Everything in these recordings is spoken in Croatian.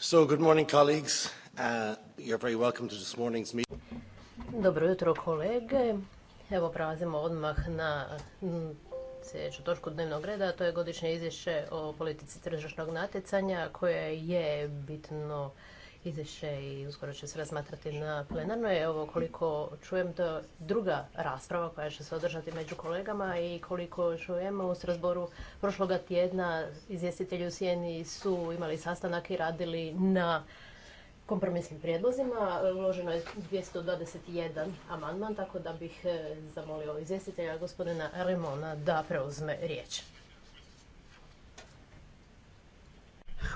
So, good morning, colleagues. Uh, you're very welcome to this morning's meeting. Dobro jutro, kolege. Evo prelazimo odmah na mm, sljedeću točku dnevnog reda, to je godišnje izvješće o politici tržišnog natjecanja koje je bitno izvješće i uskoro će se razmatrati na plenarnoj. Evo koliko čujem to je druga rasprava koja će se održati među kolegama i koliko čujemo u razboru prošloga tjedna izvjestitelji u Sjeni su imali sastanak i radili na kompromisnim prijedlozima. Uloženo je 221 amandman, tako da bih eh, zamolio izvjestitelja gospodina Remona da preuzme riječ.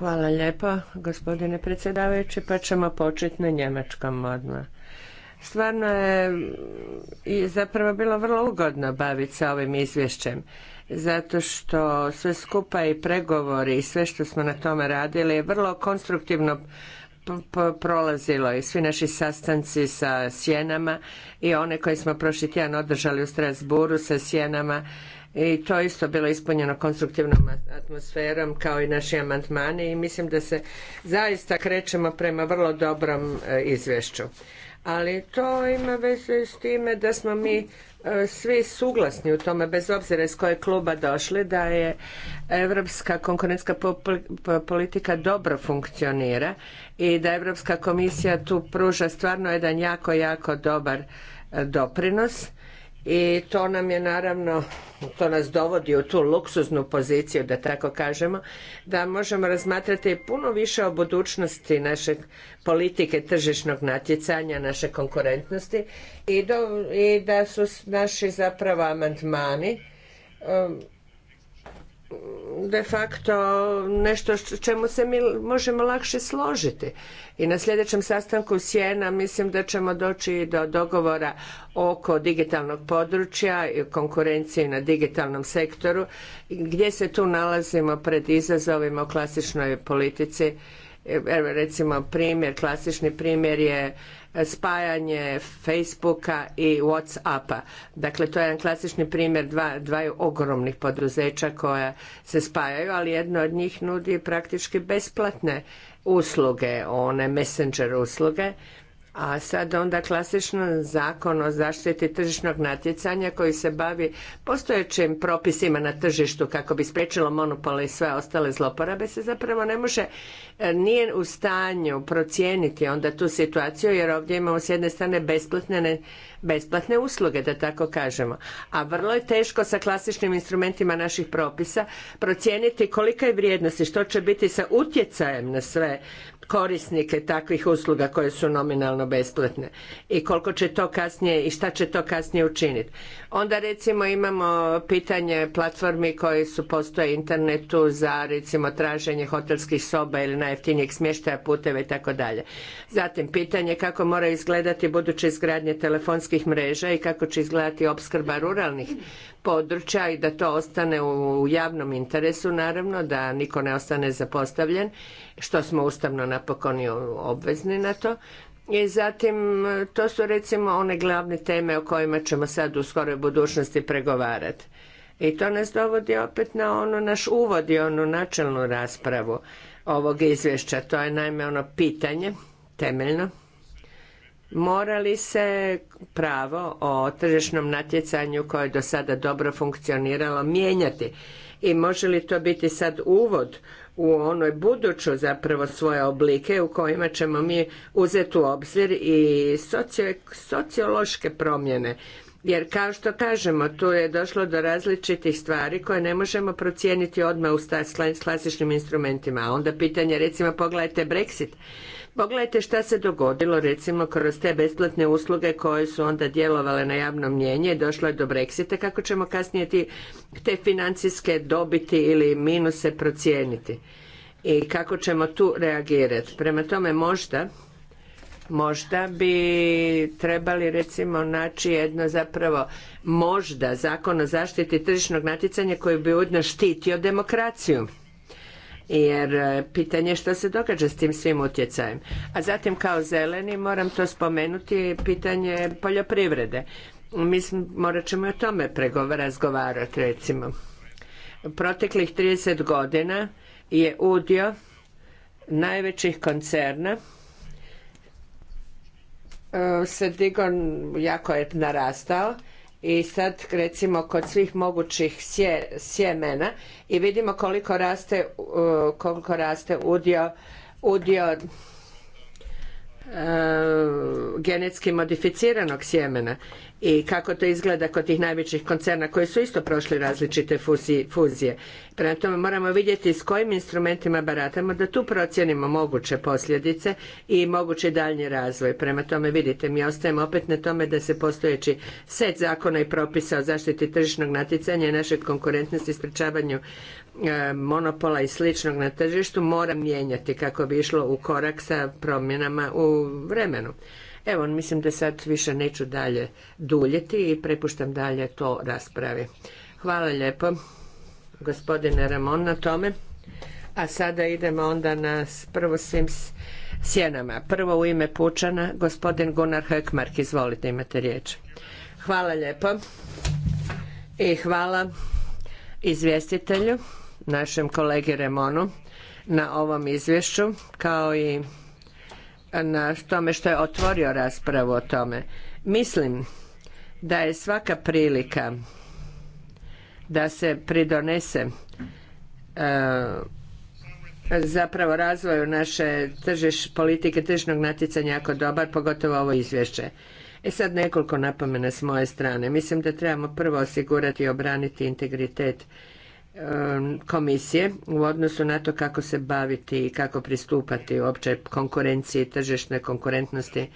Hvala lijepo, gospodine predsjedavajući, pa ćemo početi na njemačkom odmah. Stvarno je i zapravo bilo vrlo ugodno baviti se ovim izvješćem, zato što sve skupa i pregovori i sve što smo na tome radili je vrlo konstruktivno prolazilo i svi naši sastanci sa sjenama i one koje smo prošli tjedan održali u Strasburu sa sjenama i to je isto bilo ispunjeno konstruktivnom atmosferom kao i naši amandmani i mislim da se zaista krećemo prema vrlo dobrom e, izvješću. Ali to ima veze s time da smo mi e, svi suglasni u tome, bez obzira iz kojeg kluba došli, da je europska konkurentska politika dobro funkcionira i da Europska komisija tu pruža stvarno jedan jako, jako dobar e, doprinos i to nam je naravno to nas dovodi u tu luksuznu poziciju da tako kažemo da možemo razmatrati puno više o budućnosti naše politike tržišnog natjecanja naše konkurentnosti i, i da su naši zapravo amandmani um, de facto nešto čemu se mi možemo lakše složiti. I na sljedećem sastanku Sjena mislim da ćemo doći do dogovora oko digitalnog područja i konkurencije na digitalnom sektoru gdje se tu nalazimo pred izazovima u klasičnoj politici Evo recimo primjer, klasični primjer je e, spajanje Facebooka i Whatsappa. Dakle, to je jedan klasični primjer dva, dvaju ogromnih poduzeća koja se spajaju, ali jedno od njih nudi praktički besplatne usluge, one messenger usluge, a sad onda klasično zakon o zaštiti tržišnog natjecanja koji se bavi postojećim propisima na tržištu kako bi spriječilo monopole i sve ostale zloporabe se zapravo ne može, e, nije u stanju procijeniti onda tu situaciju jer ovdje imamo s jedne strane besplatne, besplatne usluge da tako kažemo. A vrlo je teško sa klasičnim instrumentima naših propisa procijeniti kolika je vrijednost i što će biti sa utjecajem na sve korisnike takvih usluga koje su nominalno besplatne i koliko će to kasnije i šta će to kasnije učiniti. Onda recimo imamo pitanje platformi koje su postoje internetu za recimo traženje hotelskih soba ili najjeftinijeg smještaja puteva i tako dalje. Zatim pitanje kako moraju izgledati buduće izgradnje telefonskih mreža i kako će izgledati opskrba ruralnih područja i da to ostane u javnom interesu naravno, da niko ne ostane zapostavljen, što smo ustavno napokon i obvezni na to. I zatim, to su recimo one glavne teme o kojima ćemo sad u skoroj budućnosti pregovarati. I to nas dovodi opet na ono naš uvod i onu načelnu raspravu ovog izvješća. To je naime ono pitanje temeljno mora li se pravo o tržišnom natjecanju koje je do sada dobro funkcioniralo mijenjati i može li to biti sad uvod u onoj buduću zapravo svoje oblike u kojima ćemo mi uzeti u obzir i sociološke promjene jer kao što kažemo tu je došlo do različitih stvari koje ne možemo procijeniti odmah u klasičnim instrumentima a onda pitanje recimo pogledajte Brexit Pogledajte šta se dogodilo recimo kroz te besplatne usluge koje su onda djelovale na javno mnjenje, došlo je do Brexita, kako ćemo kasnije ti, te financijske dobiti ili minuse procijeniti i kako ćemo tu reagirati. Prema tome možda možda bi trebali recimo naći jedno zapravo možda zakon o zaštiti tržišnog natjecanja koji bi ujedno štitio demokraciju jer e, pitanje što se događa s tim svim utjecajem. A zatim kao zeleni moram to spomenuti pitanje poljoprivrede. mislim morat ćemo o tome razgovarati recimo. Proteklih 30 godina je udio najvećih koncerna e, se digon jako je narastao i sad recimo kod svih mogućih sjemena i vidimo koliko raste, koliko raste udio, udio E, genetski modificiranog sjemena i kako to izgleda kod tih najvećih koncerna koji su isto prošli različite fuzije. Prema tome moramo vidjeti s kojim instrumentima baratamo da tu procijenimo moguće posljedice i mogući daljnji razvoj. Prema tome vidite, mi ostajemo opet na tome da se postojeći set zakona i propisa o zaštiti tržišnog natjecanja i našoj konkurentnosti i sprečavanju E, monopola i sličnog na tržištu mora mijenjati kako bi išlo u korak sa promjenama u vremenu. Evo, mislim da sad više neću dalje duljiti i prepuštam dalje to raspravi. Hvala lijepo, gospodine Ramon, na tome. A sada idemo onda na prvo svim sjenama. Prvo u ime Pučana, gospodin Gunnar Hökmark, izvolite, imate riječ. Hvala lijepo i hvala izvjestitelju našem kolegi Remonu na ovom izvješću kao i na tome što je otvorio raspravu o tome. Mislim da je svaka prilika da se pridonese e, zapravo razvoju naše tržiš, politike tržišnog natjecanja jako dobar, pogotovo ovo izvješće. E sad nekoliko napomena s moje strane. Mislim da trebamo prvo osigurati i obraniti integritet komisije u odnosu na to kako se baviti i kako pristupati uopće konkurenciji, tržišnoj konkurentnosti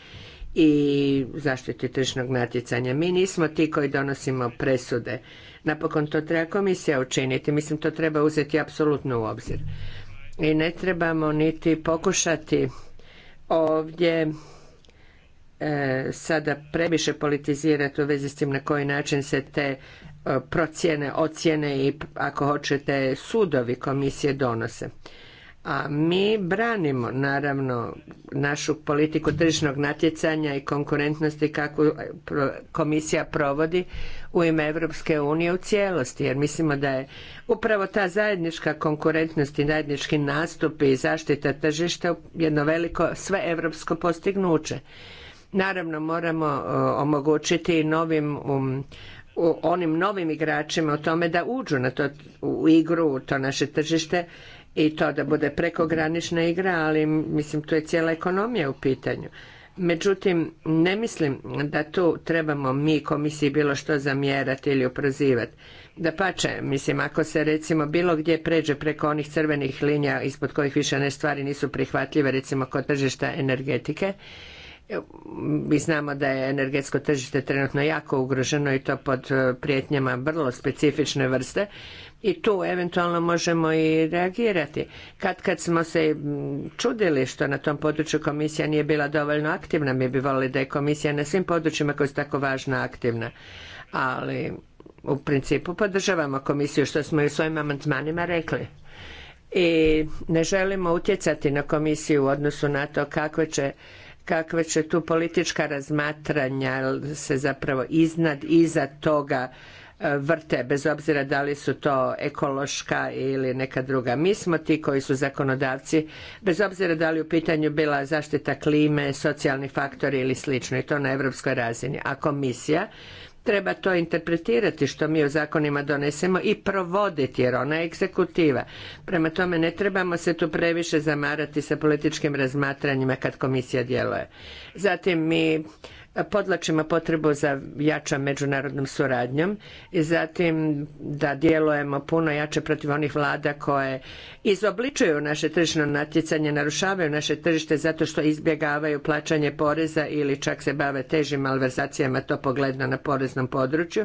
i zaštiti tržišnog natjecanja. Mi nismo ti koji donosimo presude. Napokon to treba komisija učiniti. Mislim, to treba uzeti apsolutno u obzir. I ne trebamo niti pokušati ovdje e, sada previše politizirati u vezi s tim na koji način se te procjene, ocjene i ako hoćete sudovi komisije donose. A mi branimo naravno našu politiku tržišnog natjecanja i konkurentnosti kakvu eh, komisija provodi u ime Europske unije u cijelosti jer mislimo da je upravo ta zajednička konkurentnost i zajednički nastup i zaštita tržišta jedno veliko evropsko postignuće. Naravno moramo eh, omogućiti novim um, onim novim igračima o tome da uđu na to, u igru, u to naše tržište i to da bude prekogranična igra, ali mislim tu je cijela ekonomija u pitanju. Međutim, ne mislim da tu trebamo mi komisiji bilo što zamjerati ili oprozivati. Da pače, mislim, ako se recimo bilo gdje pređe preko onih crvenih linija ispod kojih više ne stvari nisu prihvatljive, recimo kod tržišta energetike, mi znamo da je energetsko tržište trenutno jako ugroženo i to pod e, prijetnjama vrlo specifične vrste i tu eventualno možemo i reagirati. Kad kad smo se čudili što na tom području komisija nije bila dovoljno aktivna, mi bi volili da je komisija na svim područjima koja je tako važna aktivna. Ali u principu podržavamo komisiju što smo i u svojim amandmanima rekli i ne želimo utjecati na komisiju u odnosu na to kakve će kakve će tu politička razmatranja se zapravo iznad, iza toga e, vrte, bez obzira da li su to ekološka ili neka druga. Mi smo ti koji su zakonodavci, bez obzira da li u pitanju bila zaštita klime, socijalni faktori ili slično, i to na europskoj razini. A komisija treba to interpretirati što mi o zakonima donesemo i provoditi jer ona je egzekutiva. Prema tome ne trebamo se tu previše zamarati sa političkim razmatranjima kad komisija djeluje. Zatim mi podlačimo potrebu za jačom međunarodnom suradnjom i zatim da djelujemo puno jače protiv onih vlada koje izobličuju naše tržišno natjecanje, narušavaju naše tržište zato što izbjegavaju plaćanje poreza ili čak se bave težim malverzacijama to pogledno na poreznom području.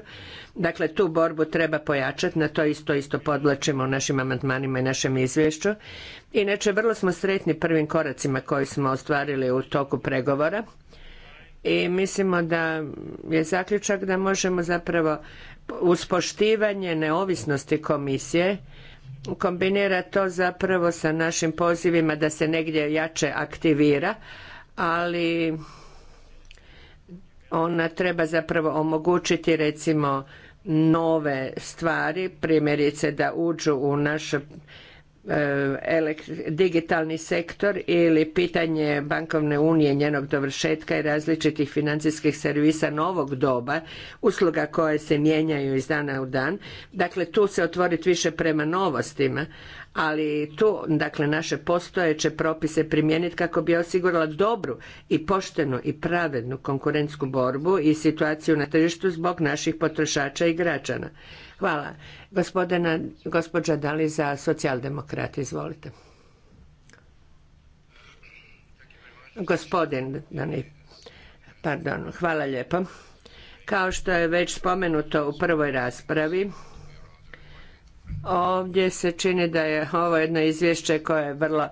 Dakle, tu borbu treba pojačati, na to isto isto podlačimo u našim amandmanima i našem izvješću. Inače, vrlo smo sretni prvim koracima koji smo ostvarili u toku pregovora i mislimo da je zaključak da možemo zapravo uz poštivanje neovisnosti komisije kombinira to zapravo sa našim pozivima da se negdje jače aktivira, ali ona treba zapravo omogućiti recimo nove stvari, primjerice da uđu u naše E, digitalni sektor ili pitanje bankovne unije, njenog dovršetka i različitih financijskih servisa novog doba, usluga koje se mijenjaju iz dana u dan. Dakle, tu se otvoriti više prema novostima, ali tu dakle, naše postojeće propise primijeniti kako bi osigurala dobru i poštenu i pravednu konkurentsku borbu i situaciju na tržištu zbog naših potrošača i građana. Hvala. Gospodina, gospođa Dali za socijaldemokrat, izvolite. Gospodin, da pardon, hvala lijepo. Kao što je već spomenuto u prvoj raspravi, ovdje se čini da je ovo jedno izvješće koje je vrlo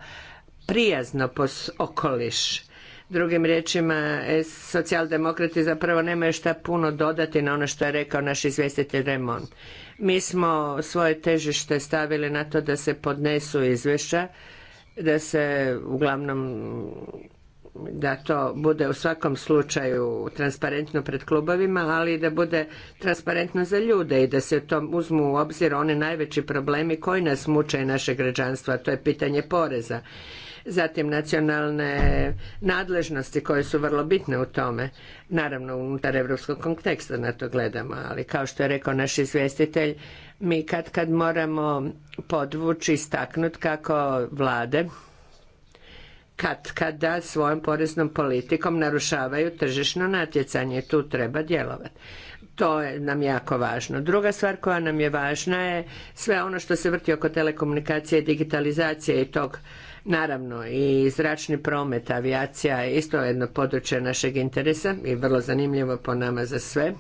prijazno pos okoliš Drugim riječima, e, socijaldemokrati zapravo nemaju šta puno dodati na ono što je rekao naš izvjestitelj Remont. Mi smo svoje težište stavili na to da se podnesu izvješća, da se uglavnom da to bude u svakom slučaju transparentno pred klubovima, ali i da bude transparentno za ljude i da se to uzmu u obzir oni najveći problemi koji nas muče i naše građanstvo, a to je pitanje poreza zatim nacionalne nadležnosti koje su vrlo bitne u tome, naravno unutar europskog konteksta na to gledamo, ali kao što je rekao naš izvjestitelj, mi kad kad moramo podvući, istaknut kako vlade kad kada svojom poreznom politikom narušavaju tržišno natjecanje. Tu treba djelovati. To je nam jako važno. Druga stvar koja nam je važna je sve ono što se vrti oko telekomunikacije, digitalizacije i tog Naravno, i zračni promet, avijacija je isto jedno područje našeg interesa i vrlo zanimljivo po nama za sve.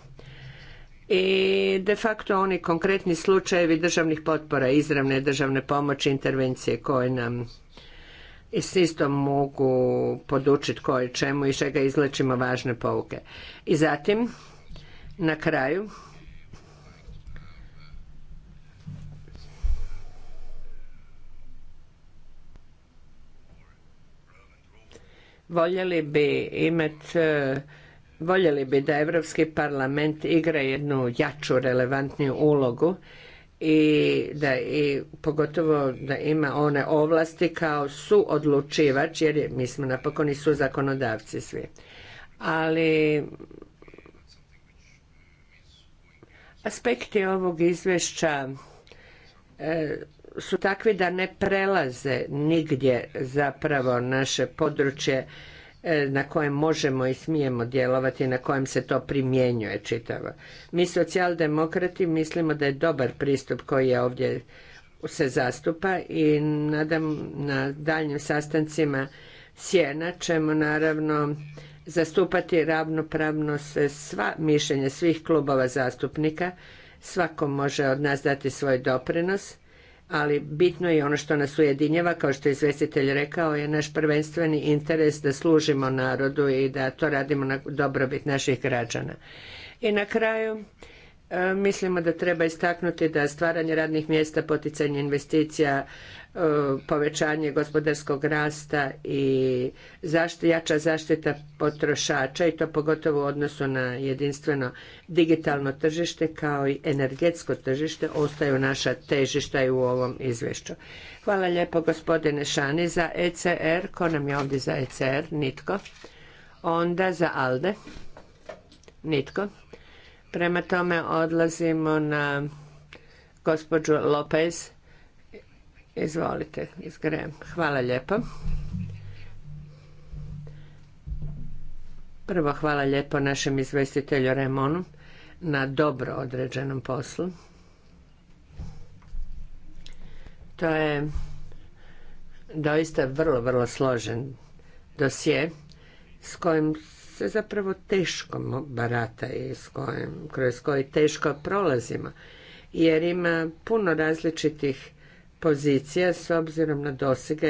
I de facto oni konkretni slučajevi državnih potpora, izravne državne pomoći, intervencije koje nam i s isto mogu podučiti koje čemu i čega izlečimo važne pouke. I zatim, na kraju, voljeli bi imati e, voljeli bi da Europski parlament igra jednu jaču, relevantniju ulogu i da i pogotovo da ima one ovlasti kao suodlučivač jer mi smo napokon i su zakonodavci svi. Ali aspekti ovog izvješća e, su takvi da ne prelaze nigdje zapravo naše područje e, na kojem možemo i smijemo djelovati, na kojem se to primjenjuje čitavo. Mi socijaldemokrati mislimo da je dobar pristup koji je ovdje se zastupa i nadam na daljnjim sastancima sjena ćemo naravno zastupati ravnopravno se sva mišljenja svih klubova zastupnika. Svako može od nas dati svoj doprinos ali bitno je i ono što nas ujedinjava, kao što je izvjestitelj rekao, je naš prvenstveni interes da služimo narodu i da to radimo na dobrobit naših građana. I na kraju, e, mislimo da treba istaknuti da stvaranje radnih mjesta, poticanje investicija, E, povećanje gospodarskog rasta i zašti, jača zaštita potrošača i to pogotovo u odnosu na jedinstveno digitalno tržište kao i energetsko tržište ostaju naša težišta i u ovom izvješću. Hvala lijepo gospodine Šani za ECR. Ko nam je ovdje za ECR? Nitko. Onda za ALDE? Nitko. Prema tome odlazimo na gospođu Lopez Izvolite, izgrejem. Hvala lijepo. Prvo hvala lijepo našem izvestitelju Remonu na dobro određenom poslu. To je doista vrlo, vrlo složen dosje s kojim se zapravo teško barata i s kojim, kroz koji teško prolazimo jer ima puno različitih pozicija s obzirom na dosege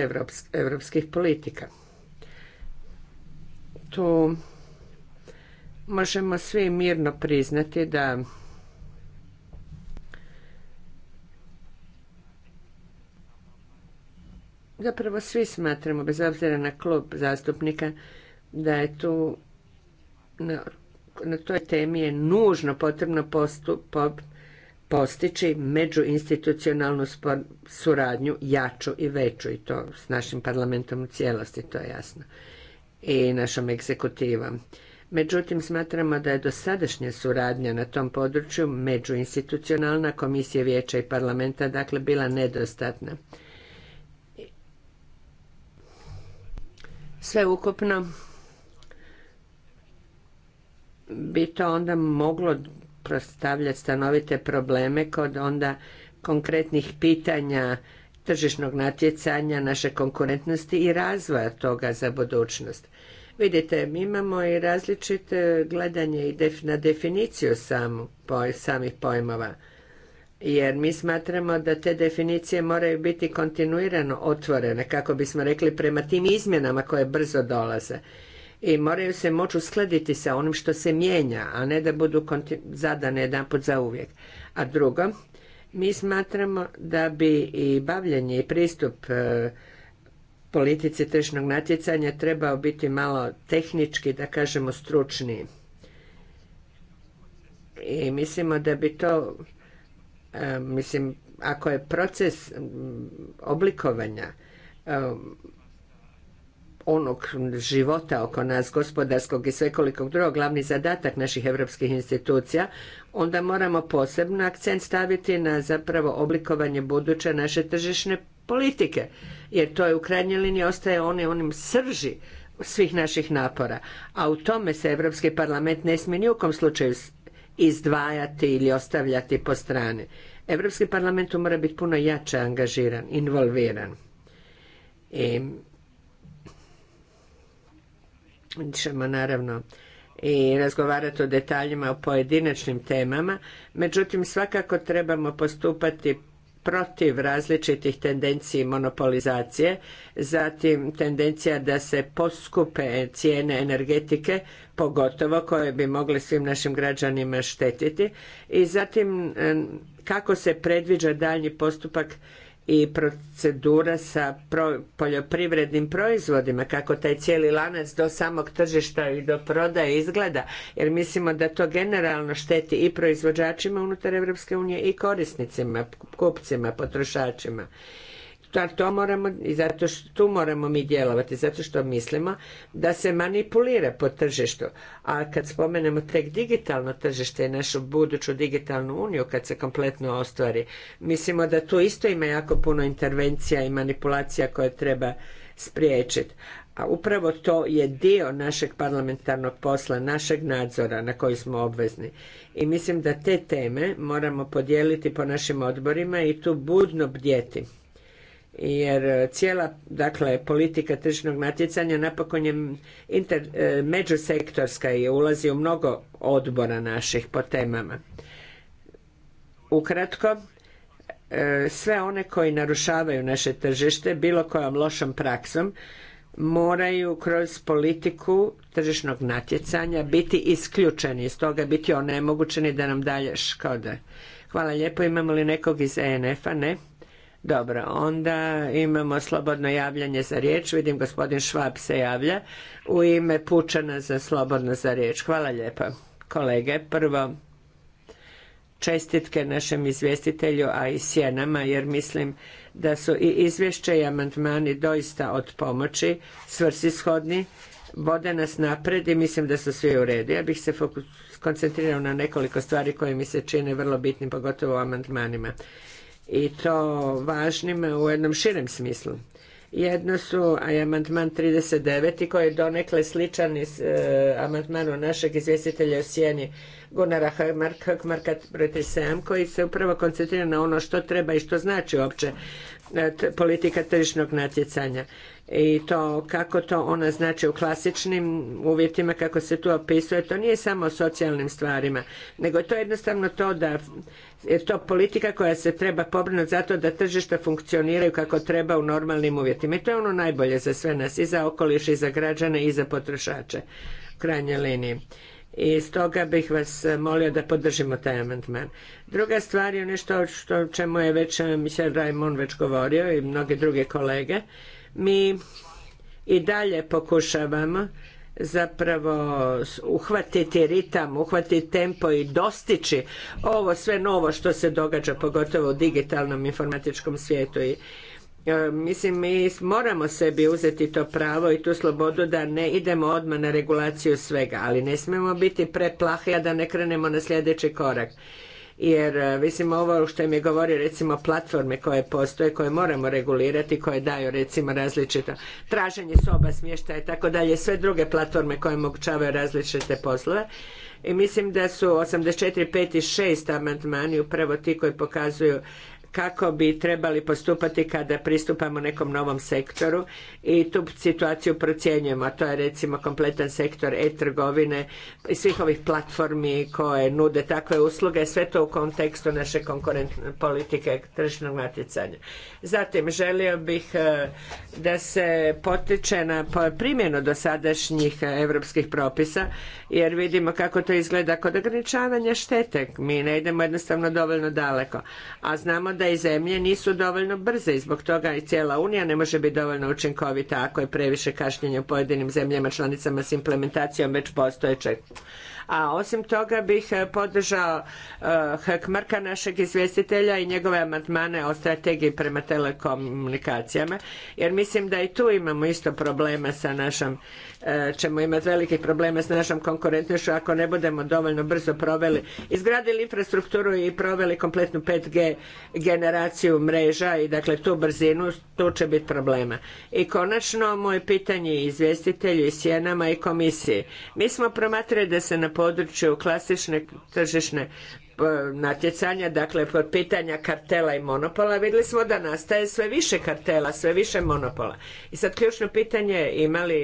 europskih politika. Tu možemo svi mirno priznati da zapravo svi smatramo, bez obzira na klub zastupnika, da je tu na, toj temi je nužno potrebno postup, postići međuinstitucionalnu suradnju jaču i veću i to s našim parlamentom u cijelosti, to je jasno, i našom egzekutivom. Međutim, smatramo da je dosadašnja suradnja na tom području međuinstitucionalna komisija vijeća i parlamenta dakle bila nedostatna. Sve ukupno bi to onda moglo predstavlja stanovite probleme kod onda konkretnih pitanja tržišnog natjecanja, naše konkurentnosti i razvoja toga za budućnost. Vidite, mi imamo i različite gledanje na definiciju samu, poj, samih pojmova, jer mi smatramo da te definicije moraju biti kontinuirano otvorene, kako bismo rekli, prema tim izmjenama koje brzo dolaze i moraju se moći uskladiti sa onim što se mijenja, a ne da budu zadane jedanput za uvijek. A drugo, mi smatramo da bi i bavljenje i pristup e, politici tržišnog natjecanja trebao biti malo tehnički, da kažemo stručniji. I mislimo da bi to, e, mislim, ako je proces oblikovanja e, onog života oko nas, gospodarskog i svekolikog drugog, glavni zadatak naših europskih institucija, onda moramo posebno akcent staviti na zapravo oblikovanje buduće naše tržišne politike, jer to je u krajnjoj liniji ostaje on onim srži svih naših napora. A u tome se Europski parlament ne smije ni u kom slučaju izdvajati ili ostavljati po strani. Europski parlament mora biti puno jače angažiran, involviran. I ćemo naravno i razgovarati o detaljima o pojedinačnim temama, međutim svakako trebamo postupati protiv različitih tendenciji monopolizacije, zatim tendencija da se poskupe cijene energetike, pogotovo koje bi mogle svim našim građanima štetiti i zatim kako se predviđa daljnji postupak i procedura sa poljoprivrednim proizvodima, kako taj cijeli lanac do samog tržišta i do prodaje izgleda, jer mislimo da to generalno šteti i proizvođačima unutar Europske unije i korisnicima, kupcima, potrošačima to moramo i zato što tu moramo mi djelovati, zato što mislimo da se manipulira po tržištu. A kad spomenemo tek digitalno tržište i našu buduću digitalnu uniju kad se kompletno ostvari, mislimo da tu isto ima jako puno intervencija i manipulacija koje treba spriječiti. A upravo to je dio našeg parlamentarnog posla, našeg nadzora na koji smo obvezni. I mislim da te teme moramo podijeliti po našim odborima i tu budno bdjeti jer e, cijela dakle politika tržišnog natjecanja napokon je inter, e, međusektorska i ulazi u mnogo odbora naših po temama. Ukratko, e, sve one koji narušavaju naše tržište bilo kojom lošom praksom moraju kroz politiku tržišnog natjecanja biti isključeni iz toga, biti onemogućeni da nam dalje škode. Hvala lijepo. Imamo li nekog iz ENF-a? Ne. Dobro, onda imamo slobodno javljanje za riječ. Vidim gospodin Švab se javlja u ime Pučana za slobodno za riječ. Hvala lijepa kolege. Prvo, čestitke našem izvjestitelju, a i sjenama, jer mislim da su i izvješće i amandmani doista od pomoći, svrsishodni, vode nas napred i mislim da su svi u redu. Ja bih se fokus, koncentrirao na nekoliko stvari koje mi se čine vrlo bitnim, pogotovo u amandmanima i to važnim u jednom širem smislu. Jedno su amandman 39. koji je donekle sličan iz e, amandmanu našeg izvjestitelja u sjeni Gunara Hökmarka 37. koji se upravo koncentrira na ono što treba i što znači uopće e, politika tržišnog natjecanja i to kako to ona znači u klasičnim uvjetima kako se tu opisuje to nije samo o socijalnim stvarima nego to je jednostavno to da je to politika koja se treba pobrinuti zato da tržišta funkcioniraju kako treba u normalnim uvjetima. I to je ono najbolje za sve nas, i za okoliš, i za građane, i za potrošače, u krajnjoj liniji. I stoga bih vas molio da podržimo taj amandman. Druga stvar je nešto o čemu je već e, Michel već govorio i mnoge druge kolege. Mi i dalje pokušavamo zapravo uhvatiti ritam, uhvatiti tempo i dostići ovo sve novo što se događa pogotovo u digitalnom informatičkom svijetu i e, Mislim, mi moramo sebi uzeti to pravo i tu slobodu da ne idemo odmah na regulaciju svega, ali ne smijemo biti preplahi, da ne krenemo na sljedeći korak jer e, mislim ovo što im je govorio recimo platforme koje postoje, koje moramo regulirati, koje daju recimo različita traženje soba, smještaja i tako dalje, sve druge platforme koje omogućavaju različite poslove. I mislim da su 84, 5 i 6 amandmani upravo ti koji pokazuju kako bi trebali postupati kada pristupamo nekom novom sektoru i tu situaciju procjenjujemo. A to je recimo kompletan sektor e-trgovine i svih ovih platformi koje nude takve usluge, sve to u kontekstu naše konkurentne politike tržišnog natjecanja. Zatim želio bih e, da se potiče na primjenu dosadašnjih europskih propisa jer vidimo kako to izgleda kod ograničavanja štete. Mi ne idemo jednostavno dovoljno daleko. A znamo da i zemlje nisu dovoljno brze i zbog toga i cijela Unija ne može biti dovoljno učinkovita ako je previše kašnjenja u pojedinim zemljama članicama s implementacijom već postojećeg a osim toga bih e, podržao e, Hekmarka našeg izvjestitelja i njegove amandmane o strategiji prema telekomunikacijama, jer mislim da i tu imamo isto problema sa našom e, ćemo imati velikih problema s našom konkurentnošću ako ne budemo dovoljno brzo proveli, izgradili infrastrukturu i proveli kompletnu 5G generaciju mreža i dakle tu brzinu, tu će biti problema. I konačno moje pitanje izvjestitelju i sjenama i komisiji. Mi smo promatrali da se na području klasične tržišne e, natjecanja, dakle pod pitanja kartela i monopola, vidjeli smo da nastaje sve više kartela, sve više monopola. I sad ključno pitanje je imali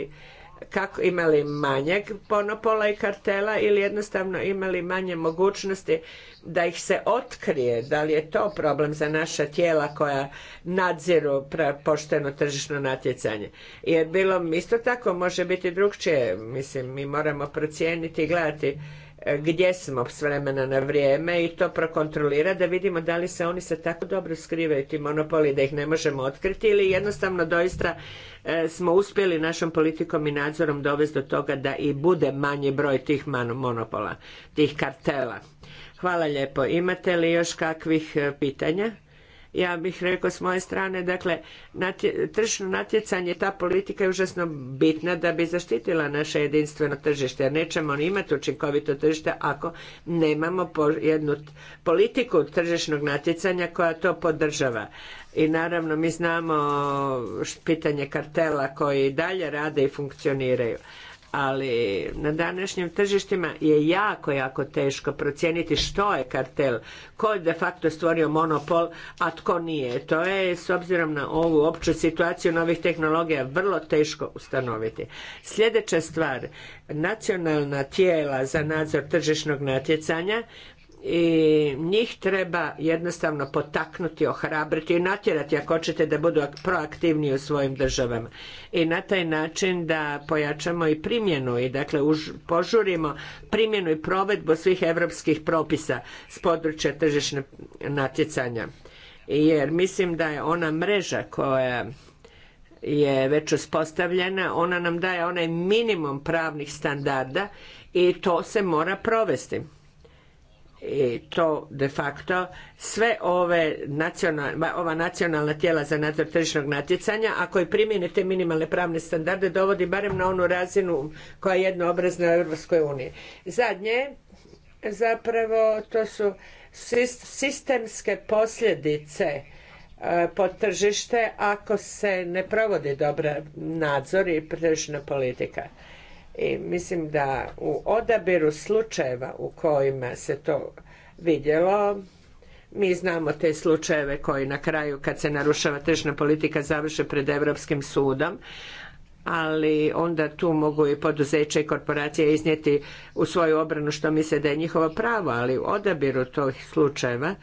kako imali manjeg monopola i kartela ili jednostavno imali manje mogućnosti da ih se otkrije, da li je to problem za naša tijela koja nadziru pošteno tržišno natjecanje. Jer bilo isto tako može biti drugčije, mislim mi moramo procijeniti i gledati gdje smo s vremena na vrijeme i to prokontrolira da vidimo da li se oni se tako dobro skrivaju ti monopoli da ih ne možemo otkriti ili jednostavno doista e, smo uspjeli našom politikom i nadzorom dovesti do toga da i bude manji broj tih monopola, tih kartela. Hvala lijepo. Imate li još kakvih e, pitanja? ja bih rekao s moje strane, dakle, tržišno natjecanje, ta politika je užasno bitna da bi zaštitila naše jedinstveno tržište, jer nećemo imati učinkovito tržište ako nemamo jednu politiku tržišnog natjecanja koja to podržava. I naravno mi znamo pitanje kartela koji dalje rade i funkcioniraju ali na današnjim tržištima je jako, jako teško procijeniti što je kartel, ko je de facto stvorio monopol, a tko nije. To je, s obzirom na ovu opću situaciju novih tehnologija, vrlo teško ustanoviti. Sljedeća stvar, nacionalna tijela za nadzor tržišnog natjecanja i njih treba jednostavno potaknuti, ohrabriti i natjerati ako hoćete da budu proaktivniji u svojim državama. I na taj način da pojačamo i primjenu i dakle požurimo primjenu i provedbu svih europskih propisa s područja tržišnog natjecanja. Jer mislim da je ona mreža koja je već uspostavljena, ona nam daje onaj minimum pravnih standarda i to se mora provesti i to de facto sve ove ova nacionalna tijela za nadzor tržišnog natjecanja, ako i primjene te minimalne pravne standarde, dovodi barem na onu razinu koja je jednoobrazna u Europskoj uniji. Zadnje, zapravo, to su sistemske posljedice e, po tržište ako se ne provodi dobra nadzor i tržišna politika. I mislim da u odabiru slučajeva u kojima se to vidjelo, mi znamo te slučajeve koji na kraju kad se narušava težna politika završe pred Europskim sudom, ali onda tu mogu i poduzeće i korporacije iznijeti u svoju obranu što misle da je njihovo pravo, ali u odabiru tih slučajeva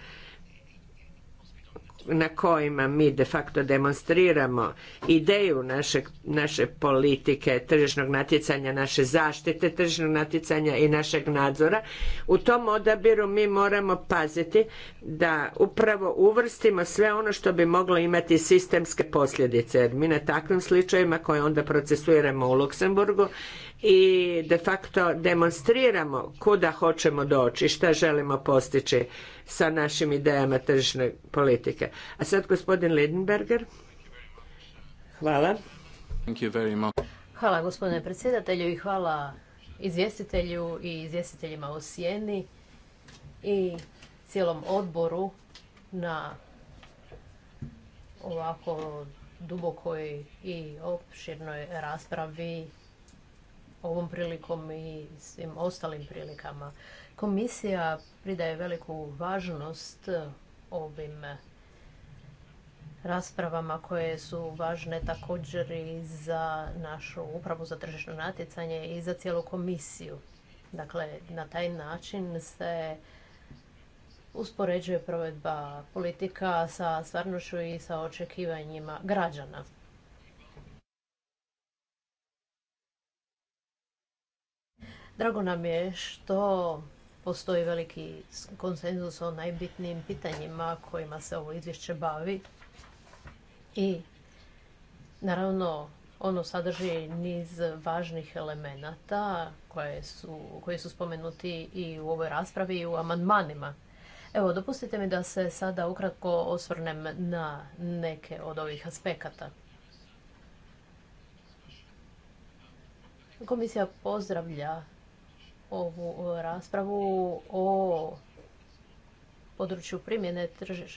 na kojima mi de facto demonstriramo ideju naše, naše politike tržišnog natjecanja, naše zaštite tržišnog natjecanja i našeg nadzora, u tom odabiru mi moramo paziti da upravo uvrstimo sve ono što bi moglo imati sistemske posljedice. Jer mi na takvim slučajevima koje onda procesuiramo u Luksemburgu i de facto demonstriramo kuda hoćemo doći šta želimo postići sa našim idejama tržišne politike. A sad gospodin Lindenberger. Hvala. Hvala gospodine predsjedatelju i hvala izvjestitelju i izvjestiteljima u Sjeni i cijelom odboru na ovako dubokoj i opširnoj raspravi ovom prilikom i svim ostalim prilikama. Komisija pridaje veliku važnost ovim raspravama koje su važne također i za našu upravu za tržišno natjecanje i za cijelu komisiju. Dakle, na taj način se uspoređuje provedba politika sa stvarnošću i sa očekivanjima građana. Drago nam je što postoji veliki konsenzus o najbitnijim pitanjima kojima se ovo izvješće bavi. I naravno ono sadrži niz važnih elemenata su, koji su spomenuti i u ovoj raspravi i u amandmanima. Evo, dopustite mi da se sada ukratko osvrnem na neke od ovih aspekata. Komisija pozdravlja ovu e, raspravu o području primjene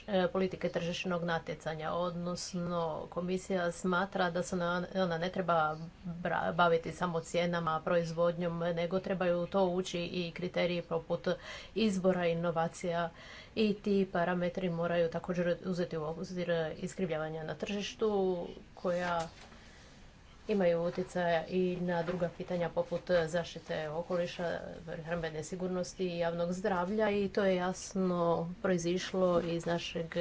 e, politike tržišnog natjecanja, odnosno komisija smatra da se ona ne treba baviti samo cijenama, proizvodnjom, nego trebaju to ući i kriteriji poput izbora, inovacija i ti parametri moraju također uzeti u obzir iskrivljavanja na tržištu koja imaju utjecaja i na druga pitanja poput zaštite okoliša, hrambene sigurnosti i javnog zdravlja i to je jasno proizišlo iz našeg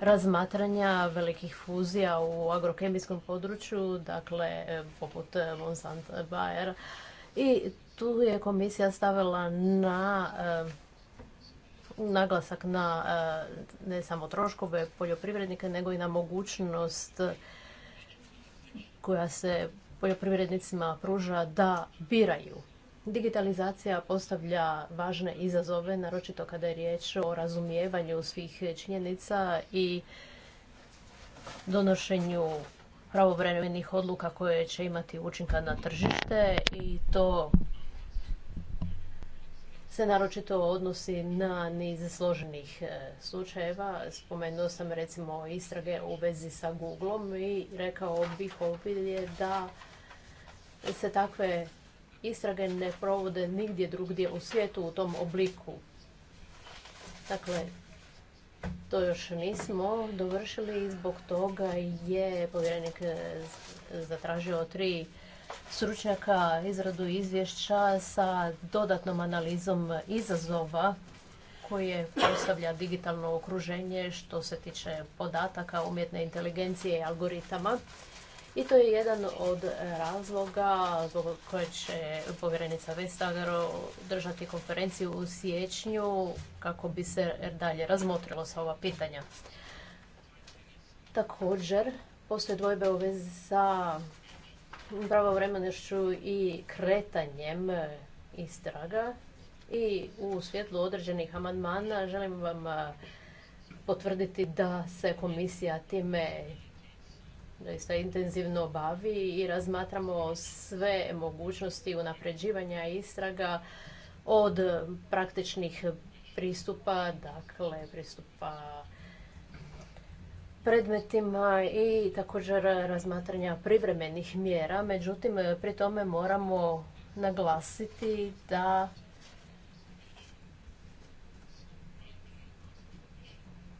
razmatranja velikih fuzija u agrokemijskom području, dakle poput Monsant Bayer. I tu je komisija stavila na e, naglasak na e, ne samo troškove poljoprivrednika, nego i na mogućnost koja se poljoprivrednicima pruža da biraju. Digitalizacija postavlja važne izazove, naročito kada je riječ o razumijevanju svih činjenica i donošenju pravovremenih odluka koje će imati učinka na tržište i to se naročito odnosi na niz složenih e, slučajeva. Spomenuo sam recimo istrage u vezi sa Googlom i rekao bih opilje da se takve istrage ne provode nigdje drugdje u svijetu u tom obliku. Dakle, to još nismo dovršili i zbog toga je povjerenik e, zatražio tri stručnjaka izradu izvješća sa dodatnom analizom izazova koje postavlja digitalno okruženje što se tiče podataka, umjetne inteligencije i algoritama. I to je jedan od razloga zbog koje će povjerenica Vestager držati konferenciju u siječnju kako bi se dalje razmotrilo sa ova pitanja. Također, postoje dvojbe u vezi sa pravovremenošću i kretanjem e, istraga i u svjetlu određenih amandmana želim vam e, potvrditi da se komisija time doista intenzivno bavi i razmatramo sve mogućnosti unapređivanja istraga od praktičnih pristupa, dakle pristupa predmetima i također razmatranja privremenih mjera. Međutim, pri tome moramo naglasiti da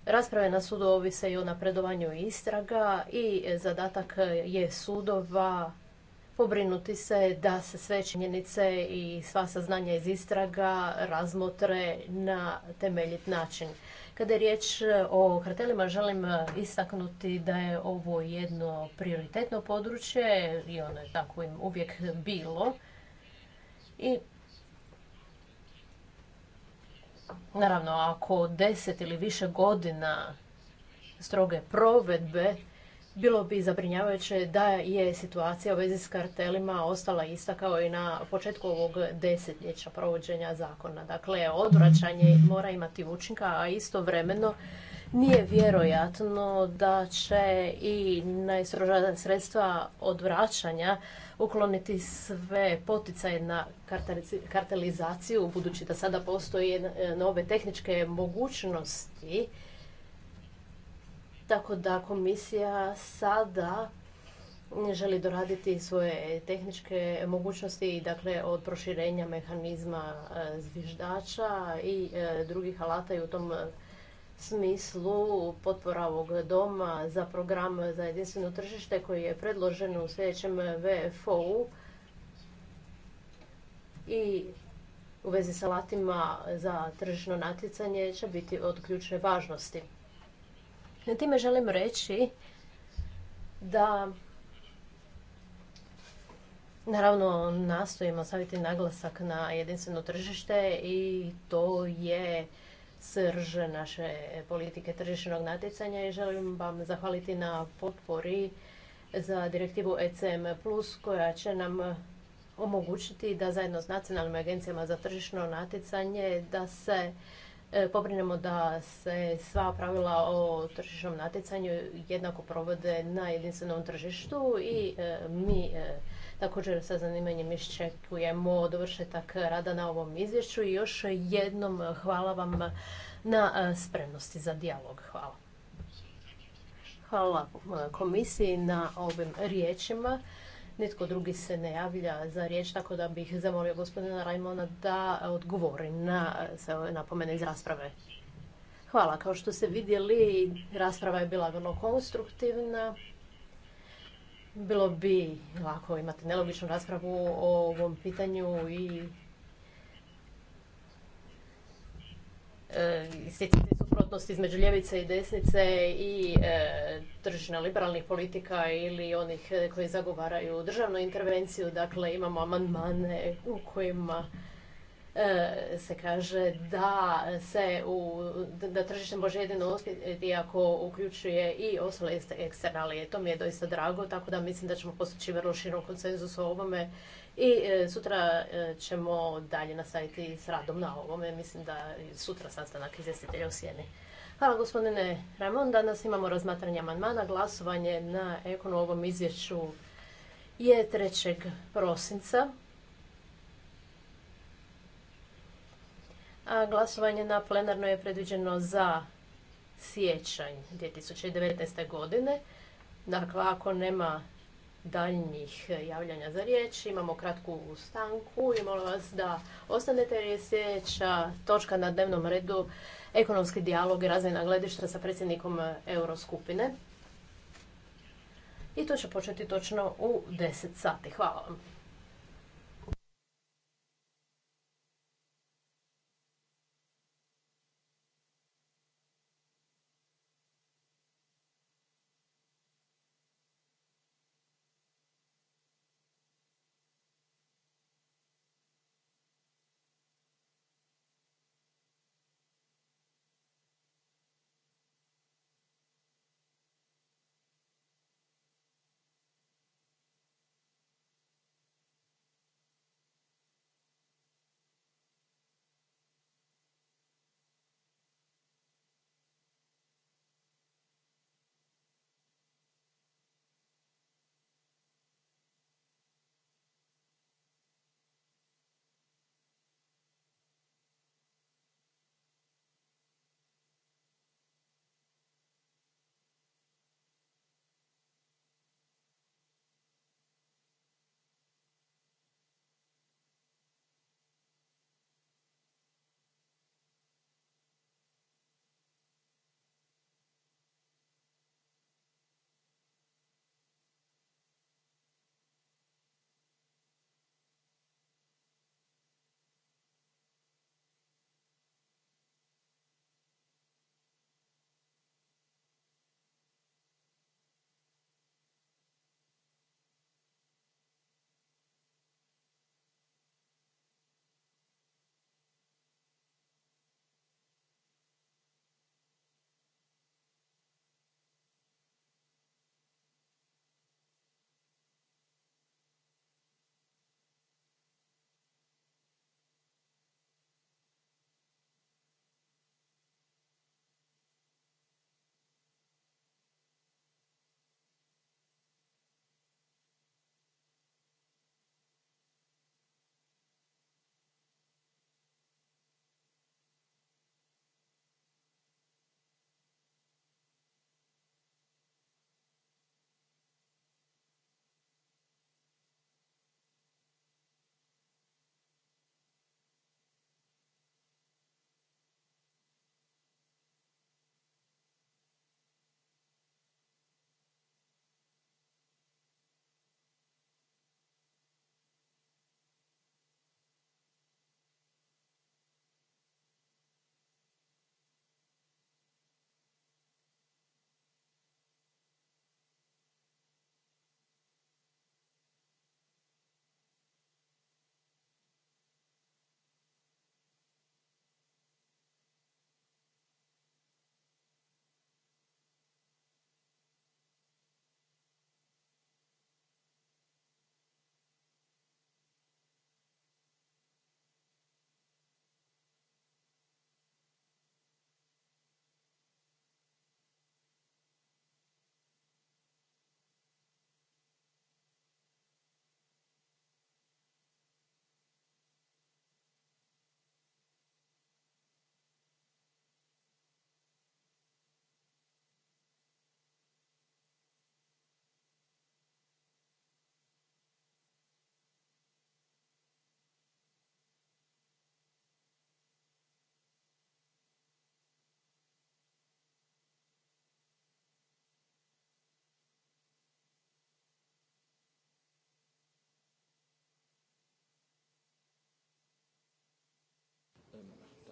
Rasprave na sudu ovise i o napredovanju istraga i zadatak je sudova pobrinuti se da se sve činjenice i sva saznanja iz istraga razmotre na temeljit način. Kada je riječ e, o kartelima, želim e, istaknuti da je ovo jedno prioritetno područje i ono je tako im uvijek bilo. I Naravno, ako deset ili više godina stroge provedbe bilo bi zabrinjavajuće da je situacija u vezi s kartelima ostala ista kao i na početku ovog desetljeća provođenja zakona. Dakle, odvraćanje mora imati učinka, a istovremeno nije vjerojatno da će i najstroža sredstva odvraćanja ukloniti sve poticaje na kartelizaciju, budući da sada postoje nove tehničke mogućnosti tako da komisija sada želi doraditi svoje tehničke mogućnosti, dakle od proširenja mehanizma e, zviždača i e, drugih alata i u tom e, smislu potpora ovog doma za program za jedinstveno tržište koji je predložen u sljedećem VFO-u i u vezi sa alatima za tržišno natjecanje će biti od ključne važnosti. Time želim reći da naravno nastojimo staviti naglasak na jedinstveno tržište i to je srž naše politike tržišnog natjecanja i želim vam zahvaliti na potpori za direktivu ECM+, koja će nam omogućiti da zajedno s nacionalnim agencijama za tržišno natjecanje da se E, pobrinemo da se sva pravila o tržišnom natjecanju jednako provode na jedinstvenom tržištu i e, mi e, također sa zanimanjem iščekujemo dovršetak rada na ovom izvješću i još jednom hvala vam na spremnosti za dijalog. Hvala. Hvala komisiji na ovim riječima. Nitko drugi se ne javlja za riječ, tako da bih zamolio gospodina Rajmona da odgovori na sve ove napomene iz rasprave. Hvala. Kao što ste vidjeli, rasprava je bila vrlo konstruktivna. Bilo bi lako imati nelogičnu raspravu o ovom pitanju i isticati eh, suprotnost između ljevice i desnice i eh, tržišno liberalnih politika ili onih eh, koji zagovaraju državnu intervenciju. Dakle, imamo amandmane u kojima se kaže da se u, da tržište može jedino uspjeti ako uključuje i ostale eksternalije. To mi je doista drago, tako da mislim da ćemo postići vrlo širok konsenzus o ovome i e, sutra e, ćemo dalje nastaviti s radom na ovome. Mislim da sutra sastanak izvjestitelja u Sjeni. Hvala gospodine Ramon. Danas imamo razmatranje amandmana. Glasovanje na ekonu ovom izvješću je 3. prosinca. A glasovanje na plenarno je predviđeno za siječanj 2019. godine. Dakle, ako nema daljnjih e, javljanja za riječ. Imamo kratku stanku i molim vas da ostanete jer je sljedeća točka na dnevnom redu ekonomski dijalog i razvijena gledišta sa predsjednikom e, Euroskupine. I to će početi točno u 10 sati. Hvala vam.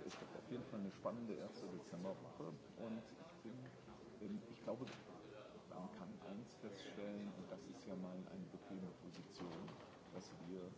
ist auf jeden Fall eine spannende erste Dezemberwoche und ich, ich glaube, man kann eins feststellen, und das ist ja mal eine bequeme Position, dass wir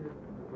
Hvala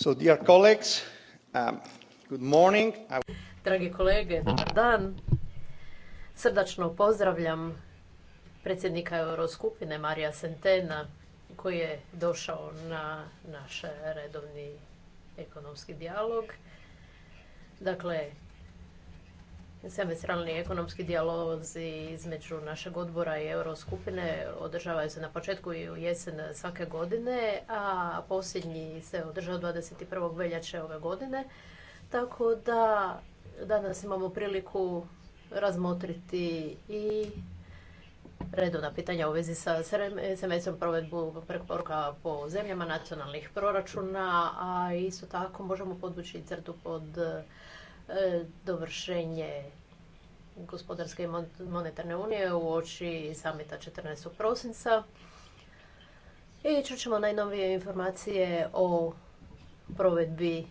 So, dear colleagues, um, good morning. Dragi kolege, dobar dan. Srdačno pozdravljam predsjednika Euroskupine Marija Sentena koji je došao na naš redovni ekonomski dijalog. Dakle, semestralni ekonomski dijalozi između našeg odbora i Euroskupine održavaju se na početku i u jesen svake godine, a posljednji se održao 21. veljače ove godine. Tako da danas imamo priliku razmotriti i redovna pitanja u vezi sa semestrom provedbu preporuka po zemljama nacionalnih proračuna, a isto tako možemo podvući crtu pod e, dovršenje gospodarske i monetarne unije u oči samita 14. prosinca. I čućemo najnovije informacije o provedbi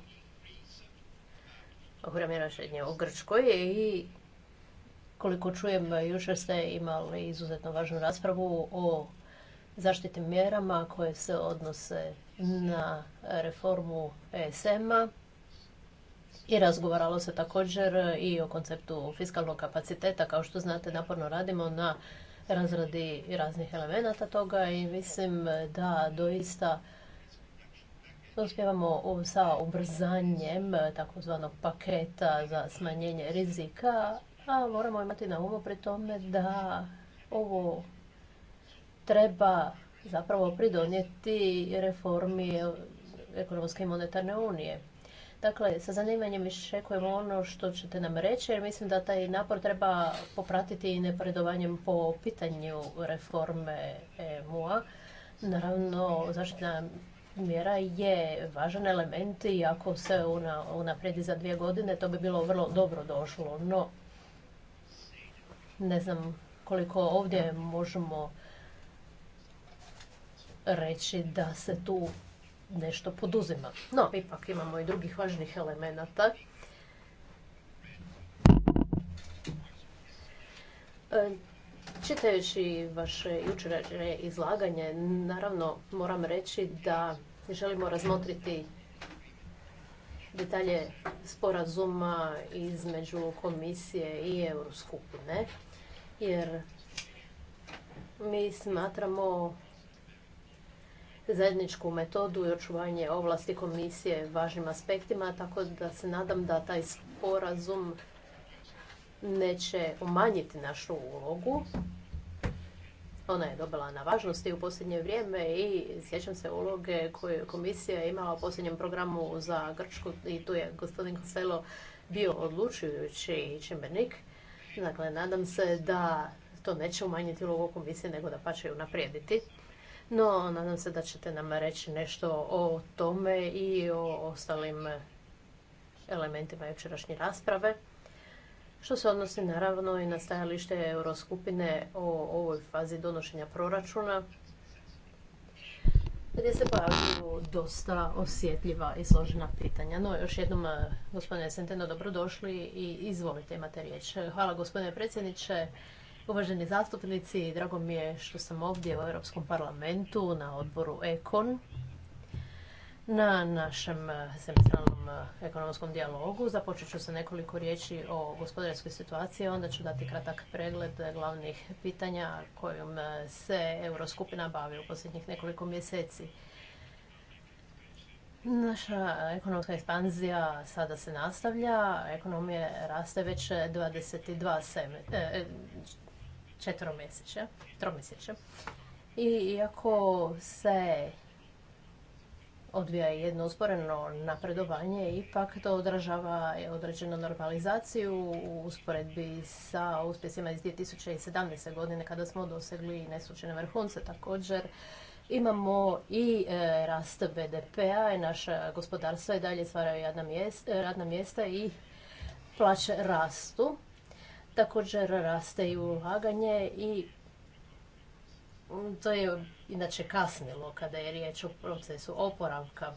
ohramjena šednje u Grčkoj i koliko čujem, jučer ste imali izuzetno važnu raspravu o zaštitnim mjerama koje se odnose na reformu ESM-a i razgovaralo se također i o konceptu fiskalnog kapaciteta. Kao što znate, naporno radimo na razradi raznih elemenata toga i mislim da doista uspjevamo sa ubrzanjem takozvanog paketa za smanjenje rizika, a pa moramo imati na umu pri tome da ovo treba zapravo pridonijeti reformi ekonomske i monetarne unije. Dakle, sa zanimanjem iščekujemo ono što ćete nam reći, jer mislim da taj napor treba popratiti i nepredovanjem po pitanju reforme EMU-a. Naravno, zaštitna mjera je važan element i ako se unaprijedi za dvije godine, to bi bilo vrlo dobro došlo. No, ne znam koliko ovdje možemo reći da se tu nešto poduzima. No, ipak imamo i drugih važnih elemenata. E, čitajući vaše jučerašnje izlaganje, naravno moram reći da želimo razmotriti detalje sporazuma između komisije i Euroskupine jer mi smatramo zajedničku metodu i očuvanje ovlasti komisije važnim aspektima, tako da se nadam da taj sporazum neće umanjiti našu ulogu. Ona je dobila na važnosti u posljednje vrijeme i sjećam se uloge koju komisija imala u posljednjem programu za Grčku i tu je gospodin Kostelo bio odlučujući čimbenik. Dakle, nadam se da to neće umanjiti ulogu komisije, nego da pa će ju naprijediti. No, nadam se da ćete nam reći nešto o tome i o ostalim elementima jučerašnje rasprave. Što se odnosi naravno i na stajalište Euroskupine o ovoj fazi donošenja proračuna, gdje se pojavljuju dosta osjetljiva i složena pitanja. No, još jednom, eh, gospodine Senteno, dobrodošli i izvolite, imate riječ. Hvala gospodine predsjedniče, uvaženi zastupnici, drago mi je što sam ovdje u Europskom parlamentu na odboru EKON na našem semestralnom eh, eh, ekonomskom dijalogu. Započet ću sa nekoliko riječi o gospodarskoj situaciji, onda ću dati kratak pregled glavnih pitanja kojom eh, se Euroskupina bavi u posljednjih nekoliko mjeseci. Naša ekonomska ekspanzija sada se nastavlja, ekonomije raste već 22 seme, I iako se odvija jedno usporeno napredovanje, ipak to odražava određenu normalizaciju u usporedbi sa uspjesima iz 2017. godine kada smo dosegli nesučene vrhunce. Također imamo i e, rast BDP-a, naša gospodarstva i dalje stvaraju radna mjesta i plaće rastu. Također raste i ulaganje i to je inače kasnilo kada je riječ o procesu oporavka.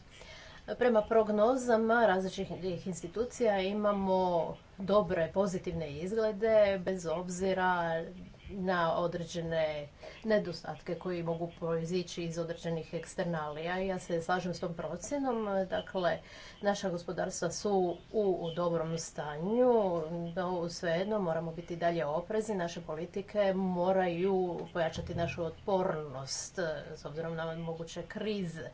Prema prognozama različitih institucija imamo dobre pozitivne izglede bez obzira na određene nedostatke koji mogu proizići iz određenih eksternalija. Ja se slažem s tom procjenom. Dakle, naša gospodarstva su u dobrom stanju, no svejedno moramo biti dalje oprezni. Naše politike moraju pojačati našu otpornost s obzirom na moguće krize.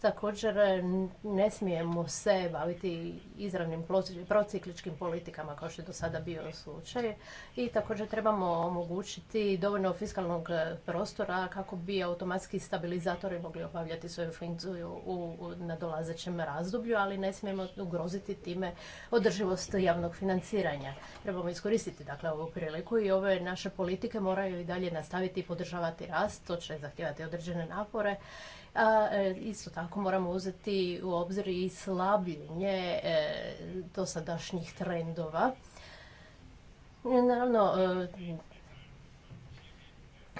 Također e, ne smijemo se baviti izravnim procikličkim politikama kao što je do sada bio slučaj i također trebamo omogućiti dovoljno fiskalnog e, prostora kako bi automatski stabilizatori mogli obavljati svoju funkciju u nadolazećem razdoblju, ali ne smijemo ugroziti time održivost javnog financiranja. Trebamo iskoristiti dakle ovu priliku i ove naše politike moraju i dalje nastaviti i podržavati rast, to će zahtijevati određene napore a e, isto tako moramo uzeti u obzir i slabljenje e, dosadašnjih trendova. Naravno, e,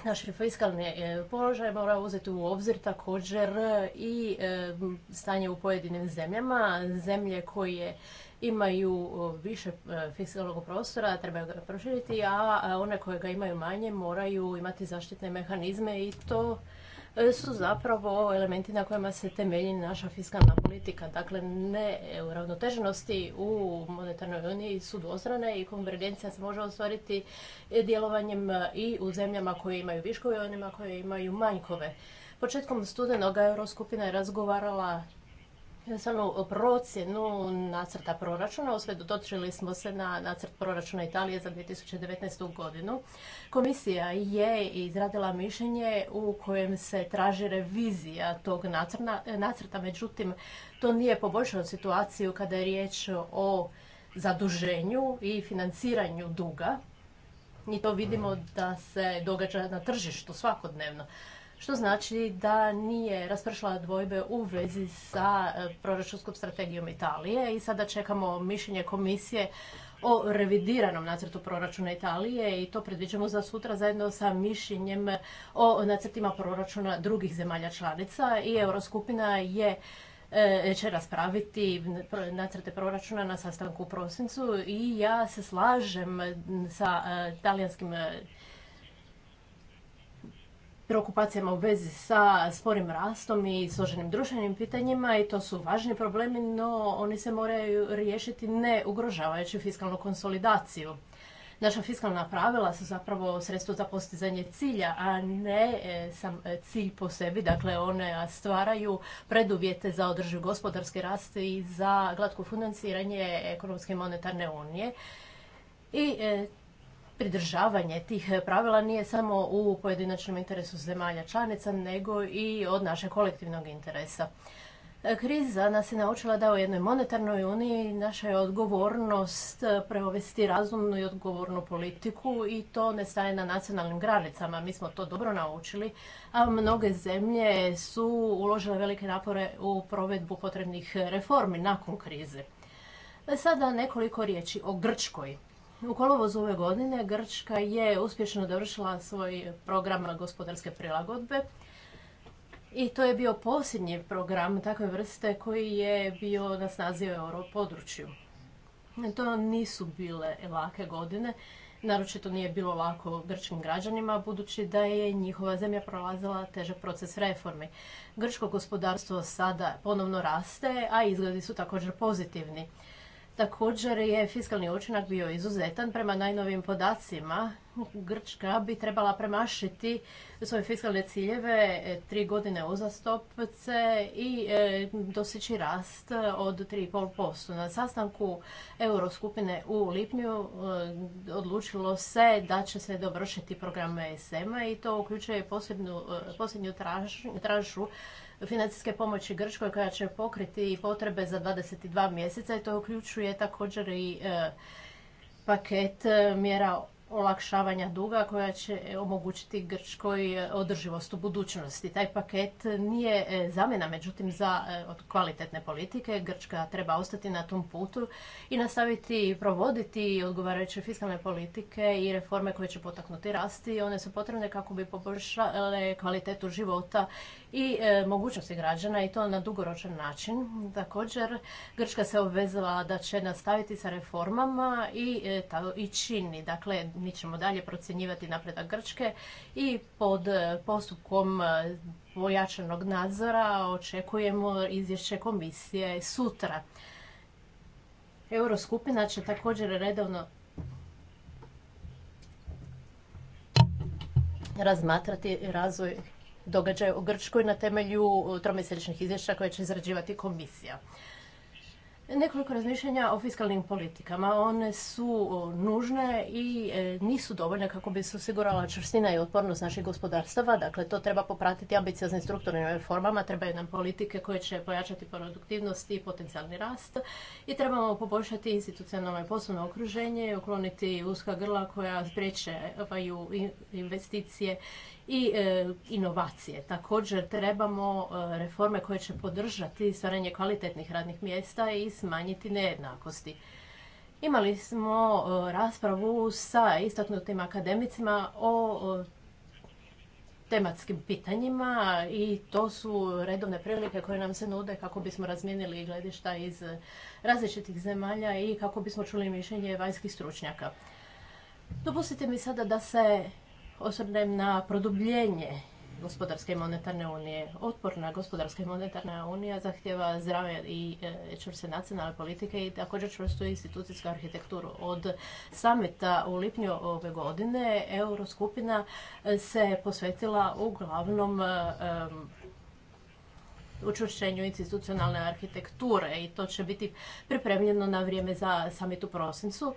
naš fiskalni položaj mora uzeti u obzir također i stanje u pojedinim zemljama. Zemlje koje imaju više fiskalnog prostora trebaju ga proširiti, a one koje ga imaju manje moraju imati zaštitne mehanizme i to E, su zapravo elementi na kojima se temelji naša fiskalna politika. Dakle, ne e, uravnoteženosti u monetarnoj uniji su dvostrane i konvergencija se može ostvariti e, djelovanjem i u zemljama koje imaju viškove i onima koje imaju manjkove. Početkom studenoga Euroskupina je razgovarala jednostavno procjenu nacrta proračuna. Usredotočili smo se na nacrt proračuna Italije za 2019. godinu. Komisija je izradila mišljenje u kojem se traži revizija tog nacrta, međutim to nije poboljšalo situaciju kada je riječ o zaduženju i financiranju duga. I to vidimo da se događa na tržištu svakodnevno što znači da nije raspršila dvojbe u vezi sa e, proračunskom strategijom Italije i sada čekamo mišljenje komisije o revidiranom nacrtu proračuna Italije i to predviđamo za sutra zajedno sa mišljenjem o nacrtima proračuna drugih zemalja članica i Euroskupina je e, će raspraviti nacrte proračuna na sastanku u prosincu i ja se slažem sa e, talijanskim preokupacijama u vezi sa sporim rastom i složenim društvenim pitanjima i to su važni problemi, no oni se moraju riješiti ne ugrožavajući fiskalnu konsolidaciju. Naša fiskalna pravila su zapravo sredstvo za postizanje cilja, a ne e, sam cilj po sebi. Dakle, one stvaraju preduvjete za održiv gospodarski rast i za glatko financiranje ekonomske i monetarne unije. I e, pridržavanje tih pravila nije samo u pojedinačnom interesu zemalja članica, nego i od našeg kolektivnog interesa. Kriza nas je naučila da u jednoj monetarnoj uniji naša je odgovornost preovesti razumnu i odgovornu politiku i to ne staje na nacionalnim granicama. Mi smo to dobro naučili, a mnoge zemlje su uložile velike napore u provedbu potrebnih reformi nakon krize. Sada nekoliko riječi o Grčkoj. U kolovozu ove godine Grčka je uspješno dovršila svoj program gospodarske prilagodbe i to je bio posljednji program takve vrste koji je bio na snazi u europodručju. To nisu bile lake godine, naročito nije bilo lako grčkim građanima, budući da je njihova zemlja prolazila težak proces reformi. Grčko gospodarstvo sada ponovno raste, a izgledi su također pozitivni. Također je fiskalni učinak bio izuzetan. Prema najnovim podacima, Grčka bi trebala premašiti svoje fiskalne ciljeve e, tri godine uzastopce i e, doseći rast od 3,5%. Na sastanku Euroskupine u lipnju e, odlučilo se da će se dovršiti program ESM-a i to uključuje posljednju, tražu financijske pomoći Grčkoj koja će pokriti potrebe za 22 mjeseca i to uključuje također i e, paket e, mjera olakšavanja duga koja će e, omogućiti Grčkoj e, održivost u budućnosti. Taj paket nije e, zamjena, međutim, za kvalitetne politike. Grčka treba ostati na tom putu i nastaviti provoditi odgovarajuće fiskalne politike i reforme koje će potaknuti rasti. One su potrebne kako bi poboljšale kvalitetu života i mogućnosti građana i to na dugoročan način. Također, Grčka se obvezala da će nastaviti sa reformama i i čini. Dakle, mi ćemo dalje procjenjivati napredak Grčke i pod postupkom e, pojačanog nadzora očekujemo izvješće komisije sutra. Euroskupina će također redovno razmatrati razvoj događaja u Grčkoj na temelju tromjesečnih izvješća koje će izrađivati komisija. Nekoliko razmišljanja o fiskalnim politikama. One su nužne i e, nisu dovoljne kako bi se osigurala čvrstina i otpornost naših gospodarstava. Dakle, to treba popratiti ambicioznim strukturnim reformama. Trebaju nam politike koje će pojačati produktivnost i potencijalni rast. I trebamo poboljšati institucionalno i poslovno okruženje, ukloniti uska grla koja spriječevaju investicije i e, inovacije. Također trebamo e, reforme koje će podržati stvaranje kvalitetnih radnih mjesta i smanjiti nejednakosti. Imali smo e, raspravu sa istaknutim akademicima o tematskim pitanjima i to su redovne prilike koje nam se nude kako bismo razmijenili gledišta iz različitih zemalja i kako bismo čuli mišljenje vanjskih stručnjaka. Dopustite mi sada da se osvrnem na produbljenje gospodarske i monetarne unije. Otporna gospodarska i monetarna unija zahtjeva zdrave i e, čvrste nacionalne politike i također čvrstu institucijsku arhitekturu. Od samita u lipnju ove godine Euroskupina e, se posvetila uglavnom um, institucionalne arhitekture i to će biti pripremljeno na vrijeme za samit u prosincu.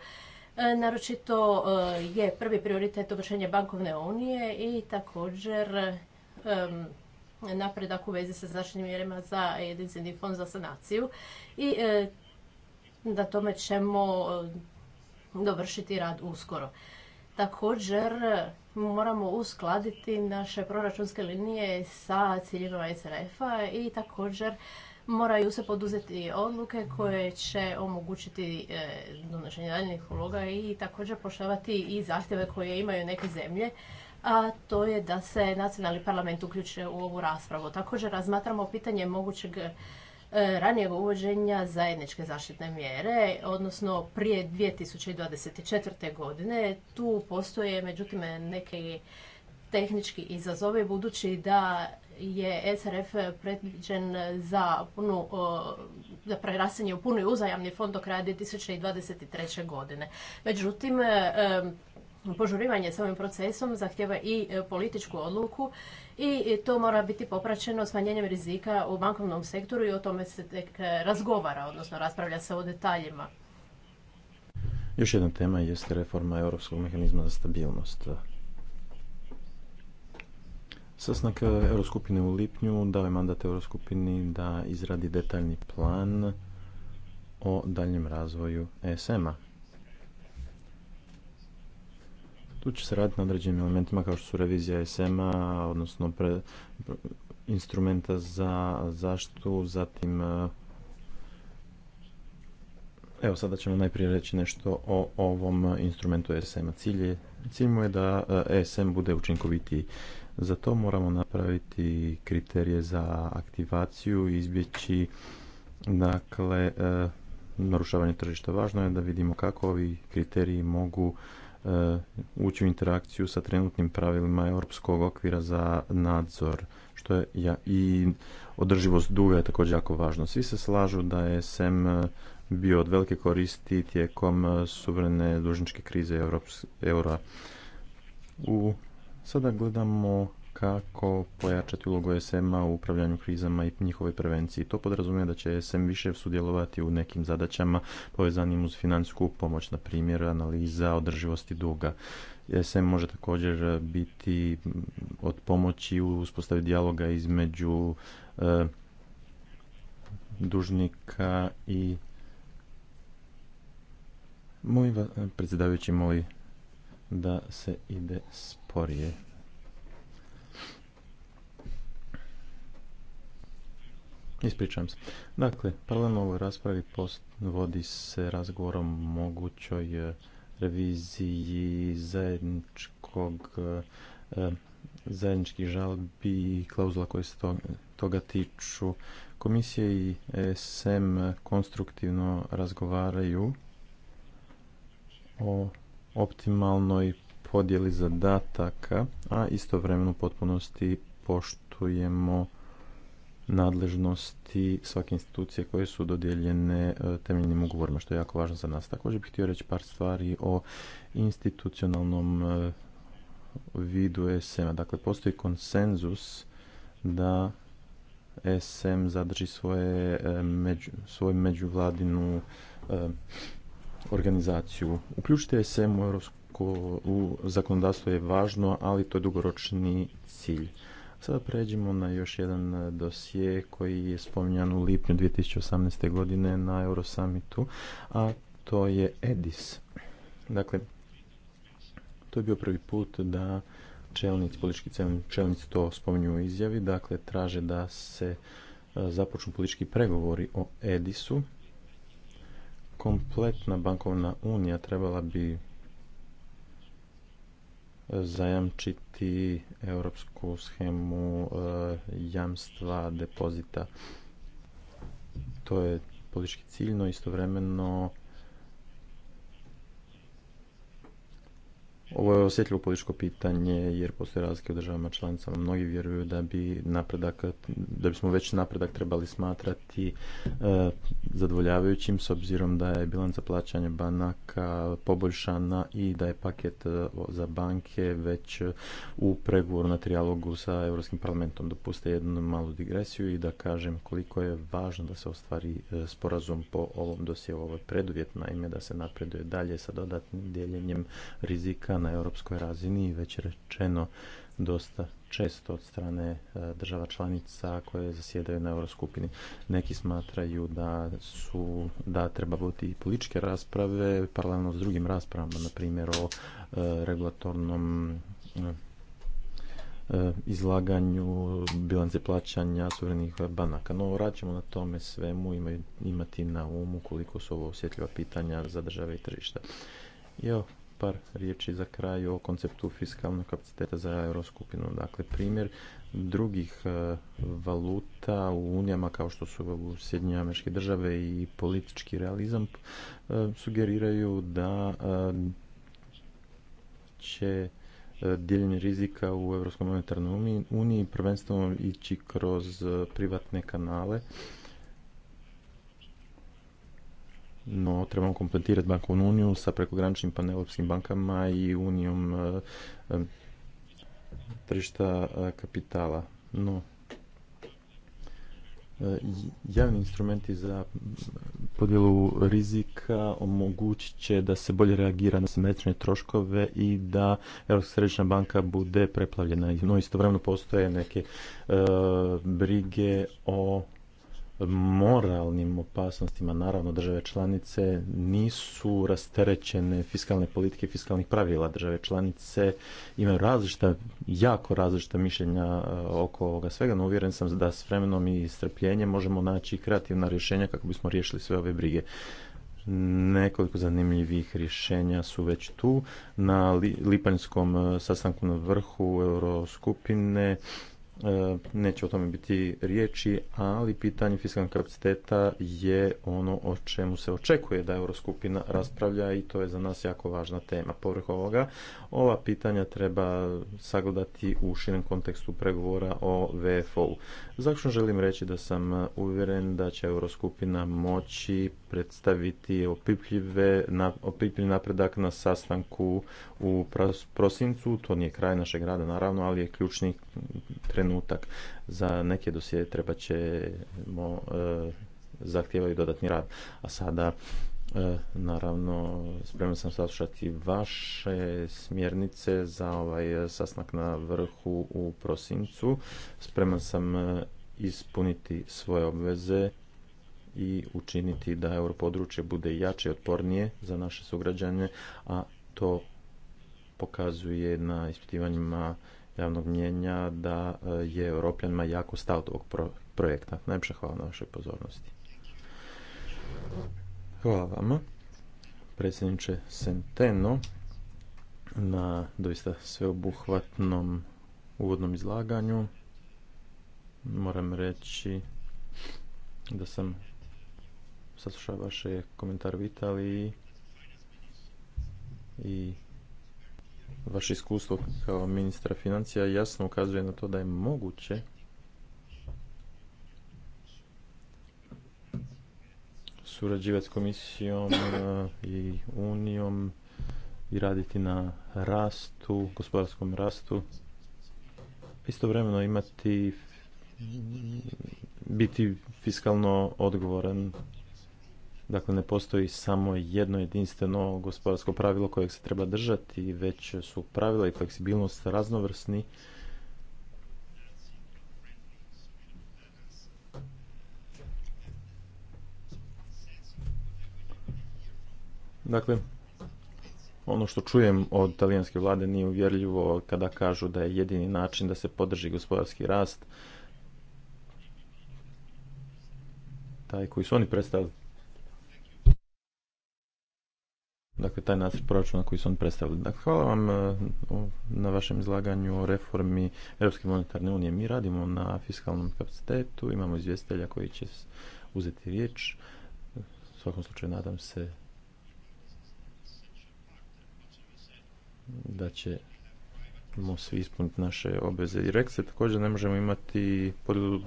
E, naročito e, je prvi prioritet obršenje bankovne unije i također e, napredak u vezi sa značajnim mjerima za jedinstveni fond za sanaciju i da tome ćemo dovršiti rad uskoro. Također moramo uskladiti naše proračunske linije sa ciljevima SRF-a i također moraju se poduzeti odluke koje će omogućiti e, donošenje daljnjih uloga i također poštovati i zahtjeve koje imaju neke zemlje a to je da se nacionalni parlament uključe u ovu raspravu. Također razmatramo pitanje mogućeg e, ranijeg uvođenja zajedničke zaštitne mjere, odnosno prije 2024. godine. Tu postoje međutim neki tehnički izazove budući da je SRF predviđen za, punu, za prerasanje u puni uzajamni fond do kraja 2023. godine. Međutim, e, e, požurivanje s ovim procesom zahtjeva i e, političku odluku i to mora biti popraćeno smanjenjem rizika u bankovnom sektoru i o tome se tek razgovara, odnosno raspravlja se o detaljima. Još jedna tema jeste reforma Europskog mehanizma za stabilnost. Sasnak eh, Euroskupine u lipnju dao je mandat Euroskupini da izradi detaljni plan o daljem razvoju ESM-a. Tu će se raditi na određenim elementima kao što su revizija ESM-a, odnosno instrumenta za zaštitu, zatim eh, Evo sada ćemo najprije reći nešto o ovom instrumentu ESM-a. Cilj, cilj mu je da ESM eh, e bude učinkovitiji. Za to moramo napraviti kriterije za aktivaciju i izbjeći dakle, e, narušavanje tržišta. Važno je da vidimo kako ovi kriteriji mogu e, ući u interakciju sa trenutnim pravilima europskog okvira za nadzor što je ja, i održivost duga je također jako važno. Svi se slažu da je SEM e, bio od velike koristi tijekom suverene dužničke krize eura. U Sada gledamo kako pojačati ulogu SM-a u upravljanju krizama i njihovoj prevenciji. To podrazumije da će SM više sudjelovati u nekim zadaćama povezanim uz financijsku pomoć, na primjer analiza održivosti duga. SM može također biti od pomoći u uspostavi dijaloga između e, dužnika i moj predsjedavajući moj da se ide sporije. Ispričavam se. Dakle, paralelno ovoj raspravi post vodi se razgovorom o mogućoj e, reviziji zajedničkog e, e, zajedničkih žalbi i klauzula koje se toga tiču. Komisije i SM konstruktivno razgovaraju o optimalnoj podjeli zadataka, a istovremeno u potpunosti poštujemo nadležnosti svake institucije koje su dodijeljene e, temeljnim ugovorima, što je jako važno za nas. Također bih htio reći par stvari o institucionalnom e, vidu SM-a. Dakle, postoji konsenzus da SM zadrži svoje, e, svoju međuvladinu organizaciju. Uključite se u europsko u zakonodavstvo je važno, ali to je dugoročni cilj. Sada pređemo na još jedan eh, dosije koji je spominjan u lipnju 2018. godine na Eurosamitu, a to je EDIS. Dakle, to je bio prvi put da čelnici, politički čelnici to spominju u izjavi, dakle traže da se eh, započnu politički pregovori o Edisu kompletna bankovna unija trebala bi zajamčiti europsku schemu e, jamstva depozita. To je politički ciljno, istovremeno Ovo je osjetljivo političko pitanje jer postoje razlike u državama članicama. Mnogi vjeruju da bi napredak, da bismo već napredak trebali smatrati e, zadovoljavajućim s obzirom da je bilanca plaćanja banaka poboljšana i da je paket e, za banke već u pregovoru na trijalogu sa Europskim parlamentom. Dopuste jednu malu digresiju i da kažem koliko je važno da se ostvari e, sporazum po ovom dosjeu. Ovo je preduvjet naime da se napreduje dalje sa dodatnim dijeljenjem rizika na europskoj razini već rečeno dosta često od strane e, država članica koje zasjedaju na euroskupini. Neki smatraju da su da treba voditi političke rasprave paralelno s drugim raspravama, na primjer o e, regulatornom e, izlaganju bilance plaćanja suverenih banaka. No, vraćamo na tome svemu imati na umu koliko su ovo osjetljiva pitanja za države i tržišta. I par riječi za kraj o konceptu fiskalnog kapaciteta za euroskupinu. Dakle, primjer drugih e, valuta u unijama kao što su Sjedinje američke države i politički realizam e, sugeriraju da e, će dijeljenje rizika u Europskom monetarnoj uniji prvenstveno ići kroz privatne kanale no trebamo kompletirati bankovnu uniju sa prekograničnim paneuropskim bankama i unijom e, e, tržišta e, kapitala. No, javni instrumenti za podjelu rizika omogućit će da se bolje reagira na simetrične troškove i da Europska središnja banka bude preplavljena. No istovremeno postoje neke brige o moralnim opasnostima. Naravno, države članice nisu rasterećene fiskalne politike, fiskalnih pravila. Države članice imaju različita, jako različita mišljenja e, oko ovoga svega, no uvjeren sam da s vremenom i strpljenjem možemo naći kreativna rješenja kako bismo riješili sve ove brige. Nekoliko zanimljivih rješenja su već tu. Na lipanjskom e, sastanku na vrhu Euroskupine E, neće o tome biti riječi, ali pitanje fiskalnog kapaciteta je ono o čemu se očekuje da Euroskupina raspravlja i to je za nas jako važna tema. Povrh ovoga, ova pitanja treba sagledati u širem kontekstu pregovora o VFO-u. Zaključno želim reći da sam uvjeren da će Euroskupina moći predstaviti opipljive, opipljiv napredak na sastanku u prosincu. To nije kraj našeg rada, naravno, ali je ključni trenutak. Za neke dosije treba ćemo e, dodatni rad. A sada e, naravno, spreman sam saslušati vaše smjernice za ovaj e, sastanak na vrhu u prosincu. Spreman sam e, ispuniti svoje obveze i učiniti da europodručje bude jače i otpornije za naše sugrađane, a to pokazuje na ispitivanjima javnog mnjenja da eh, je Europljanima jako stav ovog projekta. Najpša hvala na vašoj pozornosti. Hvala vama, predsjedniče Senteno, na doista sveobuhvatnom uvodnom izlaganju. Moram reći da sam saslušao vaše komentar u i vaše iskustvo kao ministra financija jasno ukazuje na to da je moguće surađivati s komisijom i unijom i raditi na rastu, gospodarskom rastu. Istovremeno imati biti fiskalno odgovoran Dakle, ne postoji samo jedno jedinstveno gospodarsko pravilo kojeg se treba držati, već su pravila i fleksibilnost raznovrsni. Dakle, ono što čujem od talijanske vlade nije uvjerljivo kada kažu da je jedini način da se podrži gospodarski rast taj koji su oni predstavili. dakle, taj nacrt proračuna koji su oni predstavili. Dakle, hvala vam e, na vašem izlaganju o reformi Europske monetarne unije. Mi radimo na fiskalnom kapacitetu, imamo izvjestitelja koji će uzeti riječ. U svakom slučaju nadam se da ćemo svi ispuniti naše obveze i rekse. Također ne možemo imati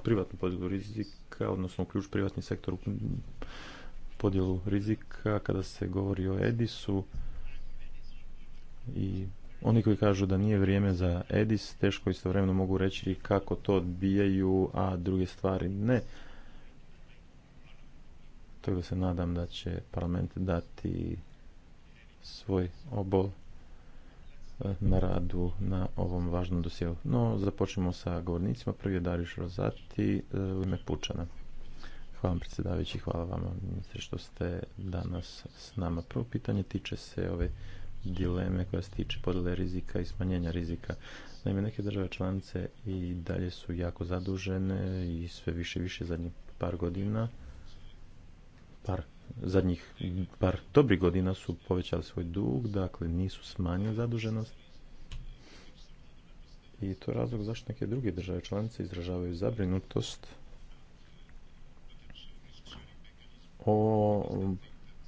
privatnu podjelu rizika, odnosno uključ privatni sektor u podjelu rizika kada se govori o Edisu i oni koji kažu da nije vrijeme za Edis teško istovremeno mogu reći kako to odbijaju, a druge stvari ne. da se nadam da će parlament dati svoj obol e, na radu na ovom važnom dosjelu. No, započnemo sa govornicima. Prvi je Dariš Rozati e, u ime Pučana. Hvala vam predsjedavajući, hvala vama ministre što ste danas s nama. Prvo pitanje tiče se ove dileme koja se tiče podele rizika i smanjenja rizika. Naime, neke države članice i dalje su jako zadužene i sve više i više zadnjih par godina, par zadnjih par dobrih godina su povećali svoj dug, dakle nisu smanjili zaduženost. I to je razlog zašto neke druge države članice izražavaju zabrinutost o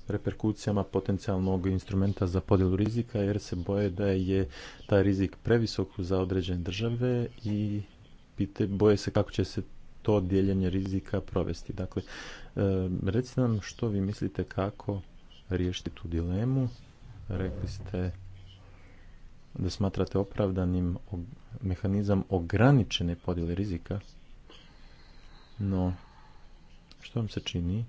reperkucijama potencijalnog instrumenta za podjelu rizika jer se boje da je taj rizik previsok za određene države i boje se kako će se to dijeljenje rizika provesti. Dakle, e, recite nam što vi mislite kako riješiti tu dilemu. Rekli ste da smatrate opravdanim mehanizam ograničene podjele rizika, no što vam se čini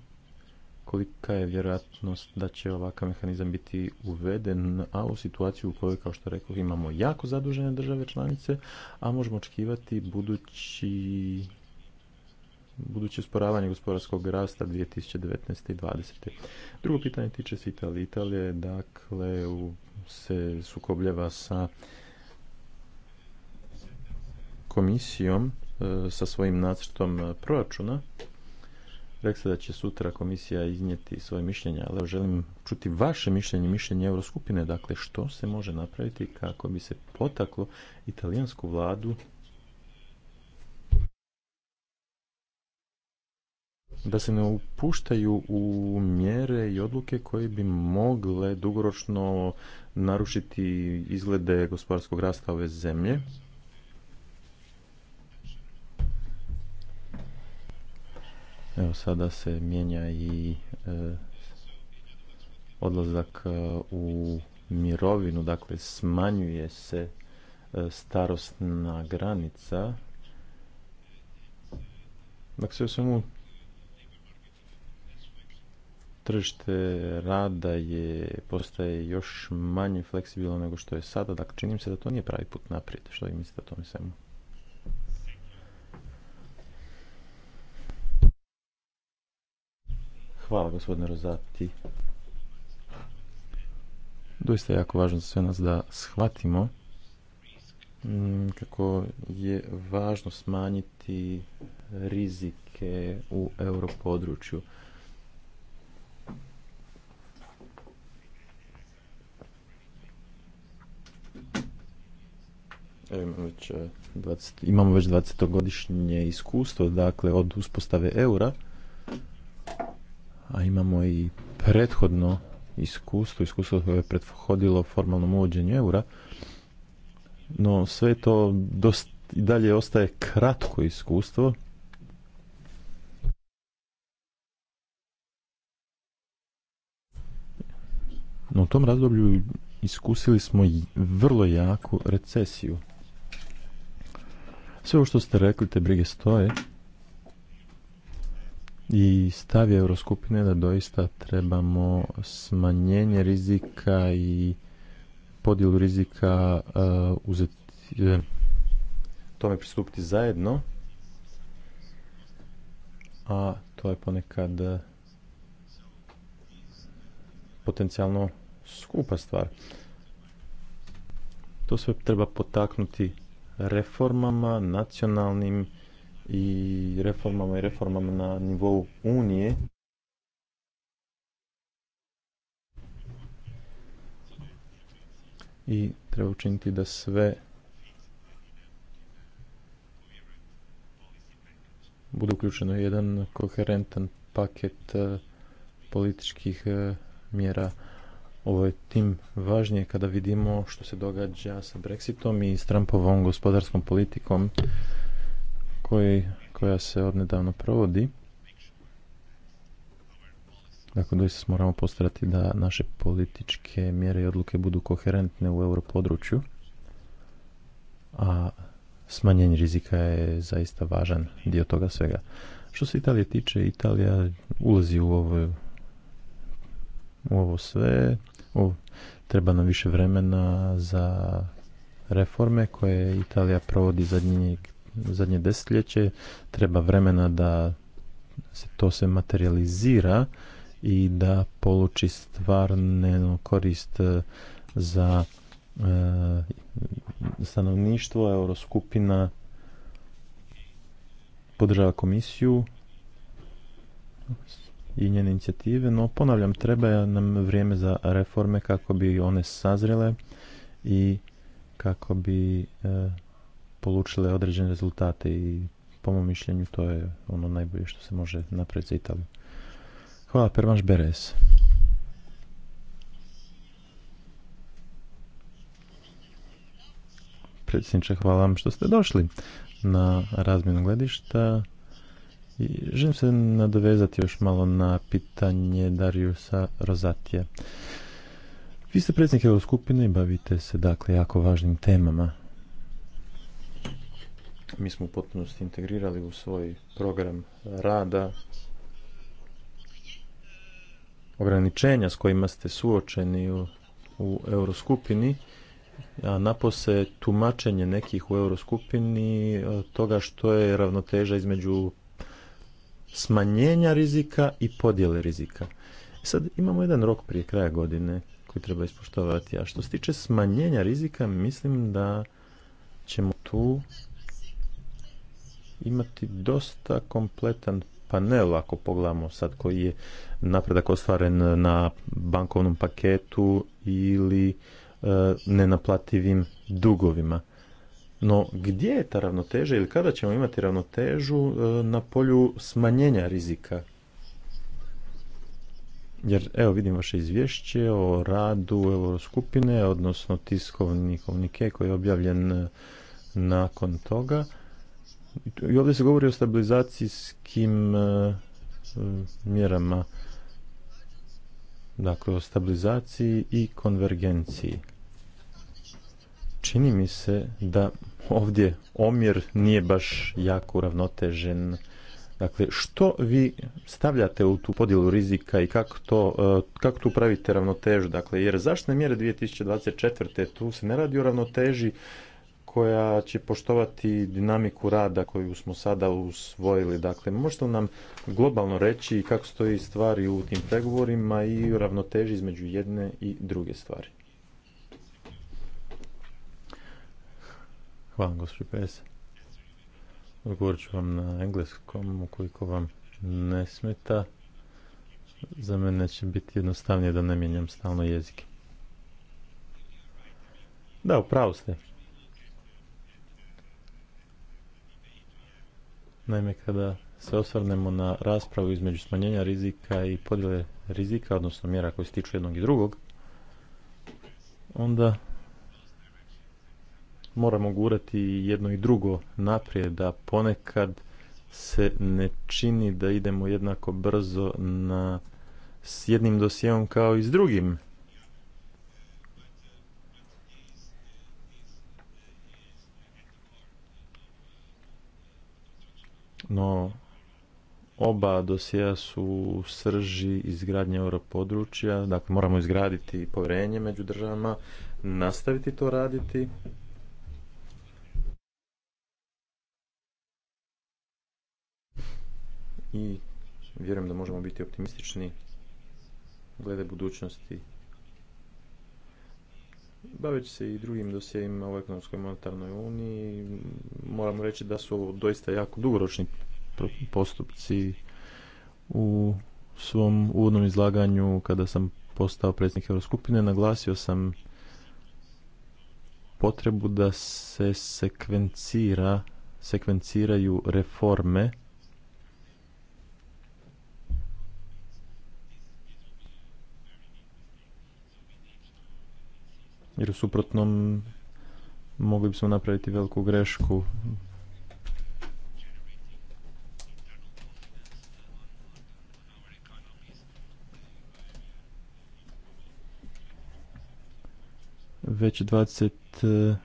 kolika je vjerojatnost da će ovakav mehanizam biti uveden, a u situaciju u kojoj, kao što rekao, imamo jako zadužene države članice, a možemo očekivati budući buduće usporavanje gospodarskog rasta 2019. i 2020. Drugo pitanje tiče se Italije. Italije, dakle, se sukobljava sa komisijom, e, sa svojim nacrtom proračuna rekli ste da će sutra komisija iznijeti svoje mišljenje, ali želim čuti vaše mišljenje, mišljenje Euroskupine. Dakle, što se može napraviti kako bi se potaklo italijansku vladu da se ne upuštaju u mjere i odluke koje bi mogle dugoročno narušiti izglede gospodarskog rasta ove zemlje Evo sada se mijenja i e, odlazak e, u mirovinu, dakle smanjuje se e, starostna granica. Dakle, sve u svemu tržište rada je, postaje još manje fleksibilno nego što je sada. Dakle, činim se da to nije pravi put naprijed. Što vi mislite o tome svemu? Hvala gospodine Rozati. Doista je jako važno za sve nas da shvatimo mm, kako je važno smanjiti rizike u europodručju. području. Eh, imamo već 20, imamo već 20-godišnje iskustvo, dakle, od uspostave eura a imamo i prethodno iskustvo, iskustvo koje je prethodilo formalnom uvođenju eura, no sve to i dalje ostaje kratko iskustvo. No u tom razdoblju iskusili smo i vrlo jaku recesiju. Sve ovo što ste rekli, te brige stoje, i stav Euroskupine da doista trebamo smanjenje rizika i podjelu rizika uh, uzeti, e, tome pristupiti zajedno, a to je ponekad e, potencijalno skupa stvar. To sve treba potaknuti reformama, nacionalnim i reformama i reformama na nivou Unije. I treba učiniti da sve bude uključeno jedan koherentan paket e, političkih e, mjera. Ovo je tim važnije kada vidimo što se događa sa Brexitom i s Trumpovom gospodarskom politikom koji, koja se odnedavno provodi. Dakle, doista moramo postarati da naše političke mjere i odluke budu koherentne u europodručju, a smanjenje rizika je zaista važan dio toga svega. Što se Italije tiče, Italija ulazi u ovo, u ovo sve. treba nam više vremena za reforme koje Italija provodi zadnjih zadnje desetljeće, treba vremena da se to se materializira i da poluči stvarne korist e, za e, stanovništvo. Euroskupina podržava komisiju i njene inicijative, no ponavljam, treba nam vrijeme za reforme kako bi one sazrele i kako bi e, polučile određene rezultate i po mom mišljenju to je ono najbolje što se može napraviti za Italiju. Hvala Pervanš Beres. Predsjedniče, hvala vam što ste došli na razmjenu gledišta. I želim se nadovezati još malo na pitanje Dariusa Rozatija. Vi ste predsjednik skupine i bavite se dakle jako važnim temama mi smo u potpunosti integrirali u svoj program rada ograničenja s kojima ste suočeni u, u euroskupini a napose tumačenje nekih u euroskupini eh, toga što je ravnoteža između smanjenja rizika i podjele rizika. E sad imamo jedan rok prije kraja godine koji treba ispoštovati, a što se tiče smanjenja rizika mislim da ćemo tu imati dosta kompletan panel ako pogledamo sad koji je napredak ostvaren na bankovnom paketu ili e, nenaplativim dugovima. No gdje je ta ravnoteža ili kada ćemo imati ravnotežu e, na polju smanjenja rizika? Jer evo vidim vaše izvješće o radu Euroskupine, odnosno tiskovni komunike koji je objavljen e, nakon toga i ovdje se govori o stabilizacijskim e, e, mjerama dakle o stabilizaciji i konvergenciji čini mi se da ovdje omjer nije baš jako uravnotežen dakle što vi stavljate u tu podjelu rizika i kako to e, kako tu pravite ravnotežu dakle jer zaštitne mjere 2024. tu se ne radi o ravnoteži koja će poštovati dinamiku rada koju smo sada usvojili. Dakle, možete li nam globalno reći kako stoji stvari u tim pregovorima i ravnoteži između jedne i druge stvari? Hvala, gospođo Pes. Odgovorit ću vam na engleskom, ukoliko vam ne smeta. Za mene će biti jednostavnije da ne mijenjam stalno jezike. Da, upravo ste Naime, kada se osvrnemo na raspravu između smanjenja rizika i podjele rizika, odnosno mjera koje se tiču jednog i drugog, onda moramo gurati jedno i drugo naprijed, da ponekad se ne čini da idemo jednako brzo na, s jednim dosijevom kao i s drugim. No, oba dosija su srži izgradnje europodručja, dakle moramo izgraditi povjerenje među državama, nastaviti to raditi. I vjerujem da možemo biti optimistični glede budućnosti Baveći se i drugim dosjevima u ekonomskoj monetarnoj uniji, moram reći da su ovo doista jako dugoročni postupci u svom uvodnom izlaganju kada sam postao predsjednik Euroskupine naglasio sam potrebu da se sekvencira sekvenciraju reforme jer u suprotnom mogli bismo napraviti veliku grešku već 22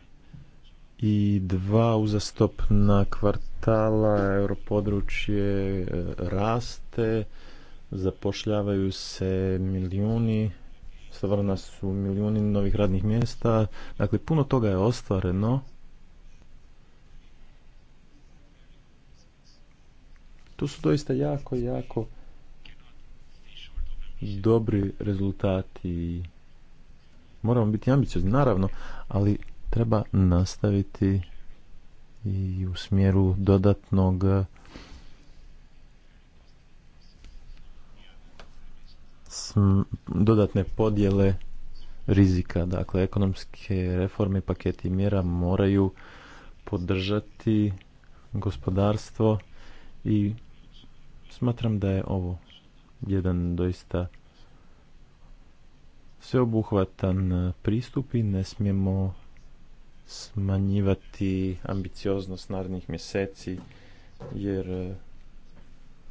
uzastopna kvartala europodručje e, raste zapošljavaju se milijuni stvarana su milijuni novih radnih mjesta. Dakle, puno toga je ostvareno. Tu su doista jako, jako dobri rezultati. Moramo biti ambiciozni, naravno, ali treba nastaviti i u smjeru dodatnog dodatne podjele rizika. Dakle, ekonomske reforme i paketi mjera moraju podržati gospodarstvo i smatram da je ovo jedan doista sveobuhvatan pristup i ne smijemo smanjivati ambicioznost narednih mjeseci jer eh,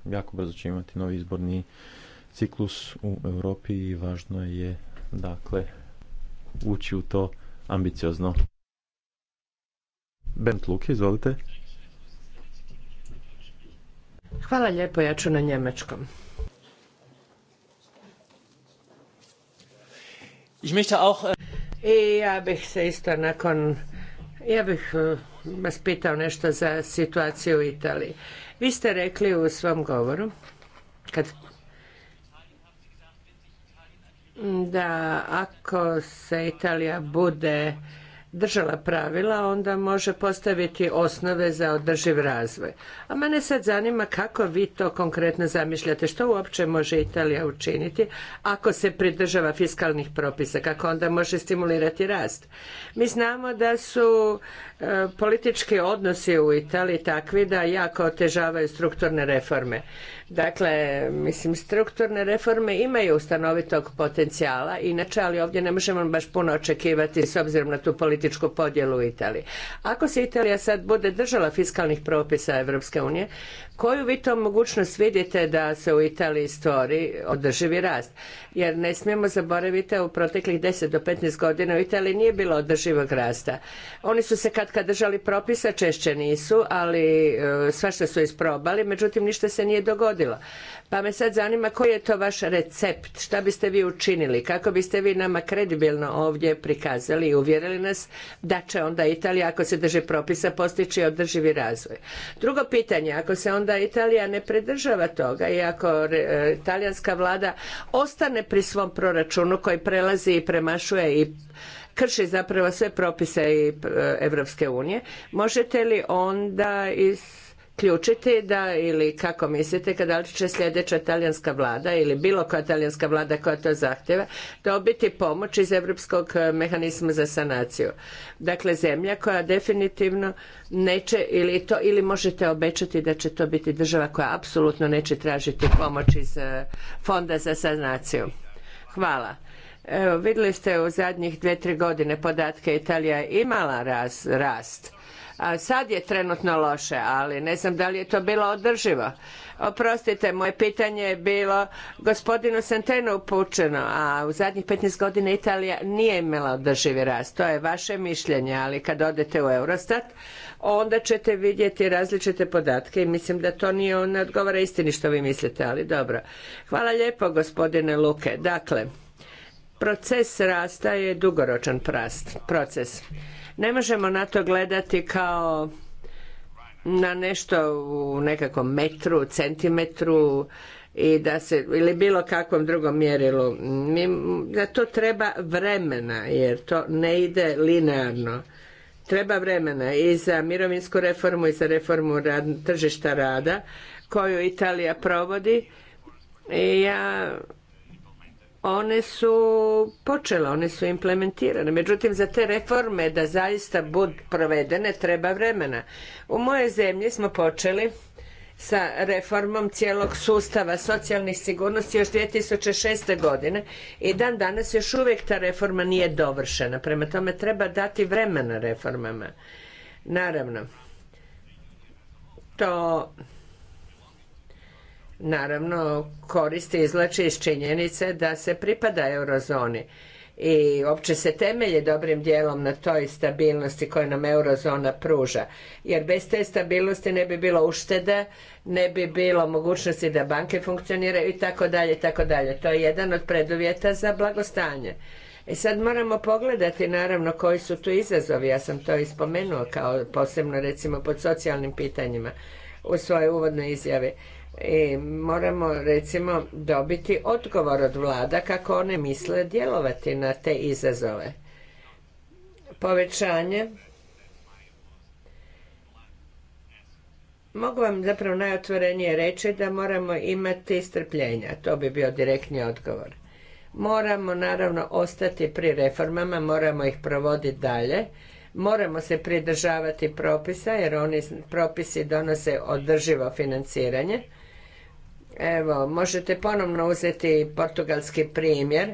jako brzo će imati novi izborni ciklus u Europi i važno je dakle ući u to ambiciozno. Bent Luke, izvolite. Hvala lijepo, ja ću na njemačkom. Ich möchte auch... Äh, I ja bih se isto nakon... Ja bih e, vas pitao nešto za situaciju u Italiji. Vi ste rekli u svom govoru, kad da ako se Italija bude držala pravila, onda može postaviti osnove za održiv razvoj. A mene sad zanima kako vi to konkretno zamišljate, što uopće može Italija učiniti ako se pridržava fiskalnih propisa, kako onda može stimulirati rast. Mi znamo da su e, politički odnosi u Italiji takvi da jako otežavaju strukturne reforme. Dakle, mislim, strukturne reforme imaju ustanovitog potencijala, inače, ali ovdje ne možemo baš puno očekivati s obzirom na tu političku podjelu u Italiji. Ako se Italija sad bude držala fiskalnih propisa Europske unije, koju vi to mogućnost vidite da se u Italiji stvori održivi rast? Jer ne smijemo zaboraviti, u proteklih 10 do 15 godina u Italiji nije bilo održivog rasta. Oni su se kad kad držali propisa, češće nisu, ali e, svašta su isprobali, međutim ništa se nije dogodilo pa me sad zanima koji je to vaš recept, šta biste vi učinili, kako biste vi nama kredibilno ovdje prikazali i uvjerili nas da će onda Italija ako se drži propisa postići održivi razvoj. Drugo pitanje, ako se onda Italija ne pridržava toga i ako e, talijanska vlada ostane pri svom proračunu koji prelazi i premašuje i krši zapravo sve propise i e, Evropske unije, možete li onda iz ključiti da ili kako mislite kada li će sljedeća talijanska vlada ili bilo koja talijanska vlada koja to zahtjeva dobiti pomoć iz europskog eh, mehanizma za sanaciju. Dakle, zemlja koja definitivno neće ili to ili možete obećati da će to biti država koja apsolutno neće tražiti pomoć iz eh, fonda za sanaciju. Hvala. Evo, vidjeli ste u zadnjih dvije, tri godine podatke Italija je imala rast a sad je trenutno loše, ali ne znam da li je to bilo održivo. Oprostite, moje pitanje je bilo gospodinu Santenu upućeno, a u zadnjih 15 godina Italija nije imala održivi rast. To je vaše mišljenje, ali kad odete u Eurostat, onda ćete vidjeti različite podatke i mislim da to nije, ne odgovara istini što vi mislite, ali dobro. Hvala lijepo gospodine Luke. Dakle, proces rasta je dugoročan prast, proces. Ne možemo na to gledati kao na nešto u nekakvom metru, centimetru i da se, ili bilo kakvom drugom mjerilu. Da to treba vremena jer to ne ide linearno. Treba vremena i za mirovinsku reformu i za reformu tržišta rada koju Italija provodi. I ja one su počele, one su implementirane. Međutim, za te reforme da zaista budu provedene treba vremena. U moje zemlji smo počeli sa reformom cijelog sustava socijalnih sigurnosti još 2006. godine i dan danas još uvijek ta reforma nije dovršena. Prema tome treba dati vremena reformama. Naravno, to naravno koristi izlače iz činjenice da se pripada eurozoni i opće se temelje dobrim dijelom na toj stabilnosti koju nam eurozona pruža. Jer bez te stabilnosti ne bi bilo uštede, ne bi bilo mogućnosti da banke funkcioniraju i tako dalje, tako dalje. To je jedan od preduvjeta za blagostanje. I e sad moramo pogledati naravno koji su tu izazovi, ja sam to ispomenuo kao posebno recimo pod socijalnim pitanjima u svojoj uvodnoj izjavi i moramo recimo dobiti odgovor od vlada kako one misle djelovati na te izazove. Povećanje Mogu vam zapravo najotvorenije reći da moramo imati strpljenja, to bi bio direktni odgovor. Moramo naravno ostati pri reformama, moramo ih provoditi dalje, moramo se pridržavati propisa jer oni propisi donose održivo financiranje Evo, možete ponovno uzeti portugalski primjer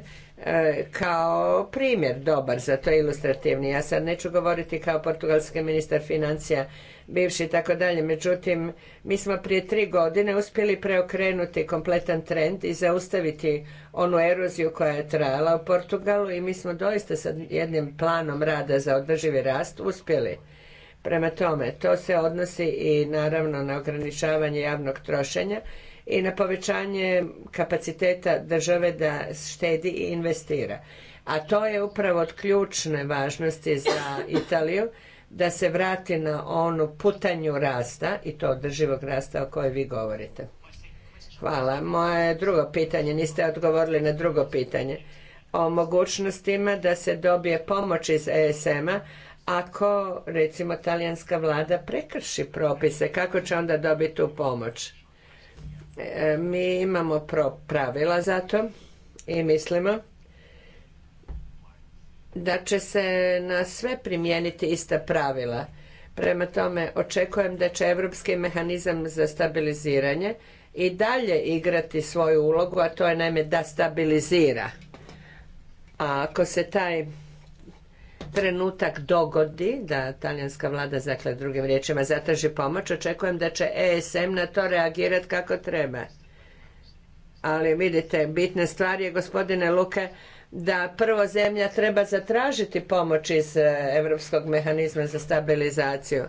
e, kao primjer dobar, za to ilustrativni. Ja sad neću govoriti kao portugalski ministar financija bivši i tako dalje, međutim mi smo prije tri godine uspjeli preokrenuti kompletan trend i zaustaviti onu eroziju koja je trajala u Portugalu i mi smo doista sa jednim planom rada za održivi rast uspjeli. Prema tome, to se odnosi i naravno na ograničavanje javnog trošenja i na povećanje kapaciteta države da štedi i investira. A to je upravo od ključne važnosti za Italiju da se vrati na onu putanju rasta i to održivog rasta o kojoj vi govorite. Hvala. Moje drugo pitanje, niste odgovorili na drugo pitanje o mogućnostima da se dobije pomoć iz ESM-a ako recimo talijanska vlada prekrši propise, kako će onda dobiti tu pomoć? E, mi imamo pravila za to i mislimo da će se na sve primijeniti ista pravila. Prema tome, očekujem da će Europski mehanizam za stabiliziranje i dalje igrati svoju ulogu, a to je naime da stabilizira. A ako se taj trenutak dogodi da talijanska vlada, dakle drugim riječima, zatraži pomoć, očekujem da će ESM na to reagirati kako treba. Ali vidite, bitna stvar je, gospodine Luke, da prvo zemlja treba zatražiti pomoć iz e, Europskog mehanizma za stabilizaciju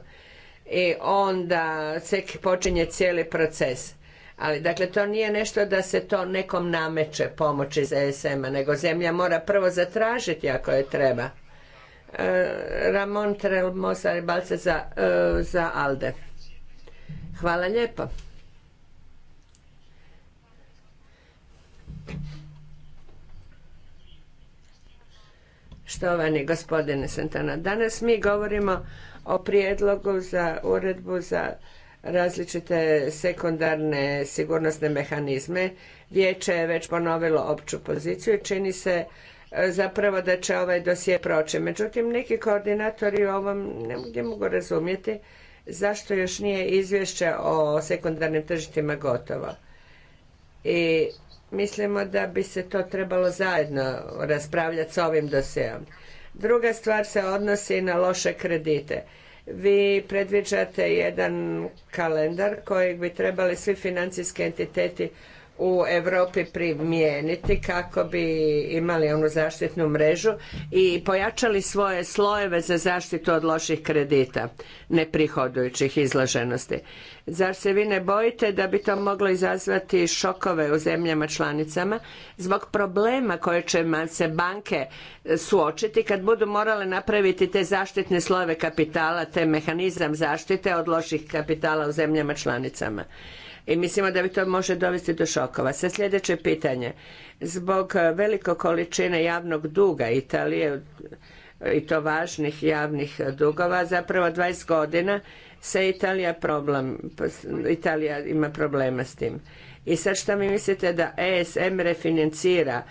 i onda počinje cijeli proces. Ali dakle to nije nešto da se to nekom nameće pomoć iz ESM-a, nego zemlja mora prvo zatražiti ako je treba. E, Ramon Trelmosa i za, e, za Alde. Hvala lijepo. Štovani gospodine Santana, danas mi govorimo o prijedlogu za uredbu za različite sekundarne sigurnosne mehanizme. Vijeće je već ponovilo opću poziciju. i Čini se E, zapravo da će ovaj dosje proći. Međutim, neki koordinatori u ovom ne mogu razumjeti zašto još nije izvješće o sekundarnim tržištima gotovo. I mislimo da bi se to trebalo zajedno raspravljati s ovim dosjeom. Druga stvar se odnosi na loše kredite. Vi predviđate jedan kalendar kojeg bi trebali svi financijski entiteti u Europi primijeniti kako bi imali onu zaštitnu mrežu i pojačali svoje slojeve za zaštitu od loših kredita, neprihodujućih izloženosti. Zar se vi ne bojite da bi to moglo izazvati šokove u zemljama članicama zbog problema koje će se banke suočiti kad budu morale napraviti te zaštitne slojeve kapitala, te mehanizam zaštite od loših kapitala u zemljama članicama? i mislimo da bi to može dovesti do šokova. Sa sljedeće pitanje, zbog e, veliko količine javnog duga Italije e, i to važnih javnih e, dugova, zapravo 20 godina se Italija problem, Italija ima problema s tim. I sad šta mi mislite da ESM refinancira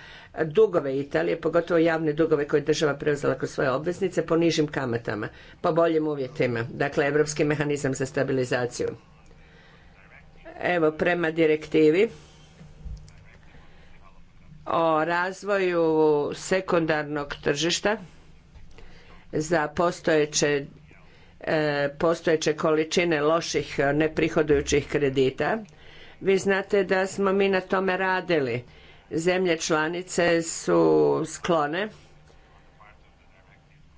dugove Italije, pogotovo javne dugove koje država preuzela kroz svoje obveznice po nižim kamatama, po boljim uvjetima, dakle Europski mehanizam za stabilizaciju evo prema direktivi o razvoju sekundarnog tržišta za postojeće e, postojeće količine loših neprihodujućih kredita. Vi znate da smo mi na tome radili. Zemlje članice su sklone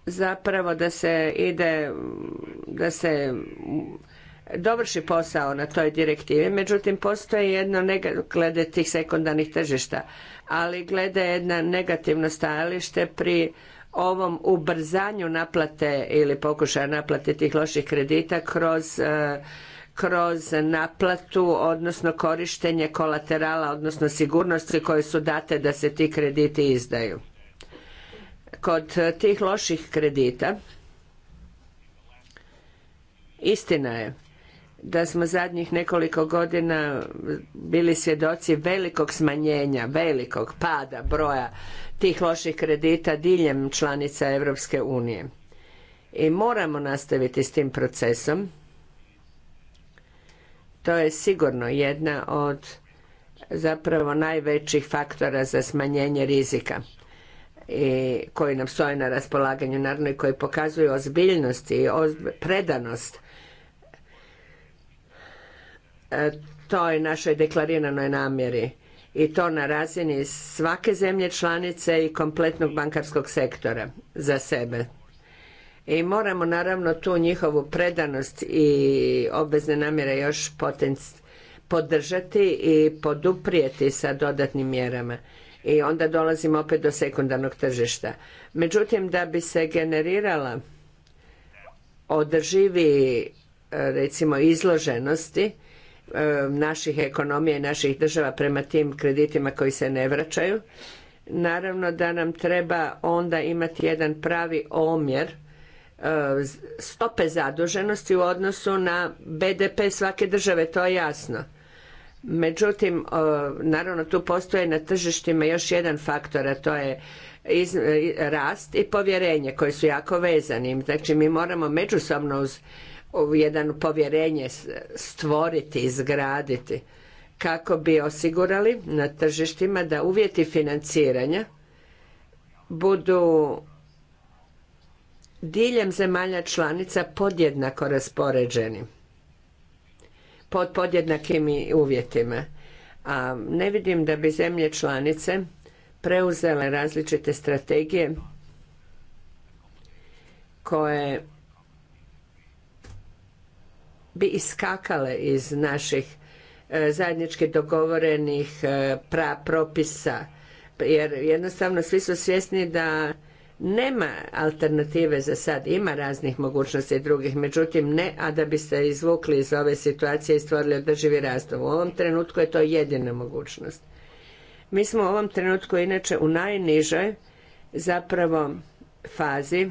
zapravo da se ide, da se dovrši posao na toj direktivi, međutim postoji jedno glede tih sekundarnih tržišta, ali glede jedno negativno stajalište pri ovom ubrzanju naplate ili pokušaja naplate tih loših kredita kroz e, kroz naplatu, odnosno korištenje kolaterala, odnosno sigurnosti koje su date da se ti krediti izdaju. Kod tih loših kredita, istina je da smo zadnjih nekoliko godina bili svjedoci velikog smanjenja, velikog pada broja tih loših kredita diljem članica Europske unije. I moramo nastaviti s tim procesom. To je sigurno jedna od zapravo najvećih faktora za smanjenje rizika i koji nam stoje na raspolaganju, naravno i koji pokazuju ozbiljnost i predanost E, toj je našoj deklariranoj namjeri i to na razini svake zemlje članice i kompletnog bankarskog sektora za sebe. I moramo naravno tu njihovu predanost i obvezne namjere još potenc podržati i poduprijeti sa dodatnim mjerama. I onda dolazimo opet do sekundarnog tržišta. Međutim, da bi se generirala održivi e, recimo izloženosti, naših ekonomija i naših država prema tim kreditima koji se ne vraćaju. Naravno da nam treba onda imati jedan pravi omjer stope zaduženosti u odnosu na BDP svake države, to je jasno. Međutim, naravno tu postoje na tržištima još jedan faktor, a to je e, rast i povjerenje koji su jako vezani. Znači mi moramo međusobno uz jedan povjerenje stvoriti, izgraditi kako bi osigurali na tržištima da uvjeti financiranja budu diljem zemalja članica podjednako raspoređeni pod podjednakim uvjetima. A ne vidim da bi zemlje članice preuzele različite strategije koje bi iskakale iz naših e, zajednički dogovorenih e, propisa jer jednostavno svi su svjesni da nema alternative za sad, ima raznih mogućnosti drugih, međutim ne, a da bi se izvukli iz ove situacije i stvorili održivi rast. U ovom trenutku je to jedina mogućnost. Mi smo u ovom trenutku inače u najnižoj zapravo fazi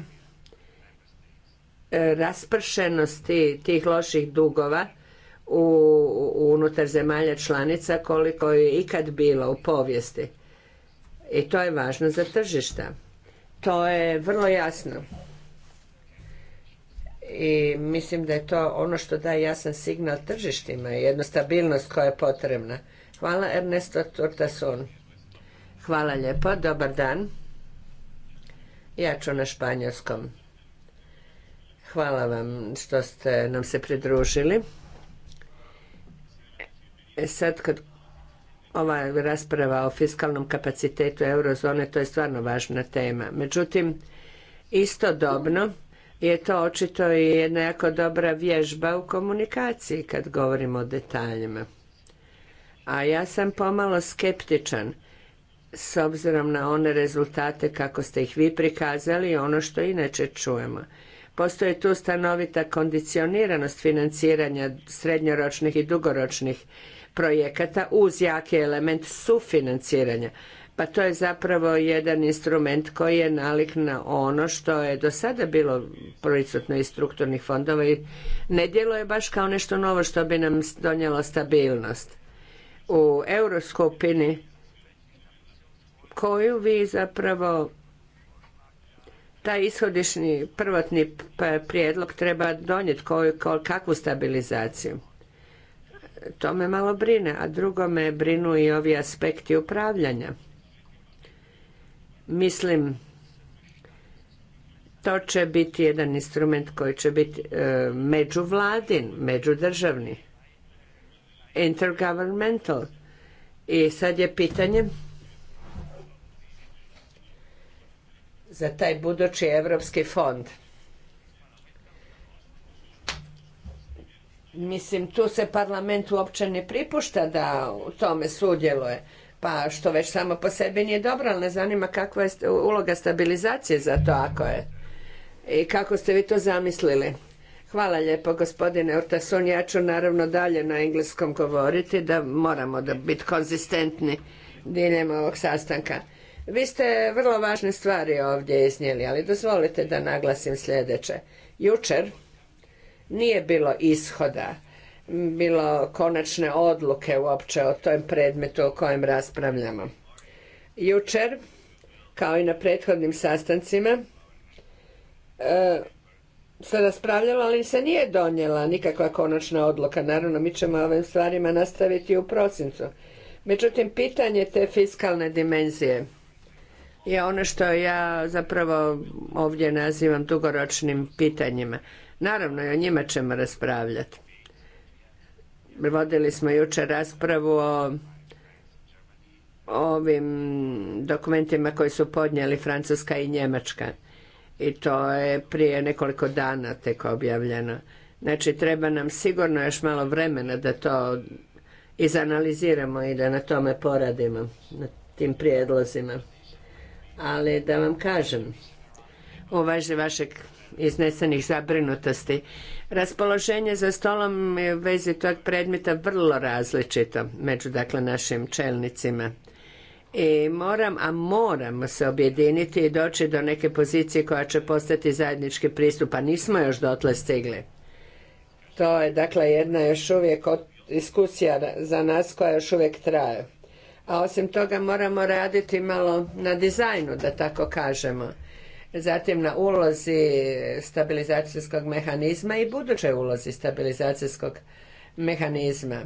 raspršenosti tih loših dugova u, unutar zemalja članica koliko je ikad bilo u povijesti. I to je važno za tržišta. To je vrlo jasno. I mislim da je to ono što daje jasan signal tržištima i jednu stabilnost koja je potrebna. Hvala Ernesto Turtason. Hvala lijepo, dobar dan. Ja ću na španjolskom. Hvala vam što ste nam se pridružili. E sad kad ova rasprava o fiskalnom kapacitetu eurozone, to je stvarno važna tema. Međutim, istodobno je to očito i jedna jako dobra vježba u komunikaciji kad govorimo o detaljima. A ja sam pomalo skeptičan s obzirom na one rezultate kako ste ih vi prikazali i ono što inače čujemo. Postoji tu stanovita kondicioniranost financiranja srednjoročnih i dugoročnih projekata uz jaki element sufinanciranja. Pa to je zapravo jedan instrument koji je nalik na ono što je do sada bilo prisutno iz strukturnih fondova i ne djeluje baš kao nešto novo što bi nam donijelo stabilnost. U euroskupini koju vi zapravo taj ishodišni prvotni prijedlog treba donijeti kakvu stabilizaciju. To me malo brine, a drugo me brinu i ovi aspekti upravljanja. Mislim, to će biti jedan instrument koji će biti e, međuvladin, međudržavni, intergovernmental. I sad je pitanje za taj budući europski fond. Mislim, tu se parlament uopće ne pripušta da u tome sudjeluje, pa što već samo po sebi nije dobro, ali ne zanima kakva je uloga stabilizacije za to ako je. I kako ste vi to zamislili? Hvala lijepo gospodine Ortason, ja ću naravno dalje na engleskom govoriti da moramo da biti konzistentni diljem ovog sastanka. Vi ste vrlo važne stvari ovdje iznijeli, ali dozvolite da naglasim sljedeće. Jučer nije bilo ishoda, bilo konačne odluke uopće o tom predmetu o kojem raspravljamo. Jučer, kao i na prethodnim sastancima, e, se raspravljalo, ali se nije donijela nikakva konačna odluka. Naravno, mi ćemo ovim stvarima nastaviti u prosincu. Međutim, pitanje te fiskalne dimenzije – je ono što ja zapravo ovdje nazivam dugoročnim pitanjima. Naravno, i o njima ćemo raspravljati. Vodili smo jučer raspravu o ovim dokumentima koji su podnijeli Francuska i Njemačka. I to je prije nekoliko dana tek objavljeno. Znači, treba nam sigurno još malo vremena da to izanaliziramo i da na tome poradimo, na tim prijedlozima ali da vam kažem u važi vašeg iznesenih zabrinutosti. Raspoloženje za stolom je u vezi tog predmeta vrlo različito među dakle našim čelnicima. I moram, a moramo se objediniti i doći do neke pozicije koja će postati zajednički pristup, a nismo još dotle stigli. To je dakle jedna još uvijek diskusija za nas koja još uvijek traje a osim toga moramo raditi malo na dizajnu, da tako kažemo. Zatim na ulozi stabilizacijskog mehanizma i budućoj ulozi stabilizacijskog mehanizma.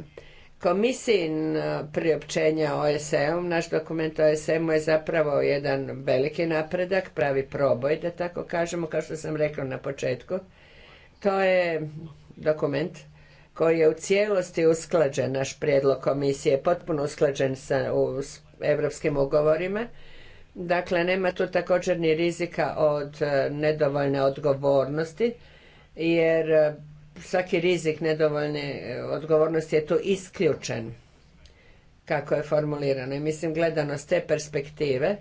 Komisijin e, priopćenja OSM, naš dokument osm u je zapravo jedan veliki napredak, pravi proboj, da tako kažemo, kao što sam rekla na početku. To je dokument koji je u cijelosti usklađen, naš prijedlog komisije je potpuno usklađen sa evropskim ugovorima. Dakle, nema tu također ni rizika od e, nedovoljne odgovornosti, jer e, svaki rizik nedovoljne e, odgovornosti je tu isključen, kako je formulirano. I mislim, gledano s te perspektive,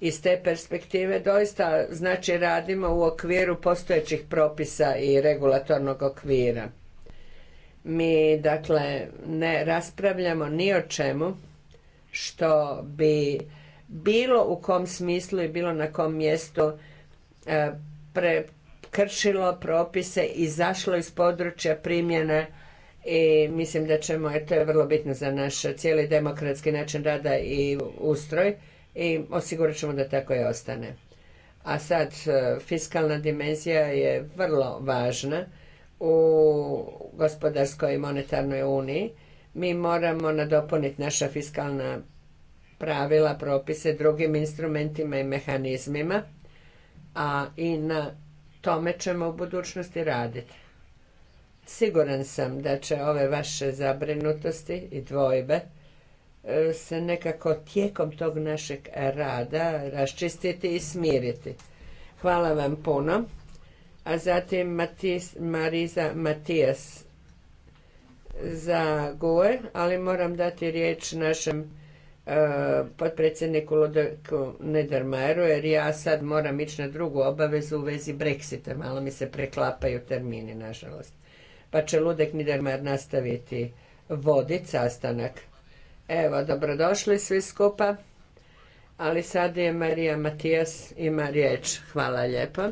iz te perspektive doista znači radimo u okviru postojećih propisa i regulatornog okvira mi, dakle, ne raspravljamo ni o čemu što bi bilo u kom smislu i bilo na kom mjestu e, prekršilo propise, izašlo iz područja primjene i mislim da ćemo, jer to je vrlo bitno za naš cijeli demokratski način rada i ustroj i osigurat ćemo da tako i ostane. A sad, e, fiskalna dimenzija je vrlo važna u gospodarskoj i monetarnoj uniji, mi moramo nadopuniti naša fiskalna pravila, propise drugim instrumentima i mehanizmima, a i na tome ćemo u budućnosti raditi. Siguran sam da će ove vaše zabrinutosti i dvojbe e, se nekako tijekom tog našeg rada raščistiti i smiriti. Hvala vam puno a zatim Matis, Mariza Matijas za GUE, ali moram dati riječ našem uh, potpredsjedniku Lodeku Nedermajeru, jer ja sad moram ići na drugu obavezu u vezi Brexita. Malo mi se preklapaju termini, nažalost. Pa će Ludek Nidermajer nastaviti voditi sastanak. Evo, dobrodošli svi skupa. Ali sad je Marija Matijas ima riječ. Hvala lijepo.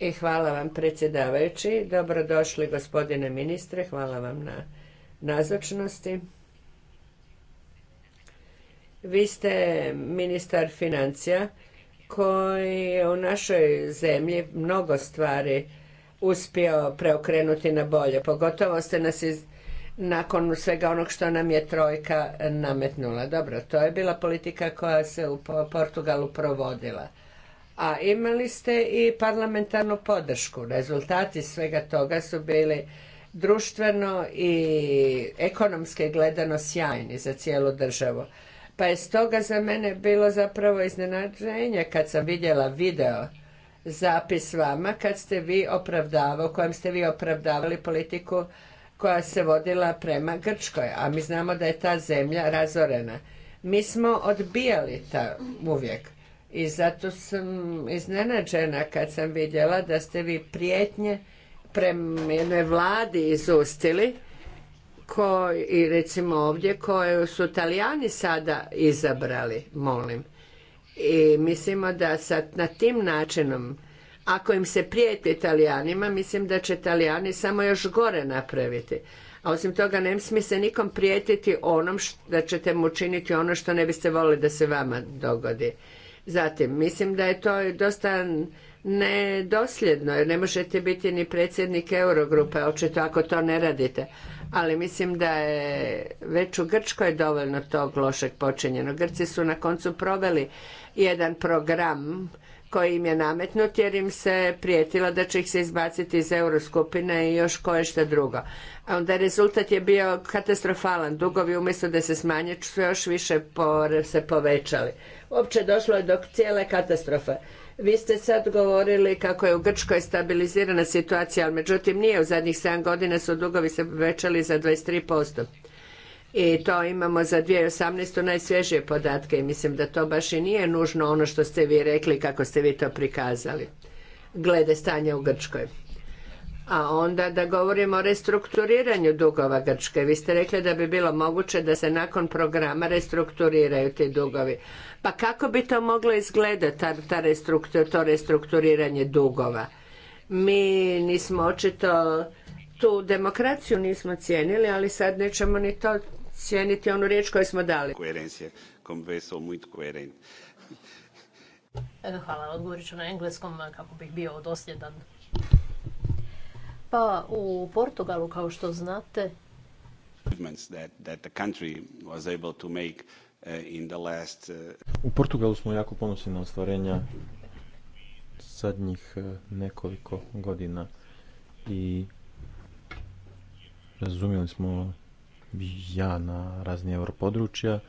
I hvala vam predsjedavajući. Dobrodošli gospodine ministre. Hvala vam na nazočnosti. Vi ste ministar financija koji je u našoj zemlji mnogo stvari uspio preokrenuti na bolje. Pogotovo ste nas iz, nakon svega onog što nam je trojka nametnula. Dobro, to je bila politika koja se u Portugalu provodila a imali ste i parlamentarnu podršku. Rezultati svega toga su bili društveno i ekonomski gledano sjajni za cijelu državu. Pa je stoga za mene bilo zapravo iznenađenje kad sam vidjela video zapis vama kad ste vi opravdavali, kojem ste vi opravdavali politiku koja se vodila prema Grčkoj, a mi znamo da je ta zemlja razorena. Mi smo odbijali ta uvijek i zato sam iznenađena kad sam vidjela da ste vi prijetnje prema jednoj vladi izustili i recimo ovdje koje su Italijani sada izabrali, molim. I mislimo da sad na tim načinom, ako im se prijeti Italijanima, mislim da će Italijani samo još gore napraviti. A osim toga, ne smije se nikom prijetiti onom da ćete mu učiniti ono što ne biste volili da se vama dogodi. Zatim, mislim da je to dosta nedosljedno, jer ne možete biti ni predsjednik Eurogrupe, očito ako to ne radite. Ali mislim da je već u Grčkoj dovoljno tog lošeg počinjeno. Grci su na koncu proveli jedan program koji im je nametnut jer im se prijetilo da će ih se izbaciti iz euroskupine i još koje što drugo. A onda rezultat je bio katastrofalan. Dugovi umjesto da se smanje su još više se povećali. Uopće došlo je do cijele katastrofe. Vi ste sad govorili kako je u Grčkoj stabilizirana situacija, ali međutim nije u zadnjih 7 godina su dugovi se povećali za 23% i to imamo za 2018. najsvježije podatke i mislim da to baš i nije nužno ono što ste vi rekli kako ste vi to prikazali glede stanja u Grčkoj. A onda da govorimo o restrukturiranju dugova Grčke. Vi ste rekli da bi bilo moguće da se nakon programa restrukturiraju ti dugovi. Pa kako bi to moglo izgledati ta, ta to restrukturiranje dugova? Mi nismo očito tu demokraciju nismo cijenili, ali sad nećemo ni to cijeniti onu riječ koju smo dali. Koherencija, converso muito Hvala, odgovorit ću na engleskom kako bih bio dosljedan. Pa u Portugalu, kao što znate, u Portugalu smo jako ponosni na ostvarenja sadnjih uh, nekoliko godina i razumijeli smo ja na razni europodručja.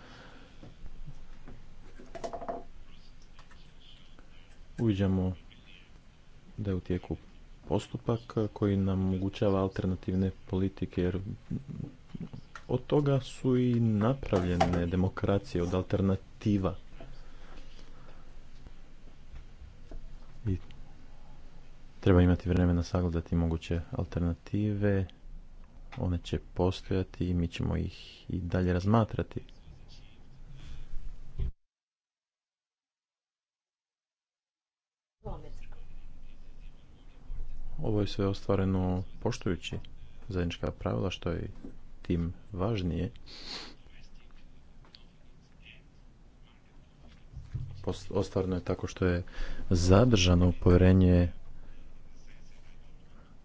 Uviđamo da je u tijeku postupak koji nam omogućava alternativne politike, jer od toga su i napravljene demokracije od alternativa. I treba imati vremena sagledati moguće alternative one će postojati i mi ćemo ih i dalje razmatrati. Ovo je sve ostvareno poštujući zajednička pravila, što je tim važnije. Ostvareno je tako što je zadržano povjerenje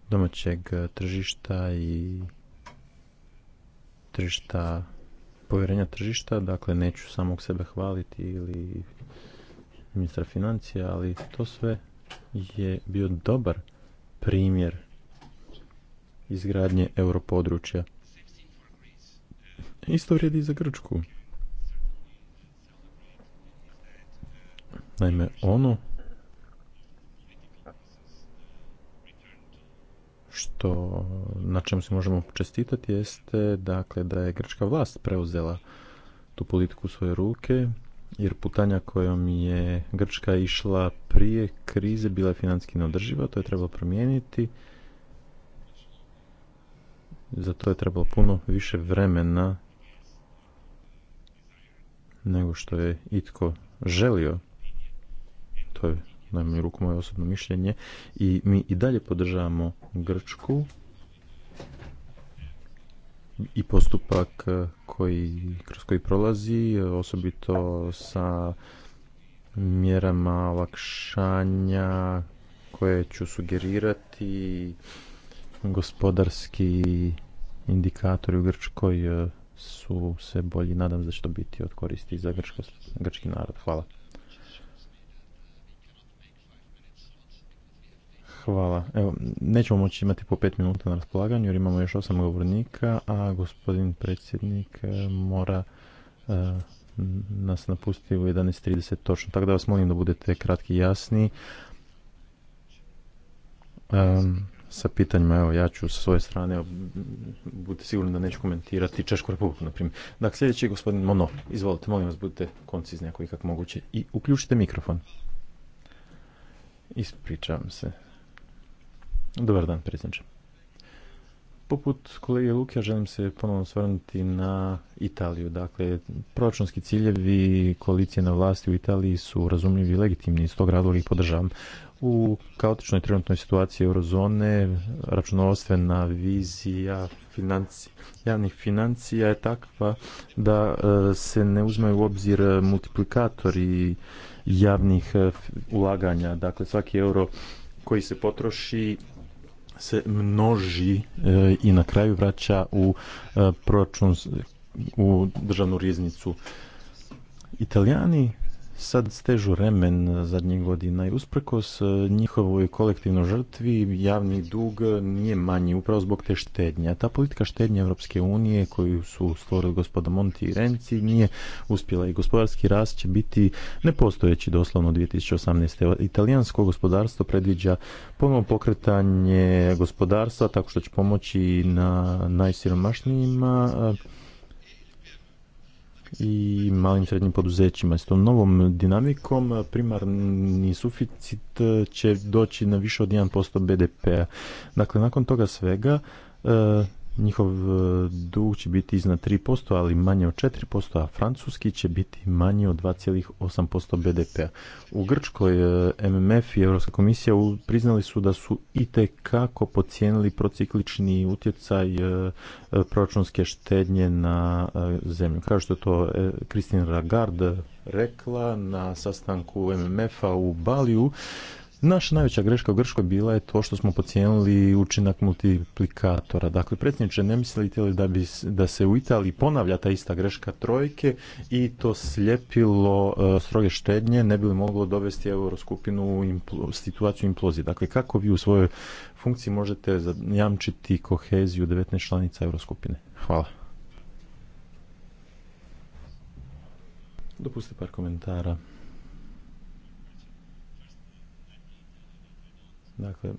domaćeg tržišta i tržišta, povjerenja tržišta, dakle neću samog sebe hvaliti ili ministra financija, ali to sve je bio dobar primjer izgradnje europodručja. Isto vrijedi i za Grčku. Naime, ono što na čemu se možemo čestitati jeste dakle da je grčka vlast preuzela tu politiku u svoje ruke jer putanja kojom je Grčka išla prije krize bila je financijski neodrživa, to je trebalo promijeniti. Za to je trebalo puno više vremena nego što je itko želio. To je najmanju ruku moje osobno mišljenje i mi i dalje podržavamo Grčku i postupak e, koji, kroz koji prolazi, osobito sa mjerama olakšanja koje ću sugerirati gospodarski indikatori u Grčkoj e, su se bolji. Nadam se da će to biti od koristi za grčki narod. Hvala. Hvala. Evo, nećemo moći imati po pet minuta na raspolaganju jer imamo još osam govornika, a gospodin predsjednik e, mora e, nas napustiti u 11.30 točno. Tako da vas molim da budete kratki i jasni. sa pitanjima, evo, ja ću sa svoje strane, evo, budite sigurni da neću komentirati Češku republiku, na primjer. Dakle, sljedeći je gospodin Mono. Izvolite, molim vas, budite koncizni ako ikak moguće. I uključite mikrofon. Ispričavam se Dobar dan, predsjedniče. Poput kolege ja želim se ponovno osvrnuti na Italiju. Dakle, proračunski ciljevi koalicije na vlasti u Italiji su razumljivi i legitimni, iz tog razloga ih podržavam. U kaotičnoj trenutnoj situaciji eurozone računovodstvena vizija javnih financija je takva da e, se ne uzmaju u obzir multiplikatori javnih e, ulaganja. Dakle, svaki euro koji se potroši se množi eh, i na kraju vraća u eh, proračun u državnu riznicu. Italijani sad stežu remen zadnjih godina i usprkos e, njihovoj kolektivnoj žrtvi javni dug nije manji upravo zbog te štednje. Ta politika štednje Europske unije koju su stvorili gospoda Monti i Renci nije uspjela i gospodarski rast će biti nepostojeći doslovno 2018. Italijansko gospodarstvo predviđa ponovno pokretanje gospodarstva tako što će pomoći na najsiromašnijima i malim srednjim poduzećima. S tom novom dinamikom primarni suficit će doći na više od 1% BDP-a. Dakle, nakon toga svega njihov e, dug će biti iznad 3%, ali manje od 4%, a francuski će biti manje od 2,8% BDP-a. U Grčkoj e, MMF i Europska komisija priznali su da su itekako pocijenili prociklični utjecaj e, proračunske štednje na zemlju. Kao što je to Christine Lagarde rekla na sastanku MMF-a u Baliju, Naša najveća greška u Grškoj bila je to što smo pocijenili učinak multiplikatora. Dakle, predsjedniče, ne mislite li da, bi, da se u Italiji ponavlja ta ista greška trojke i to sljepilo e, stroge štednje ne bi li moglo dovesti euroskupinu u situaciju implozije? Dakle, kako vi u svojoj funkciji možete jamčiti koheziju 19 članica euroskupine? Hvala. Dopustite par komentara. Dakle,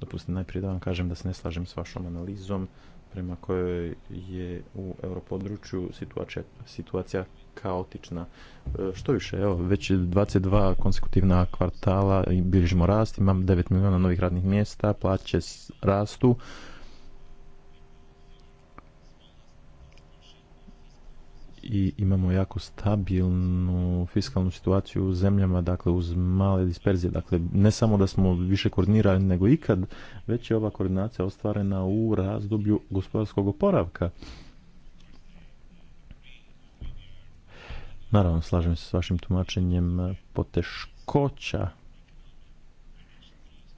dopustite najprije da vam kažem da se ne slažem s vašom analizom prema kojoj je u europodručju situacija, kaotična. E, što više, evo, već 22 konsekutivna kvartala bilježimo rast, imam 9 milijuna novih radnih mjesta, plaće rastu, i imamo jako stabilnu fiskalnu situaciju u zemljama, dakle uz male disperzije. Dakle, ne samo da smo više koordinirani nego ikad, već je ova koordinacija ostvarena u razdoblju gospodarskog oporavka. Naravno, slažem se s vašim tumačenjem poteškoća.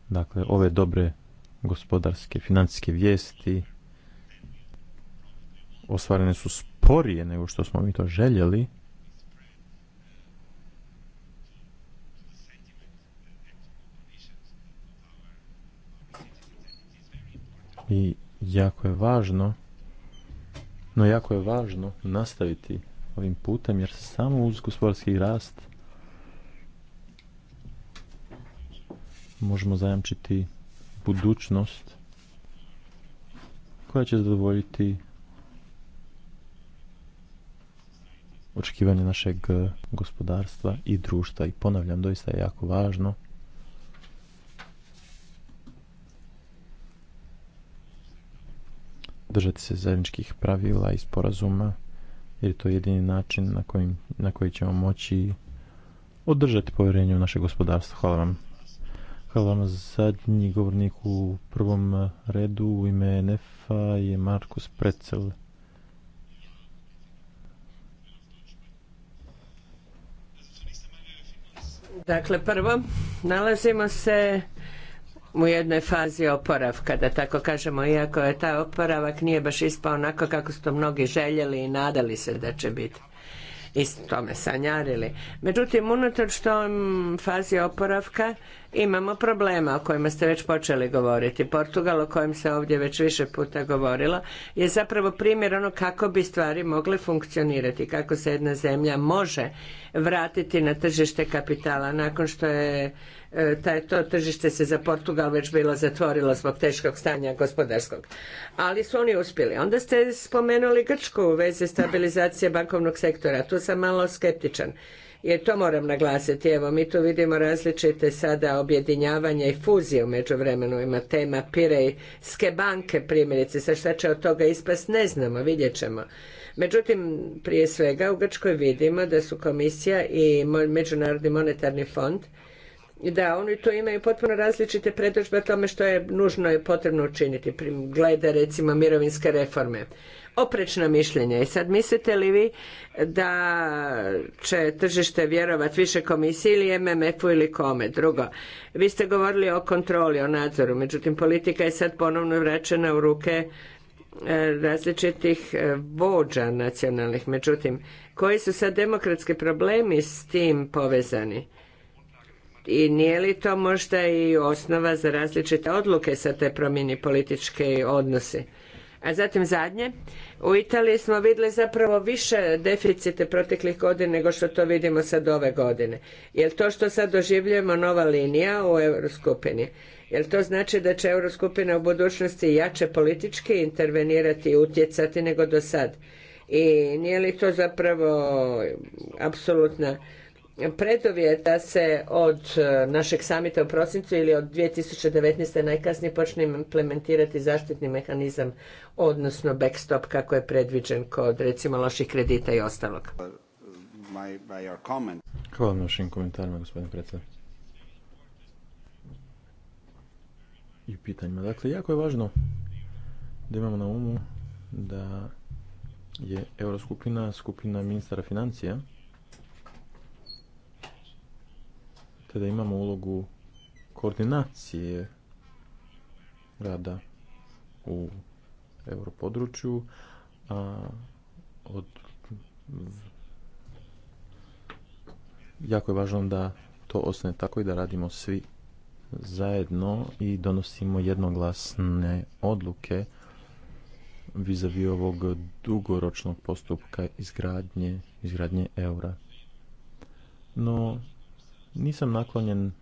Dakle, ove dobre gospodarske, financijske vijesti ostvarene su sporije nego što smo mi to željeli, i jako je važno no jako je važno nastaviti ovim putem jer samo uz gospodarski rast možemo zajamčiti budućnost koja će zadovoljiti očekivanje našeg e, gospodarstva i društva. I ponavljam, doista je jako važno držati se zajedničkih pravila i sporazuma, jer to jedini način na, kojim, na koji ćemo moći održati povjerenje u naše gospodarstvo. Hvala vam. Hvala vam zadnji govornik u prvom e, redu u ime nf je Markus Precel. Dakle, prvo, nalazimo se u jednoj fazi oporavka, da tako kažemo, iako je taj oporavak nije baš ispao onako kako su to mnogi željeli i nadali se da će biti i tome sanjarili. Međutim, unatoč tom fazi oporavka imamo problema o kojima ste već počeli govoriti. Portugal o kojem se ovdje već više puta govorilo je zapravo primjer ono kako bi stvari mogle funkcionirati, kako se jedna zemlja može vratiti na tržište kapitala nakon što je e, taj, to tržište se za Portugal već bilo zatvorilo zbog teškog stanja gospodarskog. Ali su oni uspjeli. Onda ste spomenuli Grčku u vezi stabilizacije bankovnog sektora. Tu sam malo skeptičan jer to moram naglasiti, evo mi tu vidimo različite sada objedinjavanja i fuzije u međuvremenu, ima tema Pirejske banke primjerice, sa šta će od toga ispast ne znamo, vidjet ćemo. Međutim, prije svega u Grčkoj vidimo da su komisija i Međunarodni monetarni fond da oni tu imaju potpuno različite predodžbe o tome što je nužno i potrebno učiniti glede recimo mirovinske reforme oprečna mišljenja. I sad mislite li vi da će tržište vjerovati više komisiji ili MMF-u ili kome? Drugo, vi ste govorili o kontroli, o nadzoru, međutim politika je sad ponovno vraćena u ruke e, različitih e, vođa nacionalnih. Međutim, koji su sad demokratski problemi s tim povezani? i nije li to možda i osnova za različite odluke sa te promjeni političke odnose? A zatim zadnje, u Italiji smo vidjeli zapravo više deficite proteklih godina nego što to vidimo sad ove godine. li to što sad doživljujemo nova linija u Euroskupini, li to znači da će Euroskupina u budućnosti jače politički intervenirati i utjecati nego do sad. I nije li to zapravo apsolutna preduvjet da se od e, našeg samita u prosincu ili od 2019. najkasnije počne implementirati zaštitni mehanizam, odnosno backstop kako je predviđen kod recimo loših kredita i ostalog. Hvala na komentarima, gospodine predsjedniče. I pitanjima. Dakle, jako je važno da imamo na umu da je Euroskupina skupina ministara financija Dakle, da imamo ulogu koordinacije rada u europodručju, a od jako je važno da to ostane tako i da radimo svi zajedno i donosimo jednoglasne odluke vizavi ovog dugoročnog postupka izgradnje, izgradnje eura. No, nisam naklonjen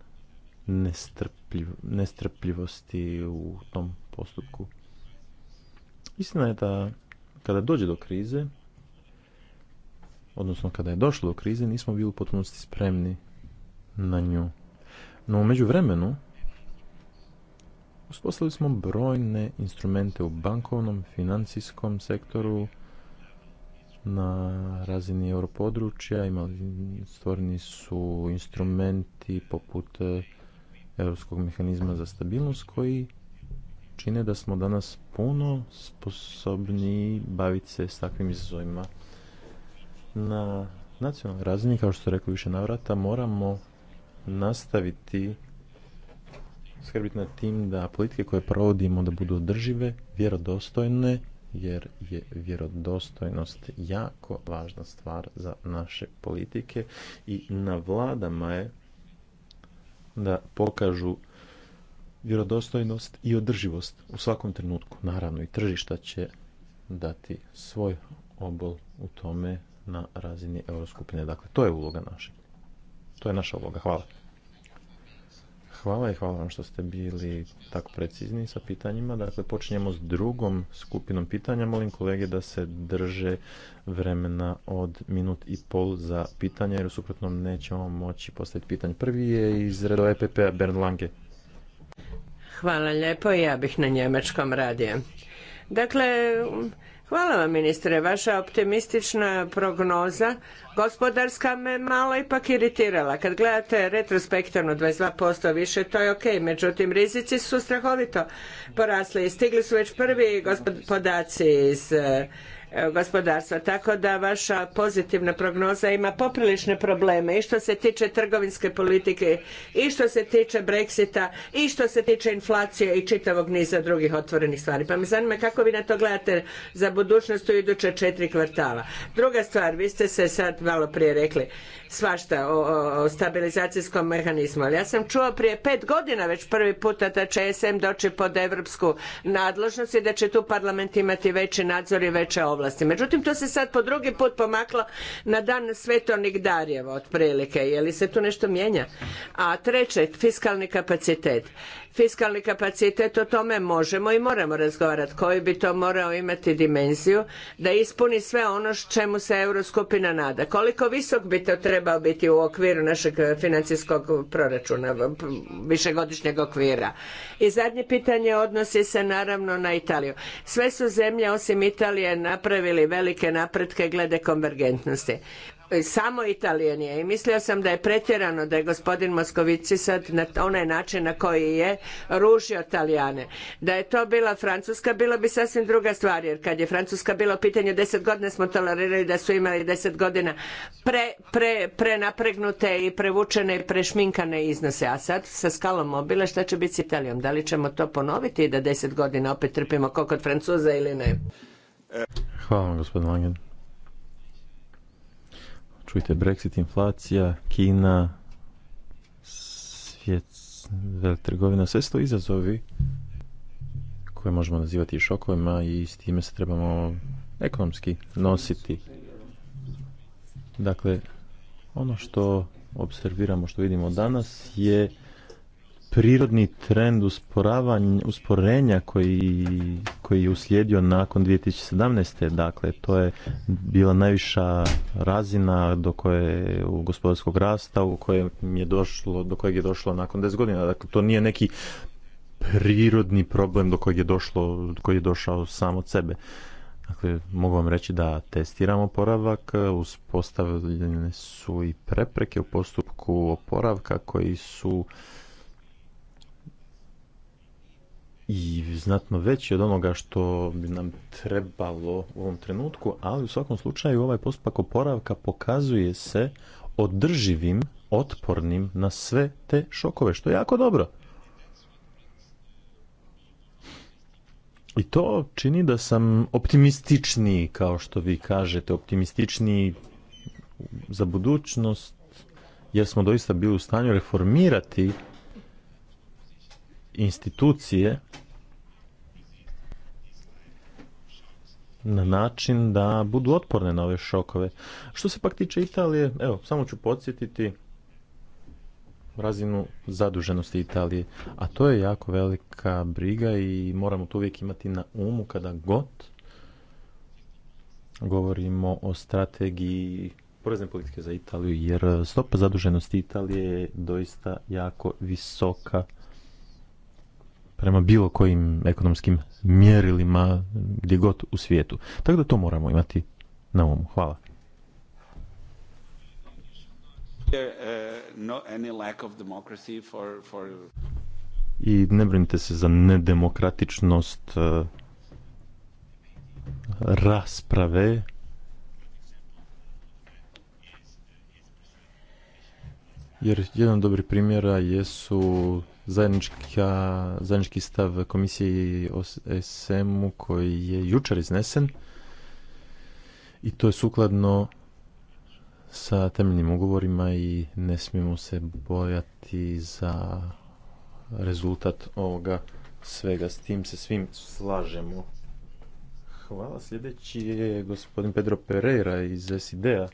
nestrpljivosti u tom postupku. Istina je da kada dođe do krize, odnosno kada je došlo do krize, nismo bili u potpunosti spremni na nju. No u međuvremenu uspostavili smo brojne instrumente u bankovnom, financijskom sektoru, na razini europodručja, imali, stvoreni su instrumenti poput e, europskog mehanizma za stabilnost koji čine da smo danas puno sposobni baviti se s takvim izazovima. Na nacionalnoj razini, kao što rekao više navrata, moramo nastaviti skrbiti na tim da politike koje provodimo da budu održive, vjerodostojne jer je vjerodostojnost jako važna stvar za naše politike i na vladama je da pokažu vjerodostojnost i održivost u svakom trenutku. Naravno i tržišta će dati svoj obol u tome na razini Euroskupine. Dakle, to je uloga naša. To je naša uloga. Hvala. Hvala i hvala vam što ste bili tako precizni sa pitanjima. Dakle, počinjemo s drugom skupinom pitanja. Molim kolege da se drže vremena od minut i pol za pitanje, jer u suprotnom nećemo moći postaviti pitanje. Prvi je iz redova EPP-a Lange. Hvala lijepo, ja bih na njemačkom radije. Dakle, Hvala vam ministre, vaša optimistična prognoza gospodarska me malo ipak iritirala. Kad gledate retrospektivno 22% više, to je ok, međutim rizici su strahovito porasli i stigli su već prvi podaci iz E, gospodarstva. Tako da vaša pozitivna prognoza ima poprilične probleme i što se tiče trgovinske politike i što se tiče Brexita i što se tiče inflacije i čitavog niza drugih otvorenih stvari. Pa me zanima kako vi na to gledate za budućnost u iduća četiri kvartala. Druga stvar, vi ste se sad malo prije rekli svašta o, stabilizacijskom mehanizmu, ali ja sam čuo prije pet godina već prvi puta da će SM doći pod europsku nadležnost i da će tu parlament imati veći nadzor i veće ovlasti ovlasti. Međutim, to se sad po drugi put pomaklo na dan Svetonik Darjeva otprilike. Je li se tu nešto mijenja? A treće, fiskalni kapacitet fiskalni kapacitet, o tome možemo i moramo razgovarati. Koji bi to morao imati dimenziju da ispuni sve ono čemu se Euroskupina nada. Koliko visok bi to trebao biti u okviru našeg e, financijskog proračuna, višegodišnjeg okvira. I zadnje pitanje odnosi se naravno na Italiju. Sve su zemlje osim Italije napravili velike napretke glede konvergentnosti. E, samo Italijan je i mislio sam da je pretjerano da je gospodin Moskovici sad na onaj način na koji je ružio Talijane. Da je to bila Francuska bilo bi sasvim druga stvar jer kad je Francuska bilo pitanje deset godina smo tolerirali da su imali deset godina pre, prenapregnute i prevučene i prešminkane iznose. A sad sa skalom mobile šta će biti s Italijom? Da li ćemo to ponoviti i da deset godina opet trpimo ko kod Francuza ili ne? Hvala vam gospodin Čujte, Brexit, inflacija, Kina, svijet, trgovina, sve sto izazovi koje možemo nazivati šokovima i s time se trebamo ekonomski nositi. Dakle, ono što observiramo, što vidimo danas je prirodni trend usporenja koji, je uslijedio nakon 2017. Dakle, to je bila najviša razina do koje u gospodarskog rasta u kojem je došlo, do kojeg je došlo nakon 10 godina. Dakle, to nije neki prirodni problem do kojeg je došlo, koji je došao sam od sebe. Dakle, mogu vam reći da testiramo oporavak, uspostavljene su i prepreke u postupku oporavka koji su i znatno veći od onoga što bi nam trebalo u ovom trenutku, ali u svakom slučaju ovaj postupak oporavka pokazuje se održivim, otpornim na sve te šokove, što je jako dobro. I to čini da sam optimističniji, kao što vi kažete, optimističniji za budućnost, jer smo doista bili u stanju reformirati institucije na način da budu otporne na ove šokove. Što se pak tiče Italije, evo, samo ću podsjetiti razinu zaduženosti Italije, a to je jako velika briga i moramo to uvijek imati na umu kada god govorimo o strategiji porezne politike za Italiju, jer stopa zaduženosti Italije je doista jako visoka prema bilo kojim ekonomskim mjerilima gdje god u svijetu. Tako da to moramo imati na umu. Hvala. Uh, I ne brinite se za nedemokratičnost uh, rasprave jer jedan dobri primjera jesu zajednička, zajednički stav komisije sm u koji je jučer iznesen i to je sukladno sa temeljnim ugovorima i ne smijemo se bojati za rezultat ovoga svega. S tim se svim slažemo. Hvala. Sljedeći je gospodin Pedro Pereira iz SID-a.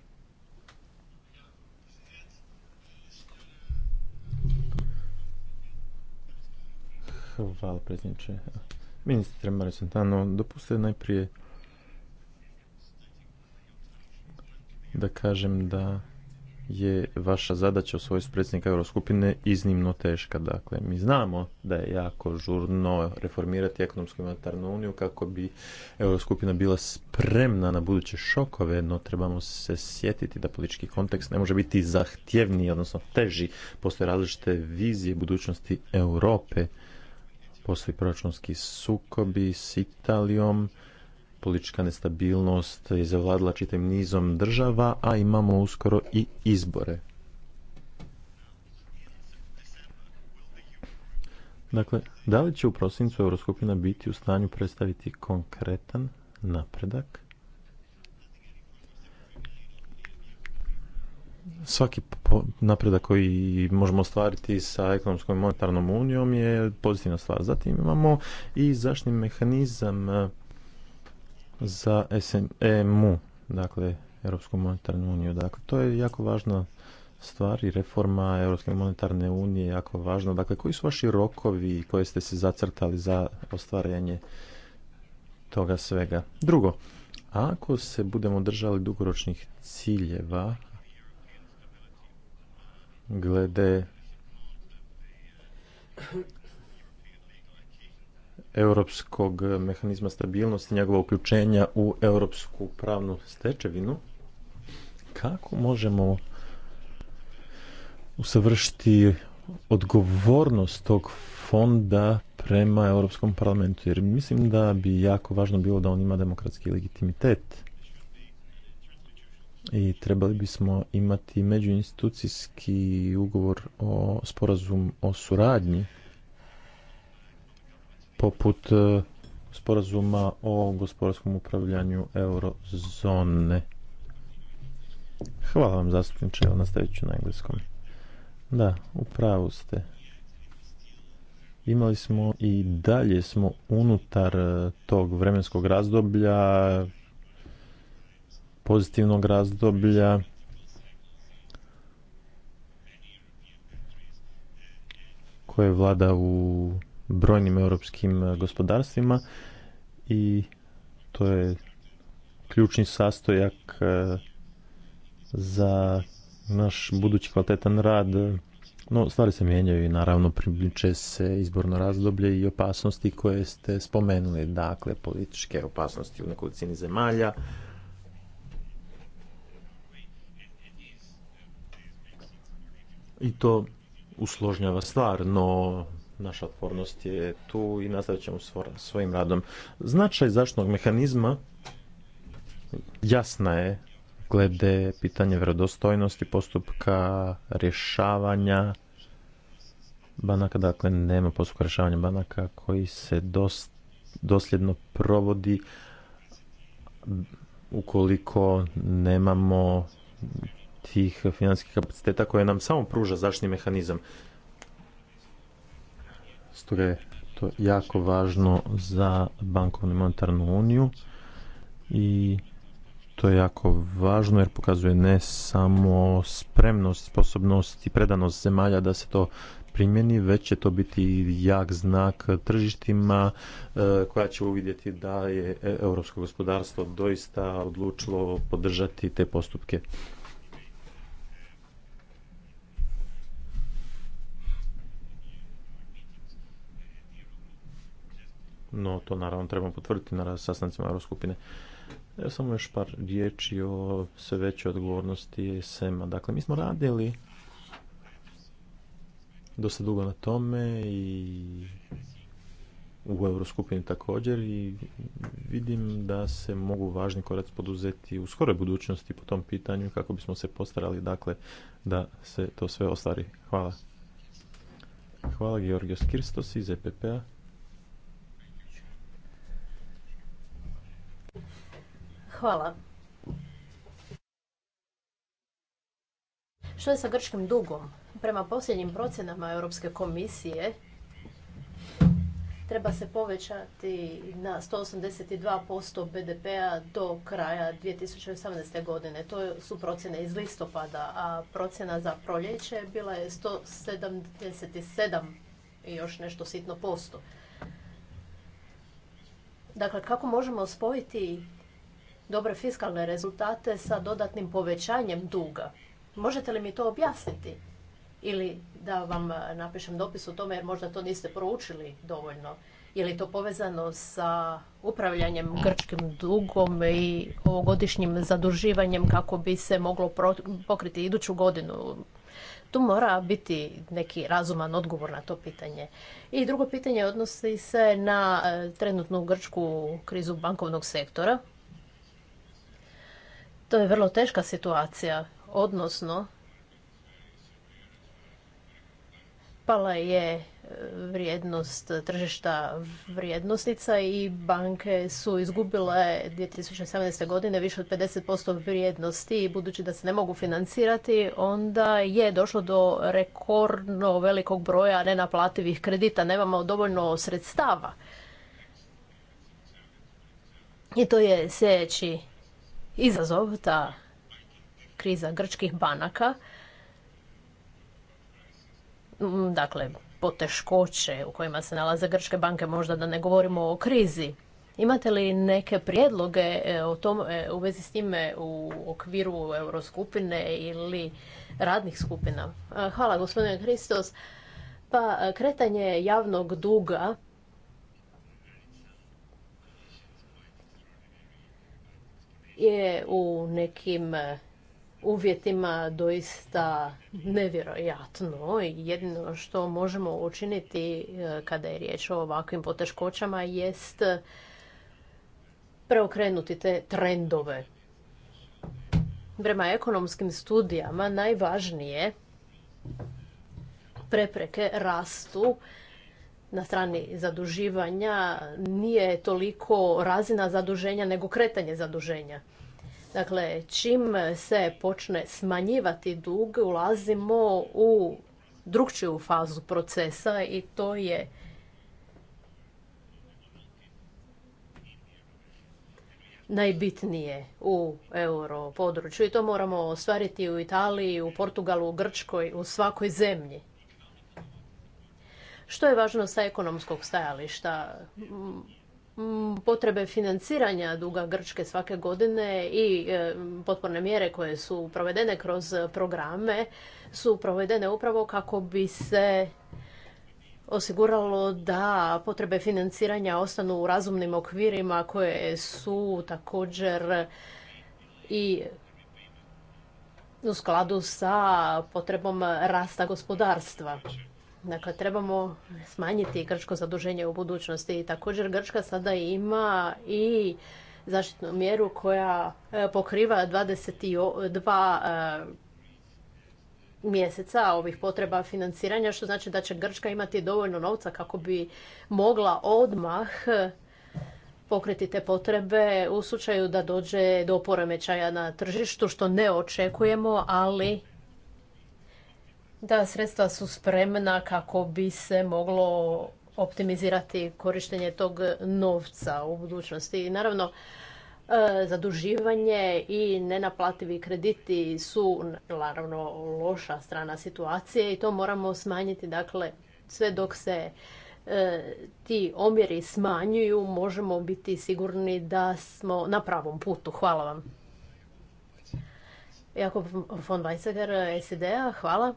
Hvala predsjedniče. Ministre Marisantano, dopuste najprije da kažem da je vaša zadaća u svojstvu predsjednika Euroskupine iznimno teška. Dakle, mi znamo da je jako žurno reformirati ekonomsku monetarnu uniju kako bi Euroskupina bila spremna na buduće šokove, no trebamo se sjetiti da politički kontekst ne može biti zahtjevniji, odnosno teži. Postoje različite vizije budućnosti Europe postoji proračunski sukobi s Italijom, politička nestabilnost je zavladila čitim nizom država, a imamo uskoro i izbore. Dakle, da li će u prosincu Euroskupina biti u stanju predstaviti konkretan napredak? svaki napredak koji možemo ostvariti sa ekonomskom i monetarnom unijom je pozitivna stvar. Zatim imamo i zaštitni mehanizam e, za snmu e dakle Europsku monetarnu uniju. Dakle, to je jako važna stvar i reforma Europske monetarne unije je jako važna. Dakle, koji su vaši rokovi koje ste se zacrtali za ostvarenje toga svega? Drugo, ako se budemo držali dugoročnih ciljeva glede europskog mehanizma stabilnosti, njegova uključenja u europsku pravnu stečevinu, kako možemo usavršiti odgovornost tog fonda prema Europskom parlamentu, jer mislim da bi jako važno bilo da on ima demokratski legitimitet i trebali bismo imati međuinstitucijski ugovor o sporazum o suradnji poput e, sporazuma o gospodarskom upravljanju eurozone. Hvala vam zastupniče, evo nastavit ću na engleskom. Da, u pravu ste. Imali smo i dalje smo unutar e, tog vremenskog razdoblja pozitivnog razdoblja koje vlada u brojnim europskim e, gospodarstvima i to je ključni sastojak e, za naš budući kvalitetan rad. No, stvari se mijenjaju i naravno približe se izborno razdoblje i opasnosti koje ste spomenuli, dakle političke opasnosti u nekolicini zemalja, i to usložnjava stvar, no naša otpornost je tu i nastavit ćemo svojim radom. Značaj zaštitnog mehanizma jasna je glede pitanje vjerodostojnosti postupka rješavanja banaka, dakle nema postupka rješavanja banaka koji se dosljedno provodi ukoliko nemamo tih financijskih kapaciteta koje nam samo pruža zaštitni mehanizam. Stoga je to jako važno za bankovnu monetarnu uniju i to je jako važno jer pokazuje ne samo spremnost, sposobnost i predanost zemalja da se to primjeni, već će to biti jak znak tržištima e, koja će uvidjeti da je e, europsko gospodarstvo doista odlučilo podržati te postupke. no to naravno trebamo potvrditi na sastancima Euroskupine. Evo samo još par riječi o sve većoj odgovornosti SEMA. Dakle, mi smo radili dosta dugo na tome i u Euroskupini također i vidim da se mogu važni korac poduzeti u skoroj budućnosti po tom pitanju kako bismo se postarali dakle da se to sve ostvari. Hvala. Hvala Georgios Kirstos iz EPP-a. Hvala. Što je sa grčkim dugom? Prema posljednjim procjenama Europske komisije treba se povećati na 182% BDP-a do kraja 2018. godine. To su procjene iz listopada, a procjena za proljeće bila je 177 i još nešto sitno posto. Dakle, kako možemo spojiti dobre fiskalne rezultate sa dodatnim povećanjem duga. Možete li mi to objasniti? Ili da vam napišem dopis o tome jer možda to niste proučili dovoljno. Je li to povezano sa upravljanjem grčkim dugom i ovogodišnjim zaduživanjem kako bi se moglo pokriti iduću godinu? Tu mora biti neki razuman odgovor na to pitanje. I drugo pitanje odnosi se na e, trenutnu grčku krizu bankovnog sektora to je vrlo teška situacija, odnosno pala je vrijednost tržišta vrijednosnica i banke su izgubile 2017. godine više od 50% vrijednosti i budući da se ne mogu financirati, onda je došlo do rekordno velikog broja nenaplativih kredita. Nemamo dovoljno sredstava. I to je sljedeći izazov, ta kriza grčkih banaka. Mm, dakle, poteškoće u kojima se nalaze grčke banke, možda da ne govorimo o krizi. Imate li neke prijedloge e, o tom, e, u vezi s time u okviru euroskupine ili radnih skupina? E, hvala gospodine Kristos. Pa kretanje javnog duga je u nekim e, uvjetima doista nevjerojatno i jedino što možemo učiniti e, kada je riječ o ovakvim poteškoćama jest preokrenuti te trendove. Prema ekonomskim studijama najvažnije prepreke rastu na strani zaduživanja nije toliko razina zaduženja nego kretanje zaduženja. Dakle, čim se počne smanjivati dug, ulazimo u drugčiju fazu procesa i to je najbitnije u euro području i to moramo ostvariti u Italiji, u Portugalu, u Grčkoj, u svakoj zemlji. Što je važno sa ekonomskog stajališta? Potrebe financiranja duga Grčke svake godine i e, potporne mjere koje su provedene kroz programe su provedene upravo kako bi se osiguralo da potrebe financiranja ostanu u razumnim okvirima koje su također i u skladu sa potrebom rasta gospodarstva. Dakle, trebamo smanjiti grčko zaduženje u budućnosti. Također, Grčka sada ima i zaštitnu mjeru koja e, pokriva 22 e, mjeseca ovih potreba financiranja, što znači da će Grčka imati dovoljno novca kako bi mogla odmah pokriti te potrebe u slučaju da dođe do poremećaja na tržištu, što ne očekujemo, ali da, sredstva su spremna kako bi se moglo optimizirati korištenje tog novca u budućnosti. I naravno, e, zaduživanje i nenaplativi krediti su naravno loša strana situacije i to moramo smanjiti. Dakle, sve dok se e, ti omjeri smanjuju, možemo biti sigurni da smo na pravom putu. Hvala vam. Jakob von Weizsäcker, SED-a, hvala.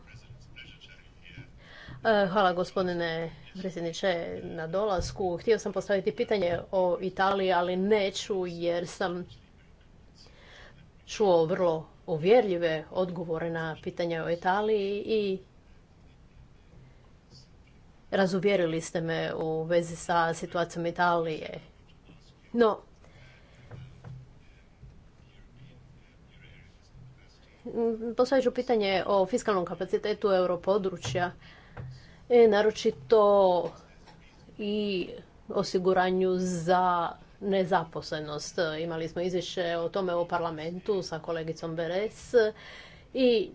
E, hvala gospodine predsjedniče na dolasku. Htio sam postaviti pitanje o Italiji, ali neću jer sam čuo vrlo uvjerljive odgovore na pitanje o Italiji i razuvjerili ste me u vezi sa situacijom Italije. No, postavit ću pitanje o fiskalnom kapacitetu europodručja E, naročito i osiguranju za nezaposlenost. Imali smo izvješće o tome u parlamentu sa kolegicom Beres i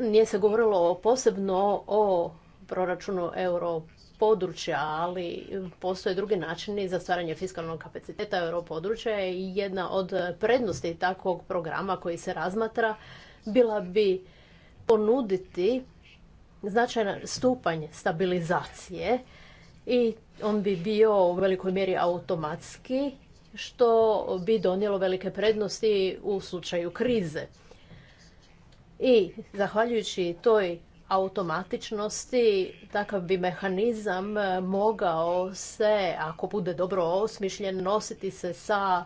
nije se govorilo posebno o proračunu euro područja, ali postoje drugi načini za stvaranje fiskalnog kapaciteta europodručja i jedna od prednosti takvog programa koji se razmatra bila bi ponuditi značajan stupanj stabilizacije i on bi bio u velikoj mjeri automatski što bi donijelo velike prednosti u slučaju krize. I zahvaljujući toj automatičnosti takav bi mehanizam mogao se, ako bude dobro osmišljen, nositi se sa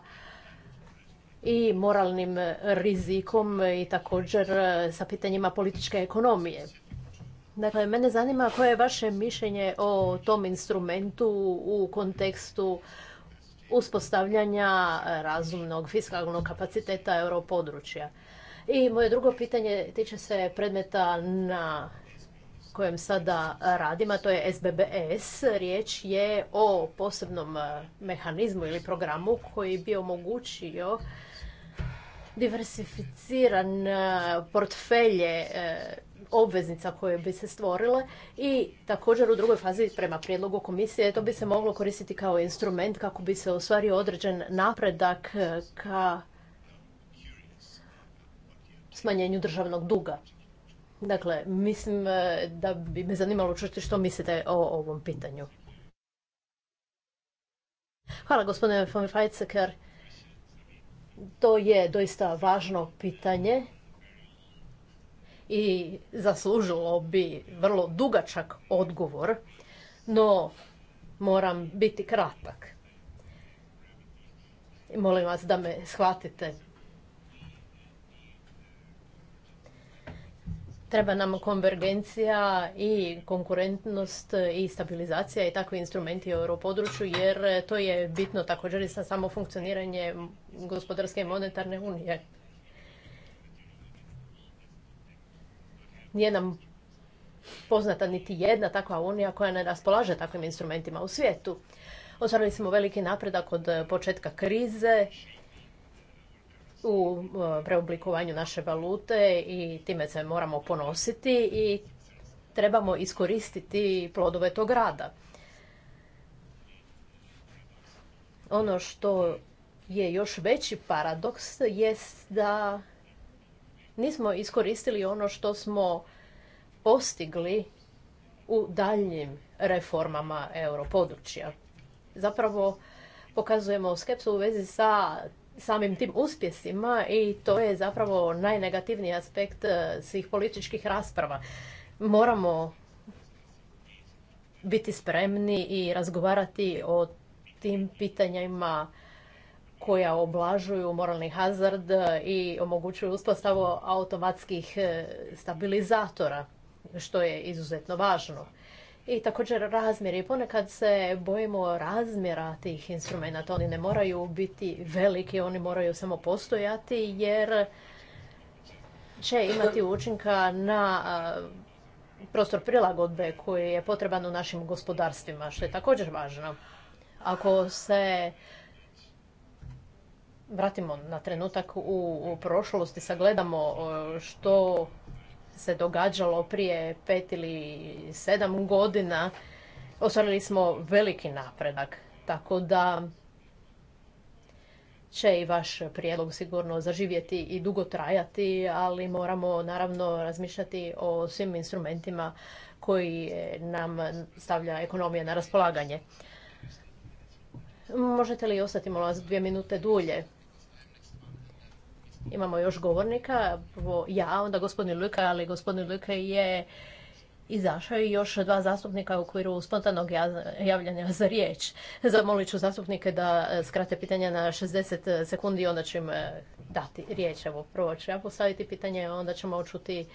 i moralnim rizikom i također e, sa pitanjima političke ekonomije. Dakle, mene zanima koje je vaše mišljenje o tom instrumentu u kontekstu uspostavljanja razumnog fiskalnog kapaciteta europodručja. I moje drugo pitanje tiče se predmeta na kojem sada radim, a to je SBBS. Riječ je o posebnom mehanizmu ili programu koji bi omogućio diversificiran eh, portfelje eh, obveznica koje bi se stvorile i također u drugoj fazi prema prijedlogu komisije to bi se moglo koristiti kao instrument kako bi se ostvario određen napredak eh, ka smanjenju državnog duga. Dakle, mislim da bi me zanimalo čuti što mislite o ovom pitanju. Hvala gospodine von to je doista važno pitanje i zaslužilo bi vrlo dugačak odgovor, no moram biti kratak. Molim vas da me shvatite. Treba nam konvergencija i konkurentnost i stabilizacija i takvi instrumenti u europodručju jer to je bitno također i sa samo funkcioniranje gospodarske i monetarne unije. Nije nam poznata niti jedna takva unija koja ne raspolaže takvim instrumentima u svijetu. Ostvarili smo veliki napredak od početka krize u e, preoblikovanju naše valute i time se moramo ponositi i trebamo iskoristiti plodove tog rada. Ono što je još veći paradoks jest da nismo iskoristili ono što smo postigli u daljnjim reformama europodručja. Zapravo pokazujemo skepsu u vezi sa samim tim uspjesima i to je zapravo najnegativniji aspekt e, svih političkih rasprava. Moramo biti spremni i razgovarati o tim pitanjima koja oblažuju moralni hazard i omogućuju uspostavu automatskih e, stabilizatora, što je izuzetno važno i također razmjeri. Ponekad se bojimo razmjera tih instrumenta. Oni ne moraju biti veliki, oni moraju samo postojati jer će imati učinka na prostor prilagodbe koji je potreban u našim gospodarstvima, što je također važno. Ako se vratimo na trenutak u prošlosti sagledamo što se događalo prije pet ili sedam godina, ostvarili smo veliki napredak. Tako da će i vaš prijedlog sigurno zaživjeti i dugo trajati, ali moramo naravno razmišljati o svim instrumentima koji nam stavlja ekonomija na raspolaganje. Možete li ostati molim vas dvije minute dulje? Imamo još govornika, ja, onda gospodin Luka, ali gospodin Luka je izašao i još dva zastupnika u okviru spontanog javljanja za riječ. Zamolit ću zastupnike da e, skrate pitanja na 60 sekundi i onda ću im e, dati riječ. Evo, prvo ću ja postaviti pitanje, onda ćemo očuti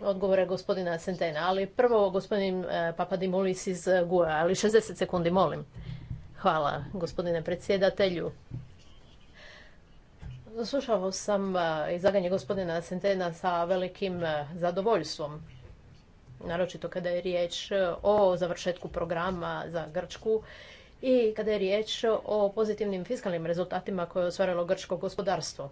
odgovore gospodina Sentena. Ali prvo gospodin e, Papadimulis iz GUA, ali 60 sekundi molim. Hvala gospodine predsjedatelju. Slušao sam e, izlaganje gospodina Sentena sa velikim e, zadovoljstvom, naročito kada je riječ e, o završetku programa za Grčku i kada je riječ o pozitivnim fiskalnim rezultatima koje je ostvarilo grčko gospodarstvo.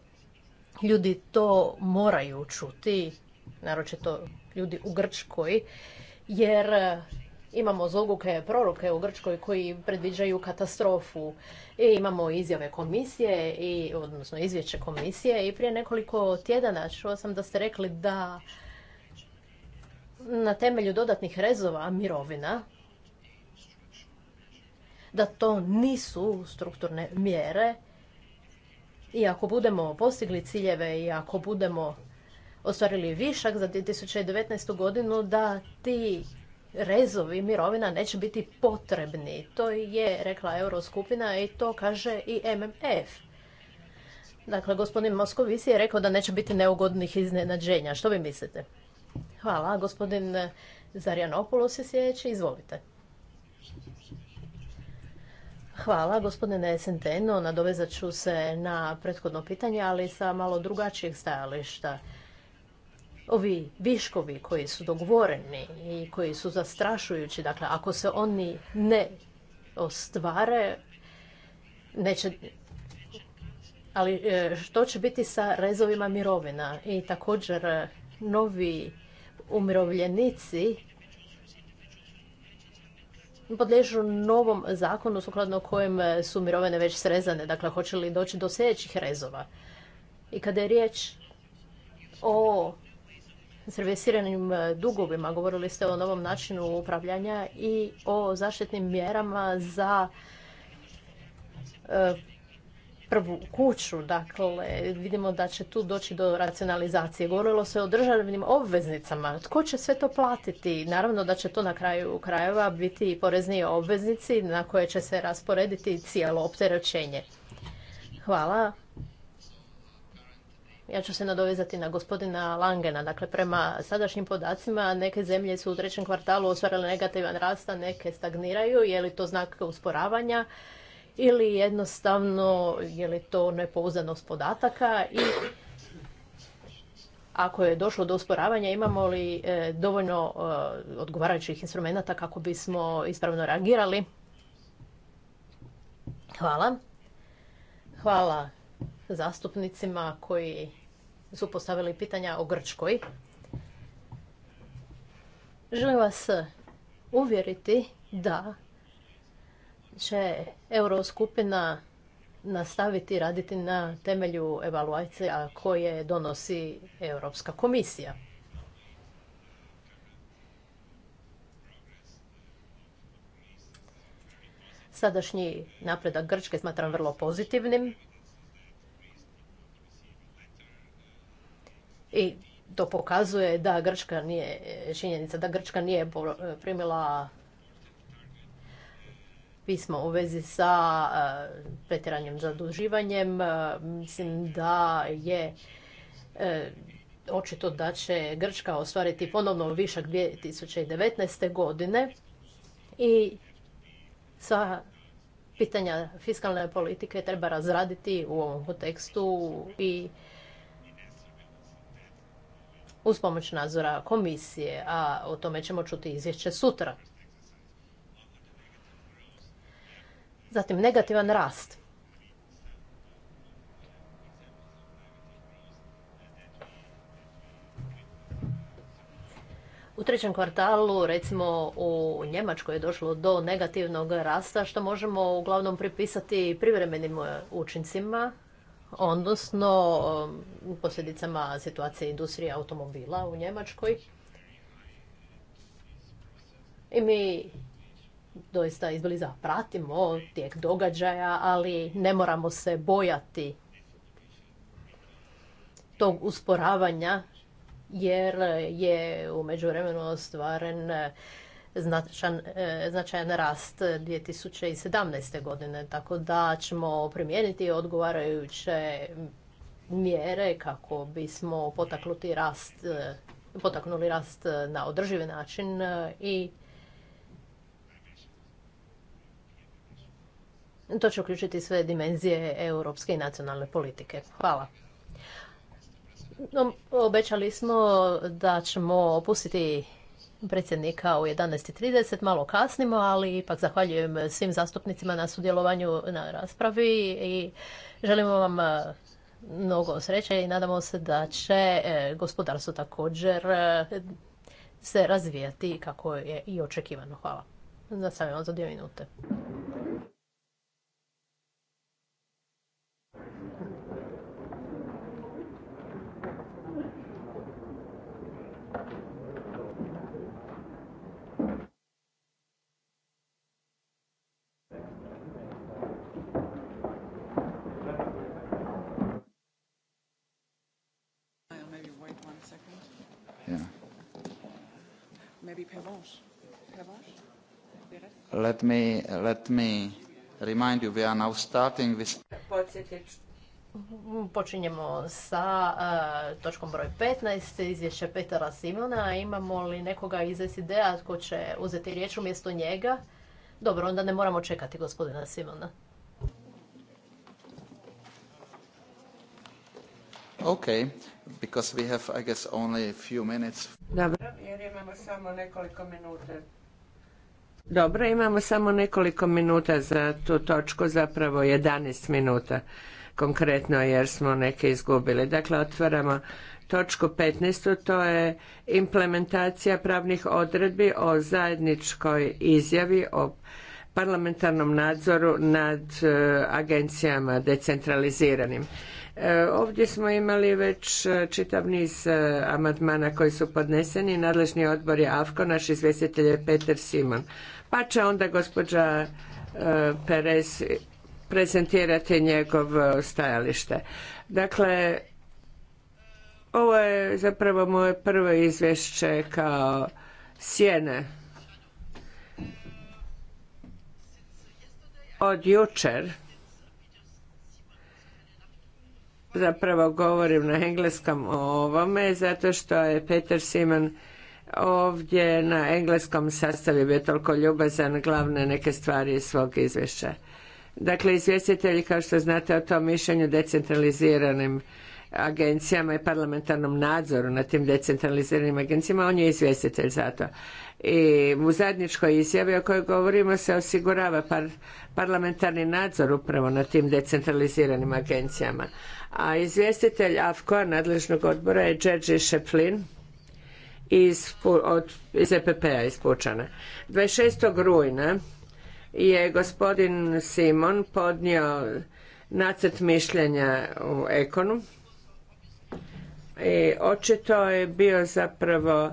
Ljudi to moraju čuti, naročito ljudi u Grčkoj, jer Imamo zoguke proroke u Grčkoj koji predviđaju katastrofu. I imamo izjave komisije, i, odnosno izvješće komisije i prije nekoliko tjedana čuo sam da ste rekli da na temelju dodatnih rezova mirovina da to nisu strukturne mjere i ako budemo postigli ciljeve i ako budemo ostvarili višak za 2019. godinu da ti rezovi mirovina neće biti potrebni. To je rekla Euroskupina i to kaže i MMF. Dakle, gospodin Moskovici je rekao da neće biti neugodnih iznenađenja. Što vi mislite? Hvala. Gospodin Zarianopoulos je sljedeći. Izvolite. Hvala, gospodine Senteno. Nadovezat ću se na prethodno pitanje, ali sa malo drugačijeg stajališta ovi viškovi koji su dogovoreni i koji su zastrašujući, dakle ako se oni ne ostvare, neće ali e, što će biti sa rezovima mirovina i također e, novi umirovljenici podležu novom zakonu sukladno kojem su mirovine već srezane, dakle hoće li doći do sljedećih rezova. I kada je riječ o servisiranim e, dugovima, govorili ste o novom načinu upravljanja i o zaštitnim mjerama za e, prvu kuću. Dakle, vidimo da će tu doći do racionalizacije. Govorilo se o državnim obveznicama. Tko će sve to platiti? Naravno da će to na kraju krajeva biti i porezni obveznici na koje će se rasporediti cijelo opterećenje. Hvala. Ja ću se nadovezati na gospodina Langena. Dakle, prema sadašnjim podacima neke zemlje su u trećem kvartalu ostvarile negativan rast, a neke stagniraju. Je li to znak usporavanja ili jednostavno je li to nepouzdanost podataka i ako je došlo do usporavanja, imamo li e, dovoljno e, odgovarajućih instrumenata kako bismo ispravno reagirali? Hvala. Hvala zastupnicima koji su postavili pitanja o Grčkoj. Želim vas uvjeriti da će Euroskupina nastaviti raditi na temelju evaluacija koje donosi Europska komisija. Sadašnji napredak Grčke smatram vrlo pozitivnim. I to pokazuje da Grčka nije, činjenica da Grčka nije primila pismo u vezi sa eh, pretjeranjem zaduživanjem. Eh, mislim da je eh, očito da će Grčka ostvariti ponovno višak 2019. godine i sva pitanja fiskalne politike treba razraditi u ovom kontekstu i uz pomoć nadzora komisije, a o tome ćemo čuti izvješće sutra. Zatim negativan rast. U trećem kvartalu, recimo u Njemačkoj je došlo do negativnog rasta, što možemo uglavnom pripisati privremenim učincima odnosno um, posljedicama situacije industrije automobila u Njemačkoj. I mi doista izbliza pratimo tijek događaja, ali ne moramo se bojati tog usporavanja jer je u međuvremenu ostvaren E, značajan rast 2017. godine, tako da ćemo primijeniti odgovarajuće mjere kako bismo rast, e, potaknuli rast na održivi način e, i to će uključiti sve dimenzije europske i nacionalne politike. Hvala. Obećali smo da ćemo opustiti predsjednika u 11.30, malo kasnimo, ali ipak zahvaljujem svim zastupnicima na sudjelovanju na raspravi i želimo vam e, mnogo sreće i nadamo se da će e, gospodarstvo također e, se razvijati kako je i očekivano. Hvala. Nastavljamo za dvije minute. Let me, let me remind you, we are now starting with... Mm-hmm. Počinjemo sa e, točkom broj 15, izvješće Petara Simona. Imamo li nekoga iz SID-a ko će uzeti riječ umjesto njega? Dobro, onda ne moramo čekati gospodina Simona. Okay, because only few minutes. Dobro, jer imamo samo nekoliko minuta. Dobro, imamo samo nekoliko minuta za tu točku, zapravo 11 minuta konkretno jer smo neke izgubili. Dakle, otvaramo točku 15. To je implementacija pravnih odredbi o zajedničkoj izjavi o parlamentarnom nadzoru nad e, agencijama decentraliziranim. E, ovdje smo imali već e, čitav niz e, amandmana koji su podneseni. Nadležni odbor je AFKO, naš izvjestitelj je Peter Simon. Pa će onda gospođa Perez prezentirati njegov stajalište. Dakle, ovo je zapravo moje prvo izvješće kao sjene od jučer zapravo govorim na engleskom o ovome zato što je Peter Simon ovdje na engleskom sastavio je toliko ljubazan glavne neke stvari iz svog izvješća. Dakle, izvjestitelji kao što znate o tom mišljenju decentraliziranim agencijama i parlamentarnom nadzoru na tim decentraliziranim agencijama, on je izvjestitelj za to. I u zadničkoj izjavi o kojoj govorimo se osigurava par parlamentarni nadzor upravo na tim decentraliziranim agencijama. A izvjestitelj afko nadležnog odbora je Đerđe Šeplin iz, od, iz EPP-a iz Pučana. 26. rujna je gospodin Simon podnio nacrt mišljenja u Ekonu i očito je bio zapravo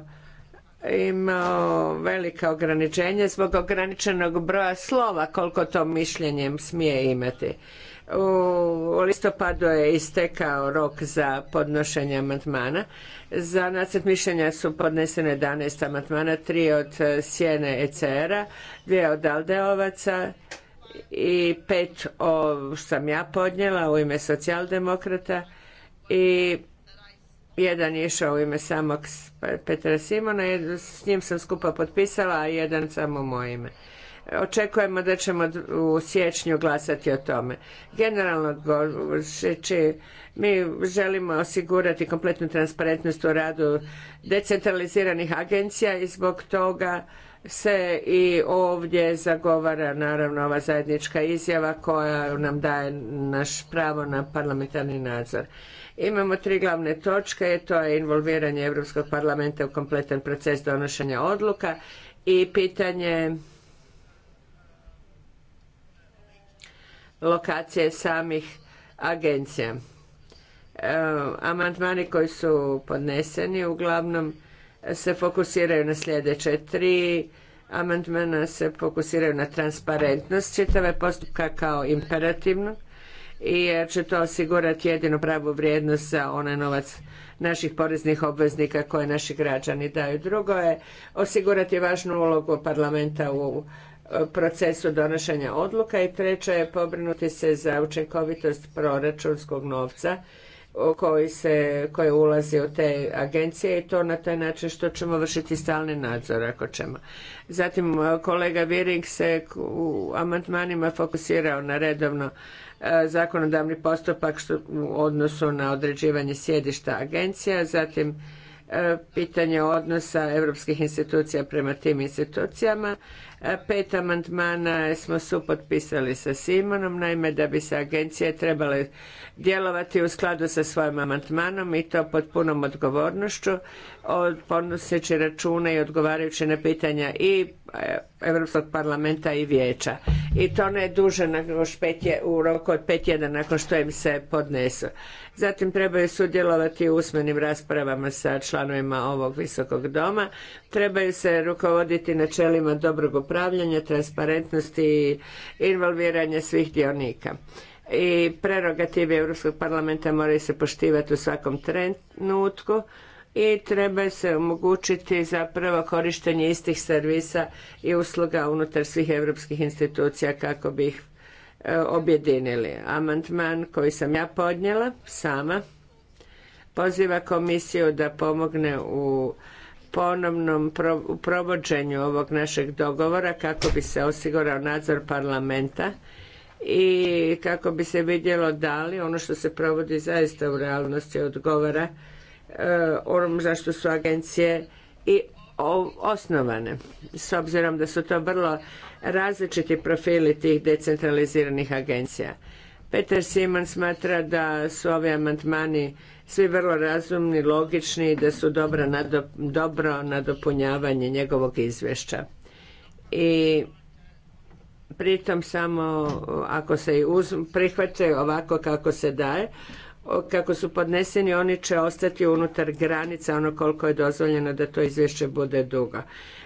imao velika ograničenja zbog ograničenog broja slova koliko to mišljenjem smije imati. U listopadu je istekao rok za podnošenje amandmana. Za nacrt mišljenja su podnesene 11 amandmana, tri od e, Sjene ECR-a, dvije od Aldeovaca i pet o, sam ja podnijela u ime socijaldemokrata i jedan je išao u ime samog Petra Simona, s njim sam skupa potpisala, a jedan samo u moje ime očekujemo da ćemo u siječnju glasati o tome. Generalno mi želimo osigurati kompletnu transparentnost u radu decentraliziranih agencija i zbog toga se i ovdje zagovara naravno ova zajednička izjava koja nam daje naš pravo na parlamentarni nadzor. Imamo tri glavne točke, to je involviranje Europskog parlamenta u kompletan proces donošenja odluka i pitanje lokacije samih agencija. E, amandmani koji su podneseni uglavnom se fokusiraju na sljedeće tri amandmana se fokusiraju na transparentnost čitave postupka kao imperativno i jer će to osigurati jedinu pravu vrijednost za onaj novac naših poreznih obveznika koje naši građani daju. Drugo je osigurati važnu ulogu parlamenta u procesu donošenja odluka i treća je pobrinuti se za učinkovitost proračunskog novca koji se, koji ulazi u te agencije i to na taj način što ćemo vršiti stalni nadzor ako ćemo. Zatim kolega Viring se u amandmanima fokusirao na redovno e, zakonodavni postupak u odnosu na određivanje sjedišta agencija, zatim e, pitanje odnosa europskih institucija prema tim institucijama E, pet amandmana smo supotpisali sa Simonom, naime da bi se agencije trebale djelovati u skladu sa svojim amandmanom i to pod punom odgovornošću podnoseći račune i odgovarajući na pitanja i e, Europskog parlamenta i vijeća. I to ne duže nego je u roku od pet jedan nakon što im se podnesu. Zatim trebaju sudjelovati u usmenim raspravama sa članovima ovog visokog doma. Trebaju se rukovoditi načelima dobrog upravljanja, transparentnosti i involviranja svih dionika i prerogativi Europskog parlamenta moraju se poštivati u svakom trenutku i treba se omogućiti zapravo korištenje istih servisa i usluga unutar svih europskih institucija kako bi ih e, objedinili. Amandman koji sam ja podnijela sama poziva komisiju da pomogne u ponovnom provođenju ovog našeg dogovora kako bi se osigurao nadzor parlamenta i kako bi se vidjelo da li ono što se provodi zaista u realnosti odgovara Eh, onom zašto su agencije i osnovane s obzirom da su to vrlo različiti profili tih decentraliziranih agencija. Peter Simon smatra da su ovi amandmani svi vrlo razumni, logični i da su dobro, dobro nadopunjavanje njegovog izvješća. I pritom samo ako se i prihvate ovako kako se daje, kako su podneseni oni će ostati unutar granica ono koliko je dozvoljeno da to izvješće bude dugo.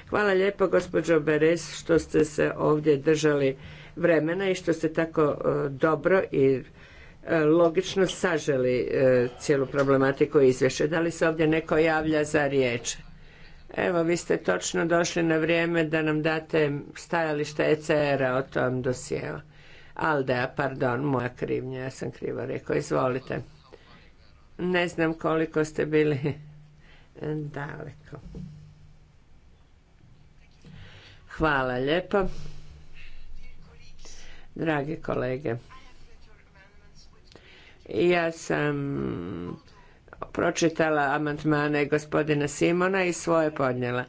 Hvala lijepo gospođo Beres što ste se ovdje držali vremena i što ste tako e, dobro i e, logično saželi e, cijelu problematiku izvješće. Da li se ovdje neko javlja za riječ? Evo, vi ste točno došli na vrijeme da nam date stajalište ECR-a o tom dosijelu. Aldea, pardon, moja krivnja, ja sam krivo rekao. Izvolite. Ne znam koliko ste bili daleko. Hvala lijepo. Dragi kolege, ja sam pročitala amandmane gospodina Simona i svoje podnijela.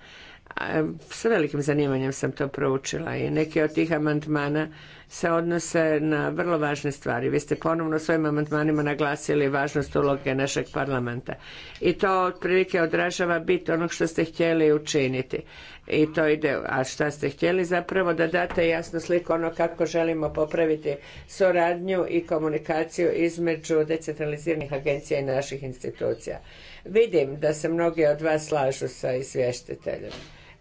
S velikim zanimanjem sam to proučila i neki od tih amandmana se odnose na vrlo važne stvari. Vi ste ponovno svojim amandmanima naglasili važnost uloge našeg parlamenta. I to otprilike odražava bit onog što ste htjeli učiniti. I to ide, a šta ste htjeli zapravo da date jasnu sliku ono kako želimo popraviti suradnju i komunikaciju između decentraliziranih agencija i naših institucija. Vidim da se mnogi od vas slažu sa izvještiteljem.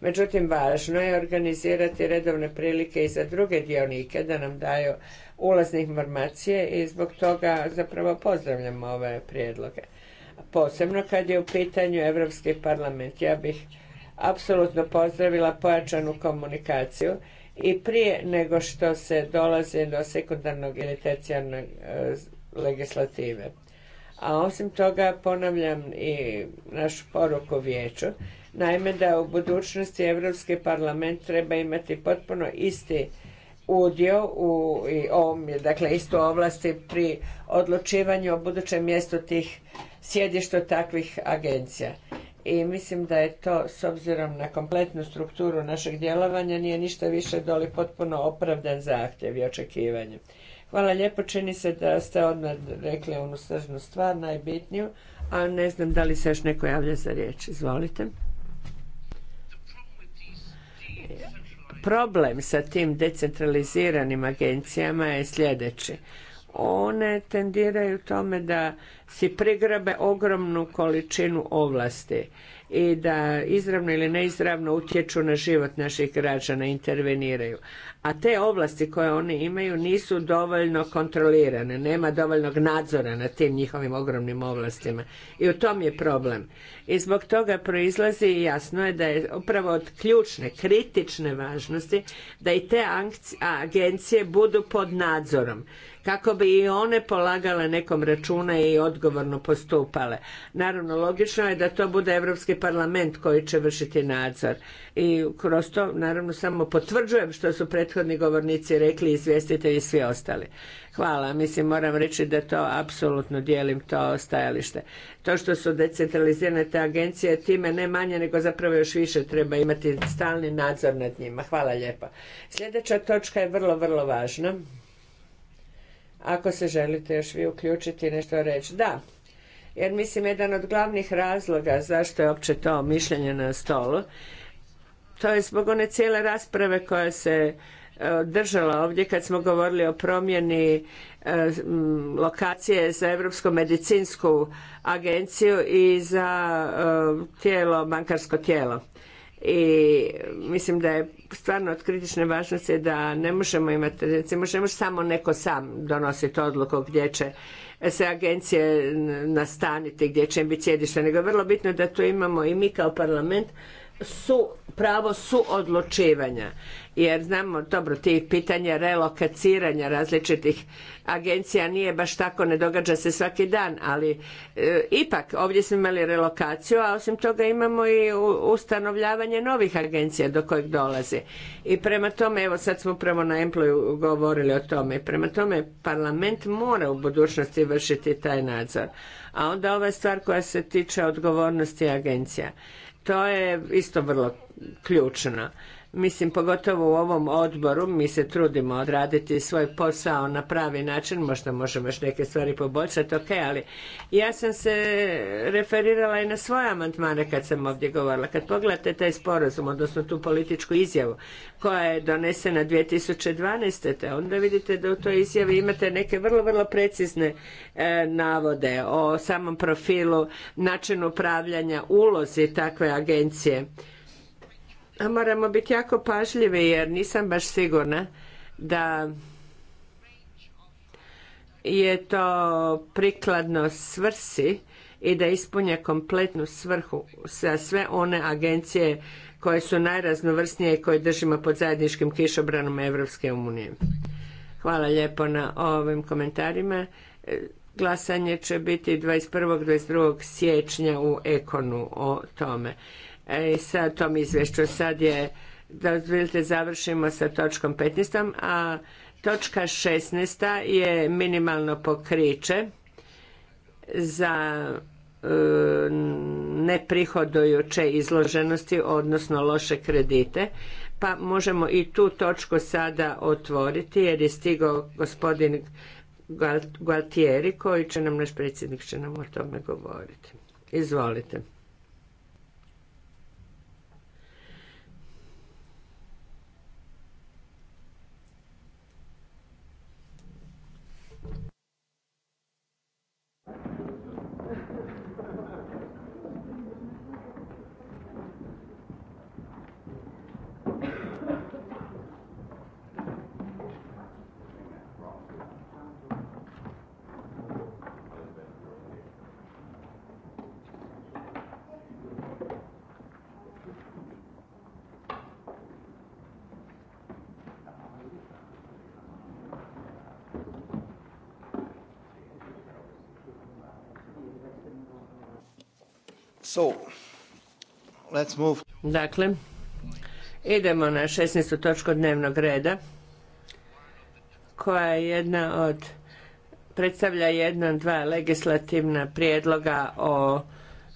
Međutim, važno je organizirati redovne prilike i za druge dionike da nam daju ulazne informacije i zbog toga zapravo pozdravljam ove prijedloge. Posebno kad je u pitanju Europski parlament, ja bih apsolutno pozdravila pojačanu komunikaciju i prije nego što se dolazi do sekundarnog ili e, legislative. A osim toga ponavljam i našu poruku vijeću Naime, da u budućnosti Europski parlament treba imati potpuno isti udio u ovom, dakle istu ovlasti pri odlučivanju o budućem mjestu tih sjedišta takvih agencija. I mislim da je to s obzirom na kompletnu strukturu našeg djelovanja nije ništa više doli potpuno opravdan zahtjev i očekivanje. Hvala lijepo, čini se da ste odmah rekli onu sržnu stvar, najbitniju, a ne znam da li se još neko javlja za riječ. Izvolite. Problem sa tim decentraliziranim agencijama je sljedeći. One tendiraju tome da si prigrabe ogromnu količinu ovlasti i da izravno ili neizravno utječu na život naših građana, interveniraju. A te ovlasti koje oni imaju nisu dovoljno kontrolirane, nema dovoljnog nadzora na tim njihovim ogromnim ovlastima. I u tom je problem. I zbog toga proizlazi i jasno je da je upravo od ključne, kritične važnosti da i te agencije budu pod nadzorom kako bi i one polagale nekom računa i odgovorno postupale. Naravno, logično je da to bude Europski parlament koji će vršiti nadzor i kroz to naravno samo potvrđujem što su prethodni govornici rekli, izvjestitelji i svi ostali. Hvala, mislim moram reći da to apsolutno dijelim to stajalište. To što su decentralizirane te agencije time ne manje nego zapravo još više treba imati stalni nadzor nad njima. Hvala lijepa. Sljedeća točka je vrlo, vrlo važna. Ako se želite još vi uključiti nešto reći. Da, jer mislim jedan od glavnih razloga zašto je uopće to mišljenje na stolu to je zbog one cijele rasprave koja se e, držala ovdje kad smo govorili o promjeni e, lokacije za Europsku medicinsku agenciju i za e, tijelo, bankarsko tijelo. I mislim da je stvarno od kritične važnosti da ne možemo imati, recimo, ne samo neko sam donositi odluku gdje će se agencije nastaniti, gdje će im biti sjedište, nego je vrlo bitno da tu imamo i mi kao parlament su pravo suodlučivanja. Jer znamo, dobro, tih pitanje relokaciranja različitih agencija nije baš tako, ne događa se svaki dan, ali e, ipak ovdje smo imali relokaciju, a osim toga imamo i ustanovljavanje novih agencija do kojih dolazi. I prema tome, evo sad smo upravo na employu govorili o tome, prema tome parlament mora u budućnosti vršiti taj nadzor. A onda ova stvar koja se tiče odgovornosti agencija. To je isto vrlo ključna. Mislim, pogotovo u ovom odboru mi se trudimo odraditi svoj posao na pravi način, možda možemo još neke stvari poboljšati, ok, ali ja sam se referirala i na svoje amandmane kad sam ovdje govorila. Kad pogledate taj sporazum, odnosno tu političku izjavu koja je donesena 2012. Te onda vidite da u toj izjavi imate neke vrlo, vrlo precizne e, navode o samom profilu, načinu upravljanja, ulozi takve agencije moramo biti jako pažljivi jer nisam baš sigurna da je to prikladno svrsi i da ispunja kompletnu svrhu sa sve one agencije koje su najraznovrsnije i koje držimo pod zajedničkim kišobranom Evropske unije. Hvala lijepo na ovim komentarima. Glasanje će biti 21. 22. siječnja u Ekonu o tome e, sa tom izvješću. Sad je, da vidite, završimo sa točkom 15. A točka 16. je minimalno pokriće za e, neprihodujuće izloženosti, odnosno loše kredite. Pa možemo i tu točku sada otvoriti jer je stigao gospodin Gualtieri koji će nam, naš predsjednik će nam o tome govoriti. Izvolite. Dakle, idemo na 16. točku dnevnog reda, koja je jedna od, predstavlja jedan, dva legislativna prijedloga o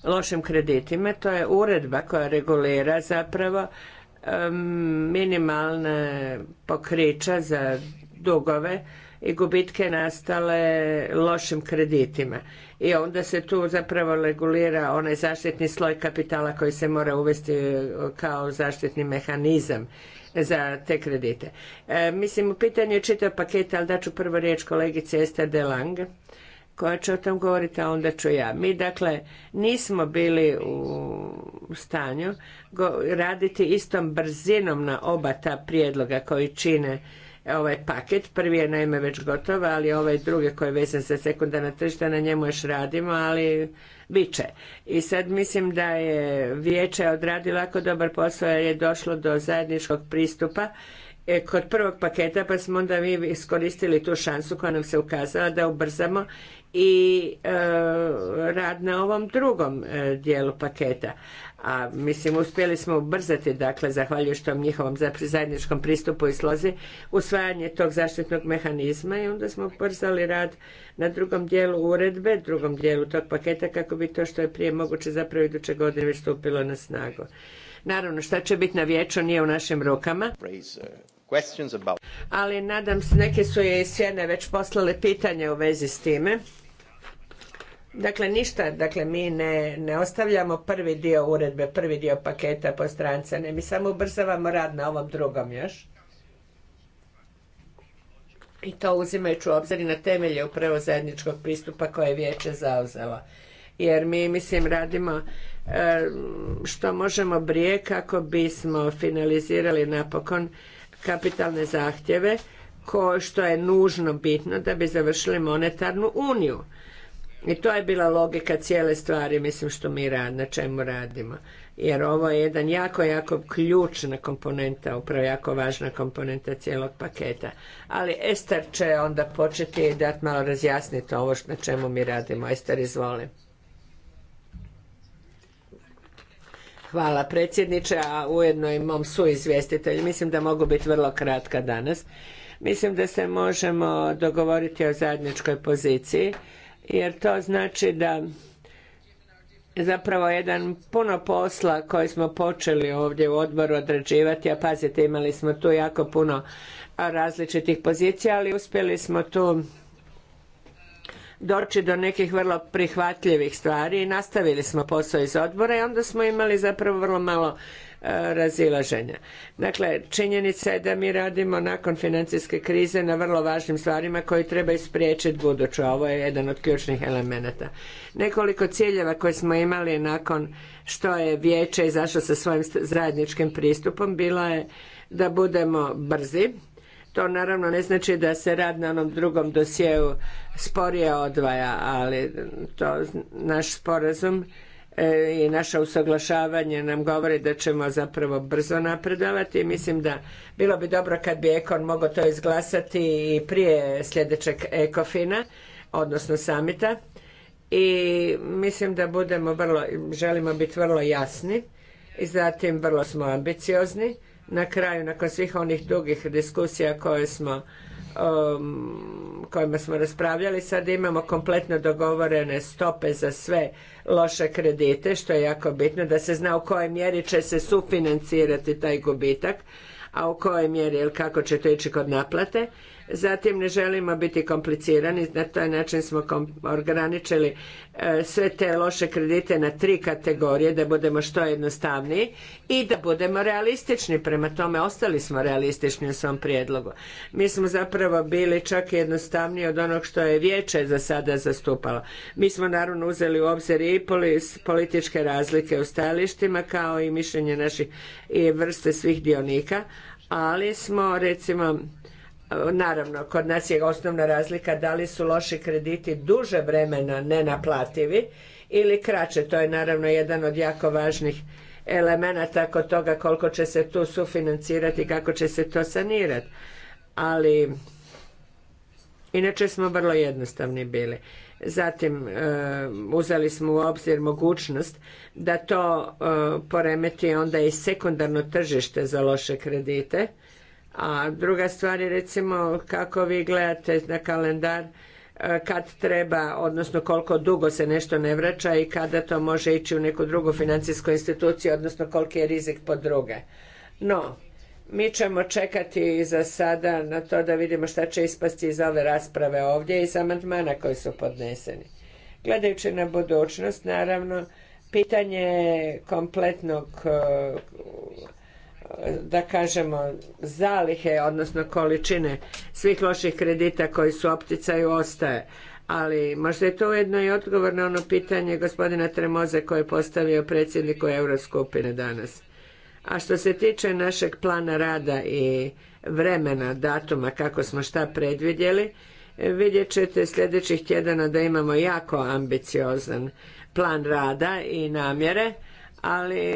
lošim kreditima. To je uredba koja regulira zapravo minimalne pokrića za dugove i gubitke nastale lošim kreditima. I onda se tu zapravo regulira onaj zaštitni sloj kapitala koji se mora uvesti e, kao zaštitni mehanizam za te kredite. E, mislim, u pitanju je čitav paket, ali daću prvo riječ kolegice Esther de Lange koja će o tom govoriti, a onda ću ja. Mi, dakle, nismo bili u stanju raditi istom brzinom na oba ta prijedloga koji čine ovaj paket. Prvi je naime već gotov, ali ovaj drugi koji je vezan za sekundarna tržišta, na njemu još radimo, ali bit će. I sad mislim da je vijeće odradilo jako dobar posao jer je došlo do zajedničkog pristupa e, kod prvog paketa pa smo onda mi iskoristili tu šansu koja nam se ukazala da ubrzamo i e, rad na ovom drugom e, dijelu paketa. A mislim, uspjeli smo ubrzati, dakle, zahvaljujući tom njihovom zajedničkom pristupu i slozi, usvajanje tog zaštitnog mehanizma i onda smo ubrzali rad na drugom dijelu uredbe, drugom dijelu tog paketa, kako bi to što je prije moguće zapravo iduće godine već stupilo na snagu. Naravno, šta će biti na vijeću nije u našim rukama. Ali nadam se, neke su je iz Sjene već poslale pitanje u vezi s time. Dakle, ništa, dakle, mi ne, ne ostavljamo prvi dio uredbe, prvi dio paketa po strance, ne, mi samo ubrzavamo rad na ovom drugom još. I to uzimajući u obzir na temelje upravo zajedničkog pristupa koje je vijeće zauzelo. Jer mi, mislim, radimo e, što možemo brije kako bismo finalizirali napokon kapitalne zahtjeve što je nužno bitno da bi završili monetarnu uniju. I to je bila logika cijele stvari, mislim što mi rad, na čemu radimo. Jer ovo je jedan jako, jako ključna komponenta, upravo jako važna komponenta cijelog paketa. Ali Ester će onda početi dati malo razjasniti ovo na čemu mi radimo. Ester, izvoli. Hvala predsjedniče, a ujedno i mom suizvjestitelju. Mislim da mogu biti vrlo kratka danas. Mislim da se možemo dogovoriti o zajedničkoj poziciji, jer to znači da zapravo jedan puno posla koji smo počeli ovdje u odboru odrađivati, a pazite imali smo tu jako puno različitih pozicija, ali uspjeli smo tu doći do nekih vrlo prihvatljivih stvari i nastavili smo posao iz odbora i onda smo imali zapravo vrlo malo e, razilaženja. Dakle, činjenica je da mi radimo nakon financijske krize na vrlo važnim stvarima koje treba ispriječiti buduću. Ovo je jedan od ključnih elemenata. Nekoliko ciljeva koje smo imali nakon što je vijeće izašlo sa svojim zajedničkim pristupom bila je da budemo brzi, to naravno ne znači da se rad na onom drugom dosjeu sporije odvaja, ali to naš sporazum e, i naša usaglašavanje nam govori da ćemo zapravo brzo napredovati i mislim da bilo bi dobro kad bi Ekon mogao to izglasati i prije sljedećeg Ekofina, odnosno samita. I mislim da budemo vrlo, želimo biti vrlo jasni i zatim vrlo smo ambiciozni na kraju, nakon svih onih dugih diskusija koje smo um, kojima smo raspravljali, sad imamo kompletno dogovorene stope za sve loše kredite, što je jako bitno, da se zna u kojoj mjeri će se sufinancirati taj gubitak, a u kojoj mjeri, ili kako će to ići kod naplate, Zatim ne želimo biti komplicirani, na taj način smo ograničili e, sve te loše kredite na tri kategorije, da budemo što jednostavniji i da budemo realistični. Prema tome, ostali smo realistični u svom prijedlogu. Mi smo zapravo bili čak jednostavniji od onog što je vijeće za sada zastupalo. Mi smo naravno uzeli u obzir i političke razlike u stajalištima kao i mišljenje naših i vrste svih dionika, ali smo recimo Naravno, kod nas je osnovna razlika da li su loši krediti duže vremena nenaplativi ili kraće. To je naravno jedan od jako važnih elemenata kod toga koliko će se tu sufinancirati i kako će se to sanirati. Ali, inače smo vrlo jednostavni bili. Zatim, e, uzeli smo u obzir mogućnost da to e, poremeti onda i sekundarno tržište za loše kredite a druga stvar je recimo kako vi gledate na kalendar e, kad treba, odnosno koliko dugo se nešto ne vraća i kada to može ići u neku drugu financijsku instituciju, odnosno koliki je rizik po druge. No, mi ćemo čekati za sada na to da vidimo šta će ispasti iz ove rasprave ovdje i iz amandmana koji su podneseni. Gledajući na budućnost, naravno, pitanje kompletnog e, da kažemo zalihe, odnosno količine svih loših kredita koji su opticaju ostaje. Ali možda je to ujedno i odgovor na ono pitanje gospodina Tremoze koje je postavio predsjedniku Euroskupine danas. A što se tiče našeg plana rada i vremena, datuma, kako smo šta predvidjeli, vidjet ćete sljedećih tjedana da imamo jako ambiciozan plan rada i namjere, ali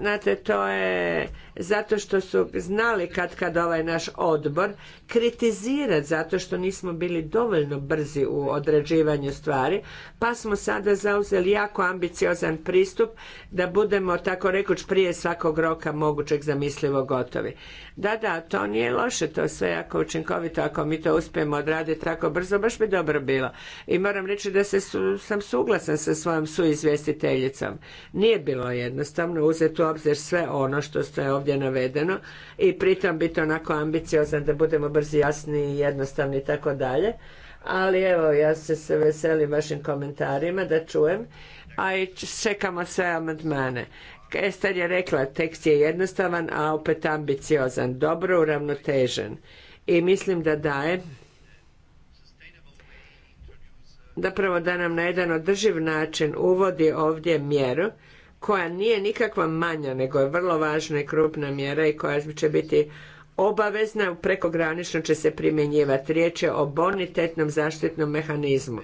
Znate, to je zato što su znali kad kad ovaj naš odbor kritizirati zato što nismo bili dovoljno brzi u određivanju stvari, pa smo sada zauzeli jako ambiciozan pristup da budemo, tako rekuć, prije svakog roka mogućeg zamislivo gotovi. Da, da, to nije loše, to je sve jako učinkovito, ako mi to uspijemo odraditi tako brzo, baš bi dobro bilo. I moram reći da se sam suglasan sa svojom suizvjestiteljicom. Nije bilo jednostavno, naravno uzeti u obzir sve ono što je ovdje navedeno i pritom biti onako ambiciozan da budemo brzi, jasni, jednostavni i tako dalje. Ali evo, ja se, se veselim vašim komentarima da čujem, a i čekamo sve amandmane. Ester je rekla, tekst je jednostavan, a opet ambiciozan, dobro uravnotežen. I mislim da daje zapravo da nam na jedan održiv način uvodi ovdje mjeru koja nije nikakva manja, nego je vrlo važna i krupna mjera i koja će biti obavezna, prekogranično će se primjenjivati. Riječ je o bonitetnom zaštitnom mehanizmu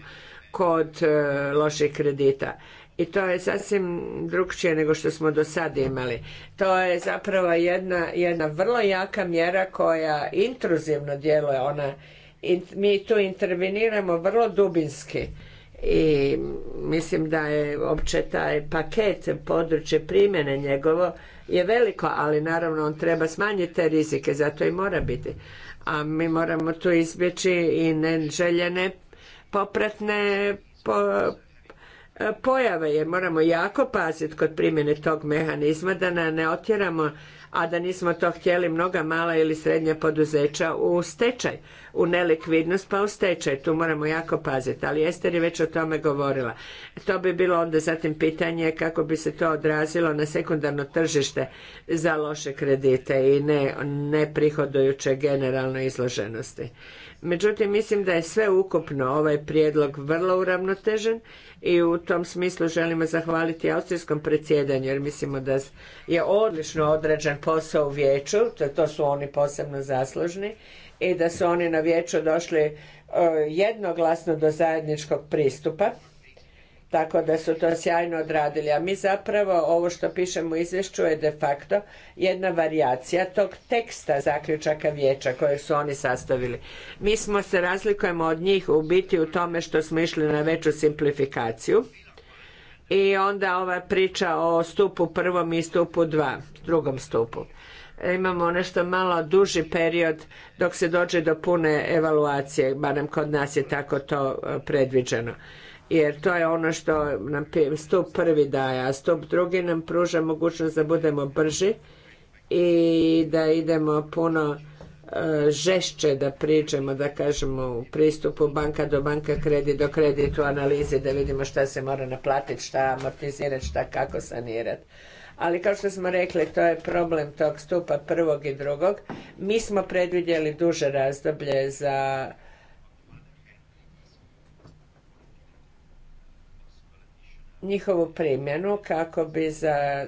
kod e, loših kredita. I to je sasvim drugčije nego što smo do sada imali. To je zapravo jedna, jedna vrlo jaka mjera koja intruzivno djeluje. Ona, in, mi tu interveniramo vrlo dubinski i mislim da je opće taj paket područje primjene njegovo je veliko, ali naravno on treba smanjiti te rizike, zato i mora biti. A mi moramo tu izbjeći i neželjene popratne po, pojave jer moramo jako paziti kod primjene tog mehanizma da ne otjeramo a da nismo to htjeli mnoga mala ili srednja poduzeća u stečaj, u nelikvidnost pa u stečaj. Tu moramo jako paziti, ali Ester je već o tome govorila. To bi bilo onda zatim pitanje kako bi se to odrazilo na sekundarno tržište za loše kredite i ne, ne prihodujuće generalno izloženosti. Međutim, mislim da je sve ukupno ovaj prijedlog vrlo uravnotežen i u tom smislu želimo zahvaliti austrijskom predsjedanju jer mislimo da je odlično određen posao u vijeću, to, to su oni posebno zaslužni i da su oni na vijeću došli e, jednoglasno do zajedničkog pristupa tako da su to sjajno odradili. A mi zapravo ovo što pišemo u izvješću je de facto jedna varijacija tog teksta zaključaka vijeća koje su oni sastavili. Mi smo se razlikujemo od njih u biti u tome što smo išli na veću simplifikaciju i onda ova priča o stupu prvom i stupu dva, drugom stupu. E, imamo nešto malo duži period dok se dođe do pune evaluacije, barem kod nas je tako to e, predviđeno jer to je ono što nam stup prvi daje, a stup drugi nam pruža mogućnost da budemo brži i da idemo puno e, žešće da pričamo, da kažemo u pristupu banka do banka, kredit do kredit u analizi da vidimo šta se mora naplatiti, šta amortizirati, šta kako sanirati. Ali kao što smo rekli, to je problem tog stupa prvog i drugog. Mi smo predvidjeli duže razdoblje za njihovu primjenu kako bi za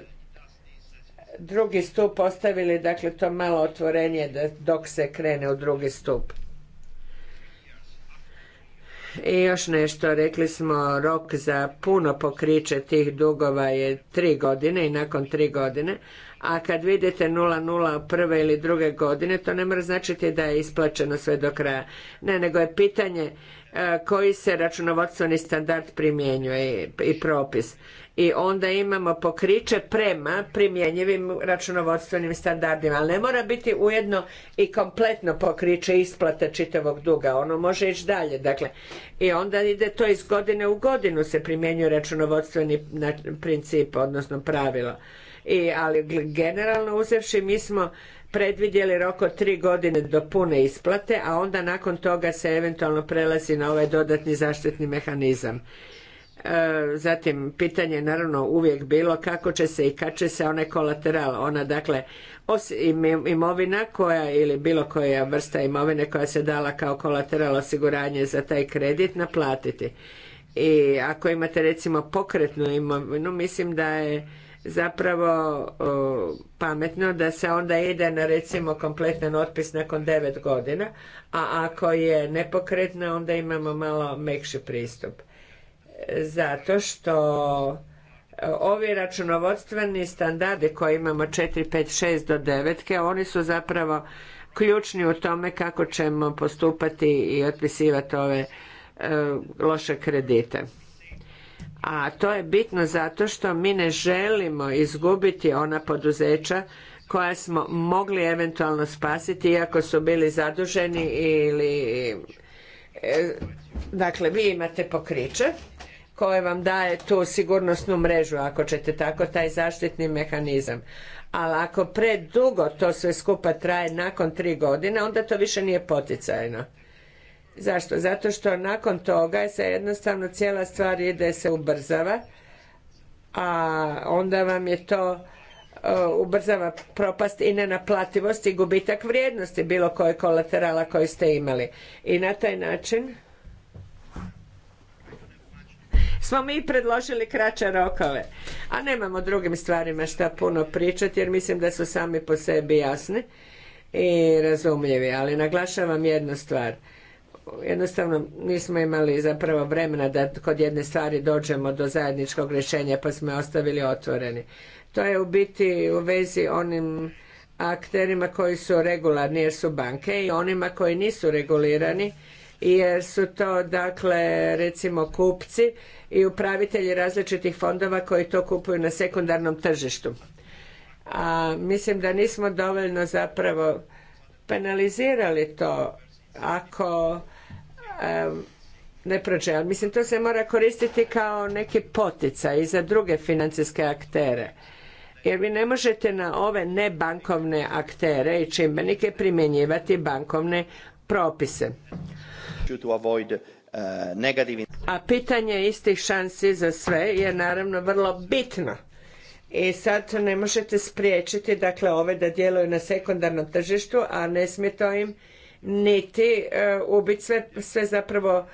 drugi stup postavili dakle to malo otvorenje dok se krene u drugi stup. I još nešto, rekli smo rok za puno pokriće tih dugova je tri godine i nakon tri godine, a kad vidite 0,0 prve ili druge godine, to ne mora značiti da je isplaćeno sve do kraja. Ne, nego je pitanje E, koji se računovodstveni standard primjenjuje i propis. I onda imamo pokriće prema primjenjivim računovodstvenim standardima. Ali ne mora biti ujedno i kompletno pokriće isplate čitavog duga. Ono može ići dalje. Dakle, I onda ide to iz godine u godinu se primjenjuje računovodstveni princip, odnosno pravilo. I, ali generalno uzevši mi smo predvidjeli rok od tri godine do pune isplate, a onda nakon toga se eventualno prelazi na ovaj dodatni zaštitni mehanizam. E, zatim, pitanje je naravno uvijek bilo kako će se i kad će se onaj kolateral, ona dakle imovina koja ili bilo koja vrsta imovine koja se dala kao kolateral osiguranje za taj kredit naplatiti. I ako imate recimo pokretnu imovinu, mislim da je zapravo pametno da se onda ide na recimo kompletan otpis nakon 9 godina, a ako je nepokretna onda imamo malo mekši pristup. Zato što e, ovi računovodstveni standardi koji imamo 4, 5, 6 do 9, oni su zapravo ključni u tome kako ćemo postupati i otpisivati ove e, loše kredite a to je bitno zato što mi ne želimo izgubiti ona poduzeća koja smo mogli eventualno spasiti iako su bili zaduženi ili e, dakle vi imate pokriće koje vam daje tu sigurnosnu mrežu ako ćete tako taj zaštitni mehanizam ali ako predugo to sve skupa traje nakon tri godine onda to više nije poticajno Zašto? Zato što nakon toga se jednostavno cijela stvar ide se ubrzava, a onda vam je to e, ubrzava propast i nenaplativost i gubitak vrijednosti bilo koje kolaterala koji ste imali. I na taj način smo mi predložili kraće rokove. A nemamo drugim stvarima šta puno pričati jer mislim da su sami po sebi jasni i razumljivi. Ali naglašavam jednu stvar – jednostavno nismo imali zapravo vremena da kod jedne stvari dođemo do zajedničkog rješenja pa smo je ostavili otvoreni. To je u biti u vezi onim akterima koji su regularni jer su banke i onima koji nisu regulirani jer su to dakle recimo kupci i upravitelji različitih fondova koji to kupuju na sekundarnom tržištu. A mislim da nismo dovoljno zapravo penalizirali to ako ne prođe. Ali mislim, to se mora koristiti kao neki poticaj i za druge financijske aktere. Jer vi ne možete na ove nebankovne aktere i čimbenike primjenjivati bankovne propise. Uh, a pitanje istih šansi za sve je naravno vrlo bitno. I sad ne možete spriječiti dakle ove da djeluju na sekundarnom tržištu, a ne smije to im niti e, ubiti sve, sve zapravo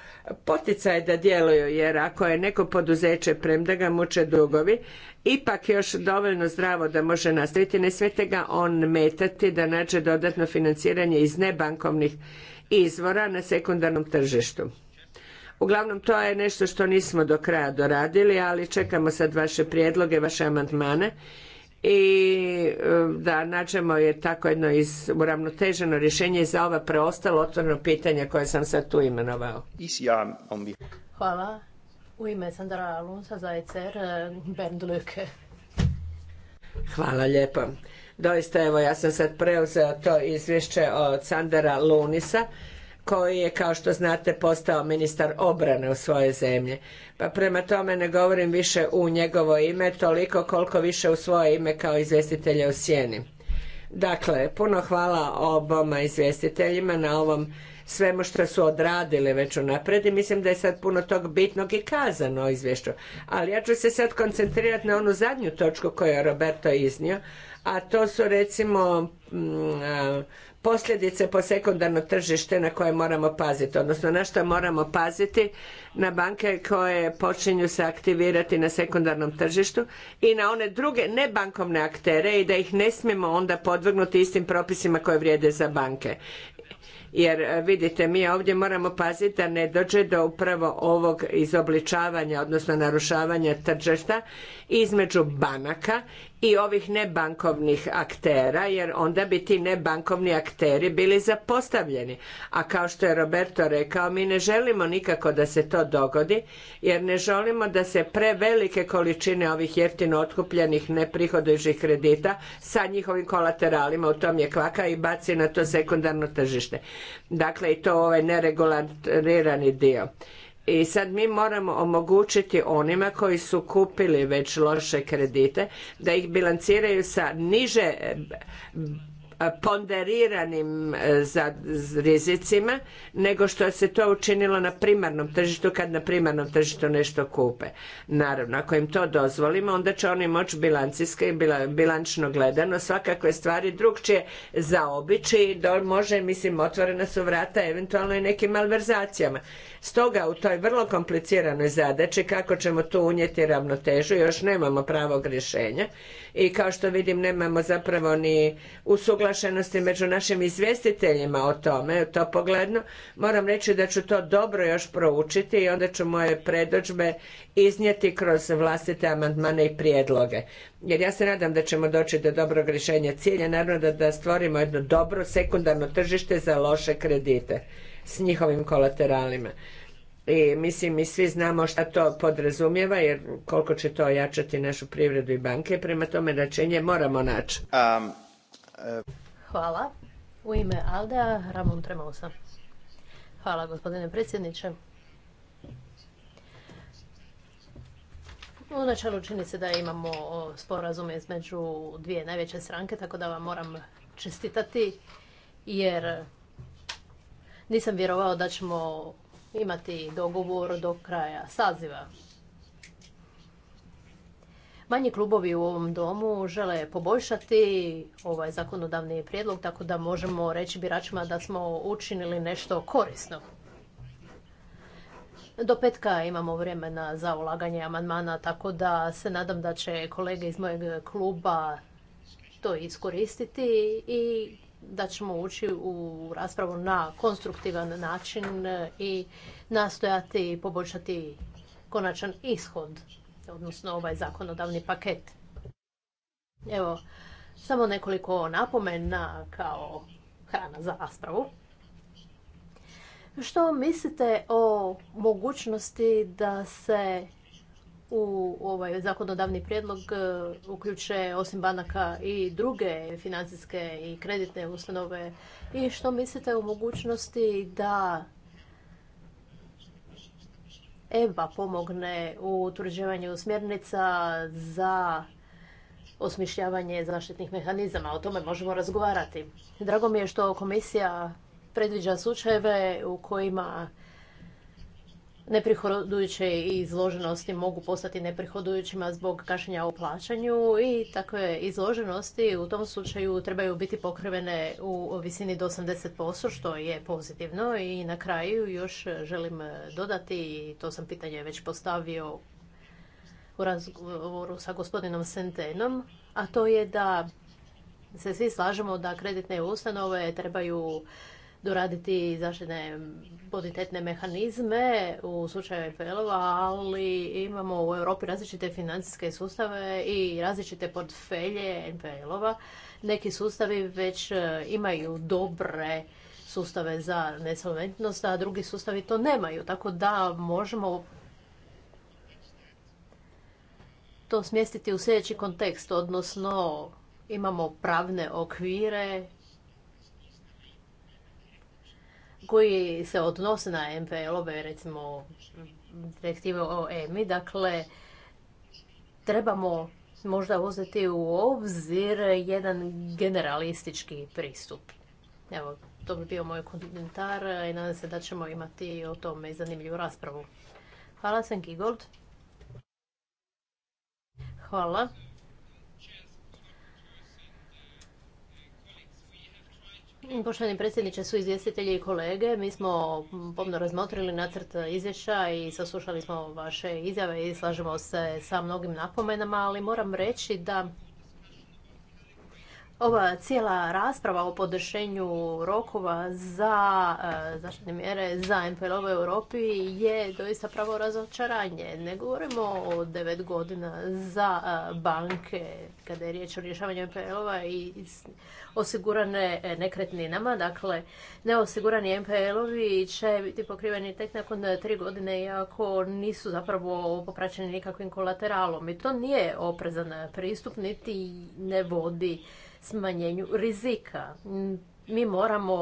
poticaje da djeluju jer ako je neko poduzeće premda ga muče dugovi ipak još dovoljno zdravo da može nastaviti ne smijete ga on metati da nađe dodatno financiranje iz nebankovnih izvora na sekundarnom tržištu. Uglavnom, to je nešto što nismo do kraja doradili, ali čekamo sad vaše prijedloge, vaše amandmane i e, da nađemo je tako jedno iz, uravnoteženo rješenje za ova preostala otvorena pitanja koja sam sad tu imenovao. Hvala. U ime Sandra alunsa za ECR, e, Hvala lijepo. Doista, evo, ja sam sad preuzeo to izvješće od Sandara Lunisa koji je kao što znate postao ministar obrane u svojoj zemlji. Pa prema tome ne govorim više u njegovo ime toliko koliko više u svoje ime kao izvjestitelja u sjeni. Dakle, puno hvala oboma izvjestiteljima na ovom svemu što su odradili već unaprijed i mislim da je sad puno tog bitnog i kazano o izvješću. Ali ja ću se sad koncentrirati na onu zadnju točku koju je Roberto iznio, a to su recimo posljedice po sekundarno tržište na koje moramo paziti, odnosno na što moramo paziti na banke koje počinju se aktivirati na sekundarnom tržištu i na one druge nebankovne aktere i da ih ne smijemo onda podvrgnuti istim propisima koje vrijede za banke. Jer e, vidite, mi ovdje moramo paziti da ne dođe do upravo ovog izobličavanja, odnosno narušavanja tržišta između banaka i ovih nebankovnih aktera jer onda bi ti nebankovni akteri bili zapostavljeni. A kao što je Roberto rekao, mi ne želimo nikako da se to dogodi jer ne želimo da se prevelike količine ovih jeftino otkupljenih neprihodujućih kredita sa njihovim kolateralima u tom je kvaka i baci na to sekundarno tržište. Dakle i to ovaj neregularirani dio. I sad mi moramo omogućiti onima koji su kupili već loše kredite da ih bilanciraju sa niže e, ponderiranim e, za rizicima nego što se to učinilo na primarnom tržištu kad na primarnom tržištu nešto kupe. Naravno, ako im to dozvolimo, onda će oni moći bilancijske i bilančno gledano svakakve stvari drugčije zaobići i može, mislim, otvorena su vrata eventualno i nekim malverzacijama. Stoga u toj vrlo kompliciranoj zadaći kako ćemo tu unijeti ravnotežu još nemamo pravog rješenja i kao što vidim nemamo zapravo ni usuglašenosti među našim izvjestiteljima o tome, to pogledno. Moram reći da ću to dobro još proučiti i onda ću moje predođbe iznijeti kroz vlastite amandmane i prijedloge. Jer ja se nadam da ćemo doći do dobrog rješenja cilja, naravno da, da stvorimo jedno dobro sekundarno tržište za loše kredite s njihovim kolateralima. I mislim, mi svi znamo šta to podrazumijeva, jer koliko će to ojačati našu privredu i banke, prema tome rečenje moramo naći. Um, Hvala. U ime Aldea Ramon Tremosa. Hvala gospodine predsjedniče. U načelu čini se da imamo sporazume između dvije najveće stranke, tako da vam moram čestitati jer nisam vjerovao da ćemo imati dogovor do kraja saziva. Manji klubovi u ovom domu žele poboljšati ovaj zakonodavni prijedlog, tako da možemo reći biračima da smo učinili nešto korisno. Do petka imamo vremena za ulaganje amandmana, tako da se nadam da će kolege iz mojeg kluba to iskoristiti i da ćemo ući u raspravu na konstruktivan način i nastojati poboljšati konačan ishod, odnosno ovaj zakonodavni paket. Evo, samo nekoliko napomena kao hrana za raspravu. Što mislite o mogućnosti da se u ovaj zakonodavni prijedlog e, uključe osim banaka i druge financijske i kreditne ustanove i što mislite o mogućnosti da EBA pomogne u utvrđivanju smjernica za osmišljavanje zaštitnih mehanizama. O tome možemo razgovarati. Drago mi je što komisija predviđa slučajeve u kojima neprihodujuće izloženosti mogu postati neprihodujućima zbog kašnjenja u plaćanju i takve izloženosti u tom slučaju trebaju biti pokrivene u visini do 80%, što je pozitivno. I na kraju još želim dodati, i to sam pitanje već postavio u razgovoru sa gospodinom Sentenom, a to je da se svi slažemo da kreditne ustanove trebaju doraditi zaštitne bonitetne mehanizme u slučaju npl ova ali imamo u Europi različite financijske sustave i različite portfelje NPL-ova. Neki sustavi već e, imaju dobre sustave za nesolventnost, a drugi sustavi to nemaju. Tako da možemo to smjestiti u sljedeći kontekst, odnosno imamo pravne okvire koji se odnose na MPL-ove, recimo direktive o EMI, dakle trebamo možda uzeti u obzir jedan generalistički pristup. Evo, to bi bio moj komentar i nadam se da ćemo imati o tome zanimljivu raspravu. Hvala, Senki Gold. Hvala. Poštovani predsjedniče, su izvjestitelji i kolege. Mi smo pomno razmotrili nacrt izvješća i saslušali smo vaše izjave i slažemo se sa mnogim napomenama, ali moram reći da ova cijela rasprava o podršenju rokova za e, zaštitne mjere za MPL u Europi je doista pravo razočaranje. Ne govorimo o devet godina za e, banke kada je riječ o rješavanju MPL-ova i osigurane e, nekretninama. Dakle, neosigurani MPL-ovi će biti pokriveni tek nakon tri godine iako nisu zapravo popraćeni nikakvim kolateralom. I to nije oprezan pristup niti ne vodi smanjenju rizika. Mi moramo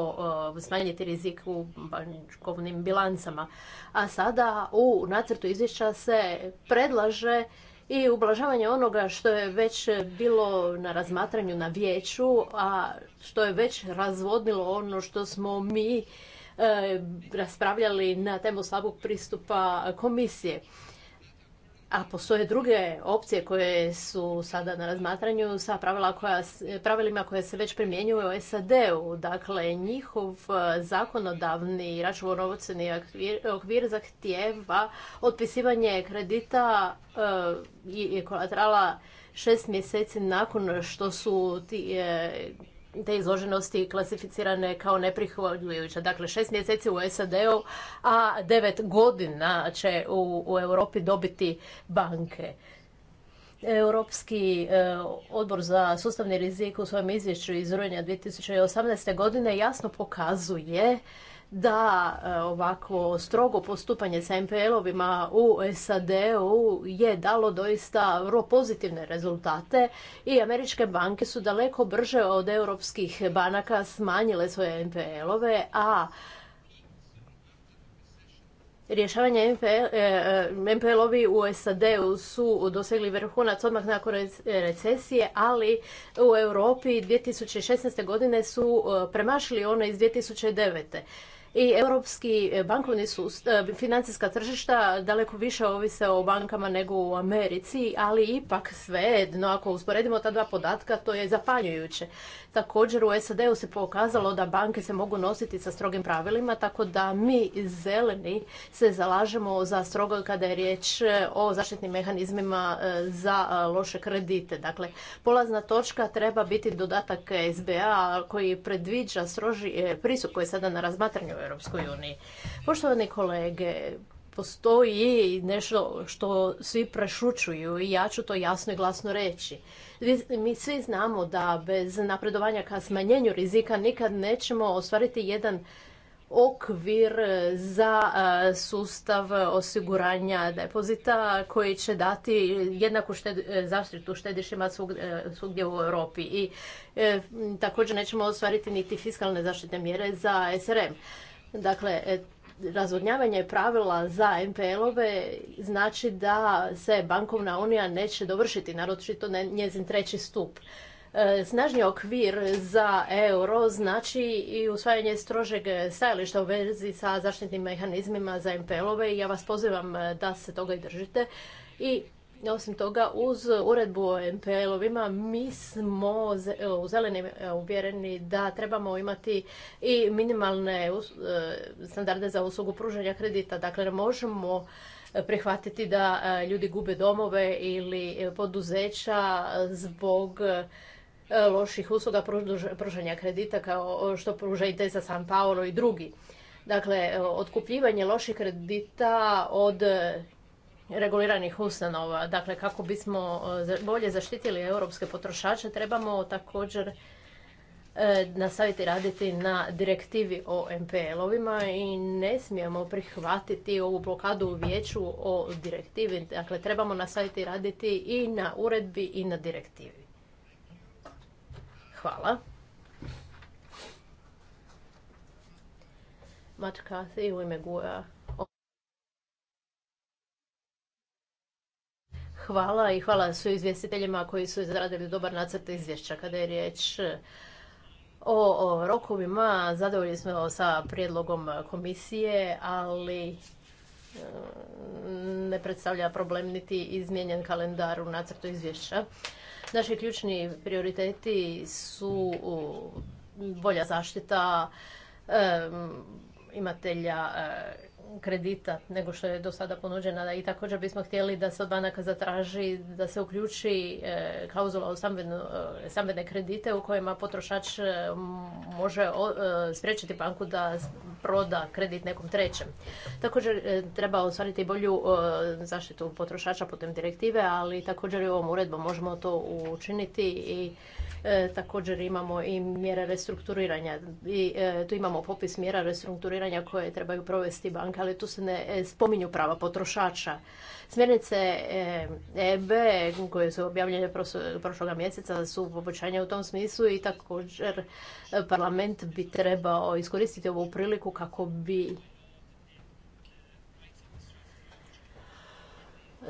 uh, smanjiti rizik u bankovnim bilancama. A sada u nacrtu izvješća se predlaže i ublažavanje onoga što je već bilo na razmatranju na vijeću, a što je već razvodnilo ono što smo mi uh, raspravljali na temu slabog pristupa komisije. A postoje druge opcije koje su sada na razmatranju sa pravila koja, pravilima koje se već primjenjuju u SAD-u. Dakle, njihov e, zakonodavni računovodstveni okvir zahtijeva otpisivanje kredita e, i kolaterala šest mjeseci nakon što su ti e, te izloženosti klasificirane kao neprihvaljujuće. Dakle, šest mjeseci u SAD-u, a devet godina će u, Europi dobiti banke. Europski e, odbor za sustavni rizik u svojem izvješću iz rujnja 2018. godine jasno pokazuje da e, ovako strogo postupanje sa MPL-ovima u SAD-u je dalo doista vrlo pozitivne rezultate i američke banke su daleko brže od europskih banaka smanjile svoje MPL-ove, a Rješavanje MPL-ovi e, e, u SAD-u su dosegli vrhunac odmah nakon recesije, ali u Europi 2016. godine su premašili one iz 2009 i europski e, bankovni sustav, e, financijska tržišta daleko više ovise o bankama nego u Americi, ali ipak svejedno, ako usporedimo ta dva podatka, to je zapanjujuće. Također u SAD-u se pokazalo da banke se mogu nositi sa strogim pravilima, tako da mi zeleni se zalažemo za strogo kada je riječ e, o zaštitnim mehanizmima e, za e, loše kredite. Dakle, polazna točka treba biti dodatak SBA koji predviđa stroži pristup koji je sada na razmatranju u Europskoj uniji. Poštovani kolege, postoji nešto što svi prešućuju i ja ću to jasno i glasno reći. Mi svi znamo da bez napredovanja ka smanjenju rizika nikad nećemo ostvariti jedan okvir za sustav osiguranja depozita koji će dati jednaku e, zaštitu štedišima e, svugdje u Europi. I e, također nećemo ostvariti niti fiskalne zaštitne mjere za SRM. Dakle, razvodnjavanje pravila za MPL-ove znači da se bankovna unija neće dovršiti, naročito njezin treći stup. E, snažni okvir za euro znači i usvajanje strožeg stajališta u vezi sa zaštitnim mehanizmima za MPL-ove i ja vas pozivam e, da se toga i držite i osim toga, uz uredbu o MPL-ovima mi smo u zeleni uvjereni da trebamo imati i minimalne e, standarde za uslugu pružanja kredita. Dakle, možemo e, prihvatiti da e, ljudi gube domove ili poduzeća zbog loših usluga pružanja kredita kao što pruža za San Paolo i drugi. Dakle, otkupljivanje loših kredita od reguliranih ustanova. Dakle, kako bismo eh, bolje zaštitili europske potrošače, trebamo također eh, nastaviti raditi na direktivi o MPL-ovima i ne smijemo prihvatiti ovu blokadu u vijeću o direktivi. Dakle, trebamo nastaviti raditi i na uredbi i na direktivi. Hvala. Matka, i u ime Guja Hvala i hvala su izvjestiteljima koji su izradili dobar nacrt izvješća. Kada je riječ o, rokovima, zadovoljni smo sa prijedlogom komisije, ali e, ne predstavlja problem niti izmijenjen kalendar u nacrtu izvješća. Naši ključni prioriteti su bolja zaštita e, imatelja e, kredita nego što je do sada ponuđena i također bismo htjeli da se od banaka zatraži da se uključi e, klauzula o e, stambene kredite u kojima potrošač e, može spriječiti banku da proda kredit nekom trećem. Također treba ostvariti bolju zaštitu potrošača putem direktive, ali također i ovom uredbom možemo to učiniti i E, također imamo i mjere restrukturiranja. I e, tu imamo popis mjera restrukturiranja koje trebaju provesti banke, ali tu se ne e, spominju prava potrošača. Smjernice EB koje su objavljene prošlog mjeseca su poboljšanje u tom smislu i također parlament bi trebao iskoristiti ovu priliku kako bi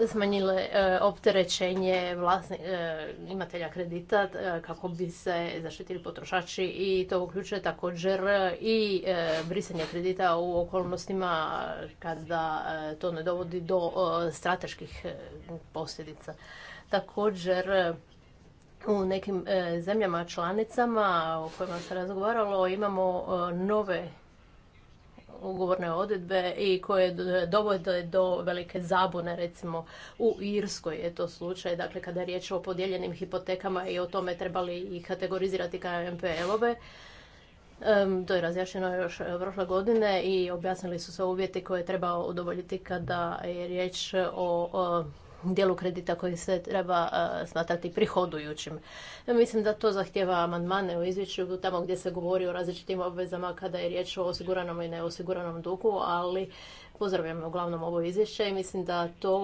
smanjile e, opterećenje e, imatelja kredita e, kako bi se zaštitili potrošači i to uključuje također i brisanje kredita u okolnostima kada to ne dovodi do strateških posljedica. Također u nekim zemljama članicama o kojima se razgovaralo imamo nove ugovorne odredbe i koje dovode do velike zabune, recimo u Irskoj je to slučaj, dakle kada je riječ o podijeljenim hipotekama i o tome trebali ih kategorizirati kao MPL-ove. to je razjašnjeno još e, prošle godine i objasnili su se uvjeti koje treba udovoljiti kada je riječ o dijelu kredita koji se treba e, smatrati prihodujućim. Mislim da to zahtjeva amandmane u izvješću tamo gdje se govori o različitim obvezama kada je riječ o osiguranom i neosiguranom dugu, ali pozdravljam uglavnom ovo izvješće i mislim da to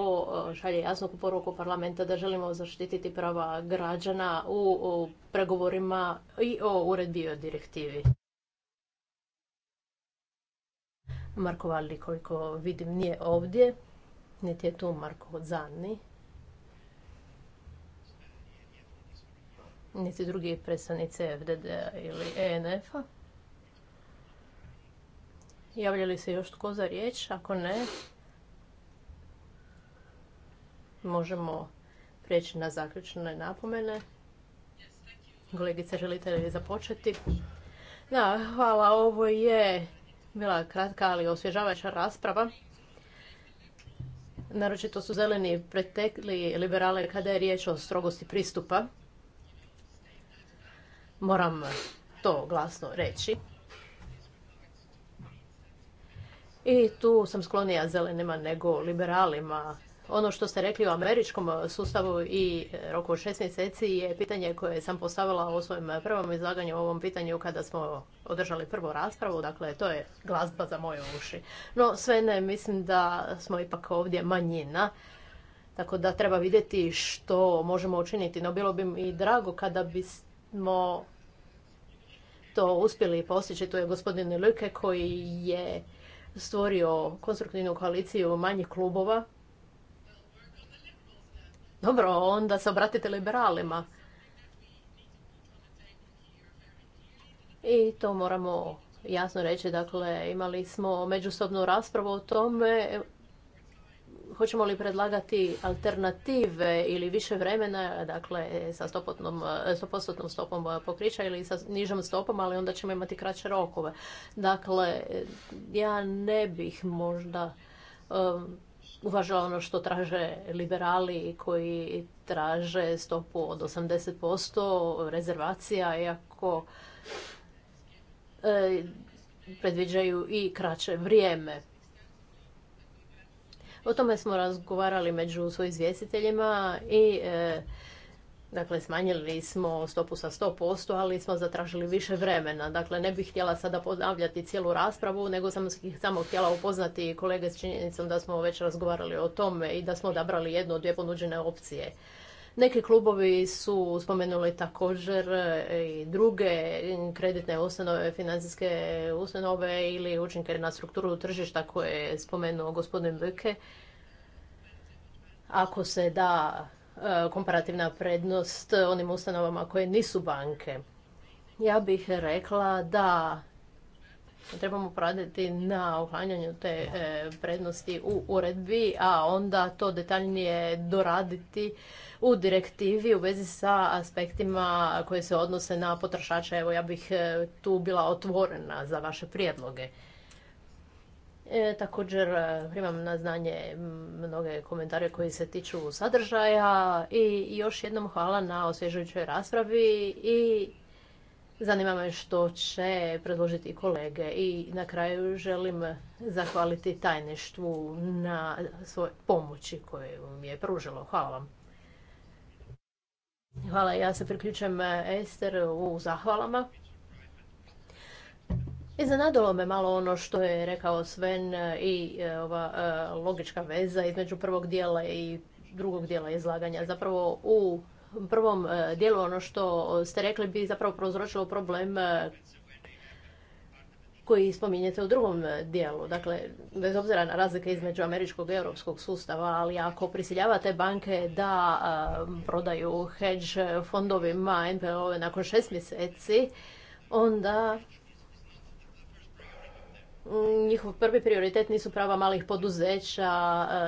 e, šalje u poruku parlamenta da želimo zaštititi prava građana u pregovorima i o uredbi o direktivi. Marko Valdi, koliko vidim, nije ovdje niti je tu Marko Zanni, niti drugi predstavnici FDD ili ENF-a. Javlja li se još tko za riječ? Ako ne, možemo prijeći na zaključne napomene. Kolegice, želite li započeti? Da, hvala. Ovo je bila kratka, ali osvježavajuća rasprava. Naročito su zeleni pretekli liberale kada je riječ o strogosti pristupa. Moram to glasno reći. I tu sam sklonija zelenima nego liberalima ono što ste rekli o američkom sustavu i e, roku od šest mjeseci je pitanje koje sam postavila u svojem prvom izlaganju u ovom pitanju kada smo održali prvu raspravu. Dakle, to je glazba za moje uši. No, sve ne, mislim da smo ipak ovdje manjina. Tako da treba vidjeti što možemo učiniti. No, bilo bi mi drago kada bismo to uspjeli postići. To je gospodin Luke koji je stvorio konstruktivnu koaliciju manjih klubova dobro, onda se obratite liberalima. I to moramo jasno reći, dakle, imali smo međusobnu raspravu o tome hoćemo li predlagati alternative ili više vremena, dakle, sa 100% stopom pokrića ili sa nižom stopom, ali onda ćemo imati kraće rokove. Dakle, ja ne bih možda um, uvaža ono što traže liberali koji traže stopu od 80% rezervacija, iako e, predviđaju i kraće vrijeme. O tome smo razgovarali među svojim izvjestiteljima i e, Dakle, smanjili smo stopu sa 100%, ali smo zatražili više vremena. Dakle, ne bih htjela sada ponavljati cijelu raspravu, nego sam samo htjela upoznati kolege s činjenicom da smo već razgovarali o tome i da smo odabrali jednu od dvije ponuđene opcije. Neki klubovi su spomenuli također i druge kreditne ustanove, financijske ustanove ili učinke na strukturu tržišta koje je spomenuo gospodin Böke. Ako se da E, komparativna prednost onim ustanovama koje nisu banke. Ja bih rekla da trebamo praditi na uhanjanju te e, prednosti u uredbi, a onda to detaljnije doraditi u direktivi u vezi sa aspektima koje se odnose na potrošače. Evo, ja bih e, tu bila otvorena za vaše prijedloge. E, također e, primam na znanje mnoge komentare koji se tiču sadržaja i još jednom hvala na osvježujućoj raspravi i zanima me što će predložiti kolege i na kraju želim zahvaliti tajništvu na svoj pomoći koju mi je pružilo. Hvala vam. Hvala, ja se priključujem e, Ester u zahvalama. Iznenadilo me malo ono što je rekao Sven e, i e, ova e, logička veza između prvog dijela i drugog dijela izlaganja. Zapravo u prvom dijelu ono što ste rekli bi zapravo prouzročilo problem koji spominjete u drugom dijelu. Dakle, bez obzira na razlike između američkog i europskog sustava, ali ako prisiljavate banke da prodaju hedge fondovima NPO-ove nakon šest mjeseci, onda njihov prvi prioritet nisu prava malih poduzeća,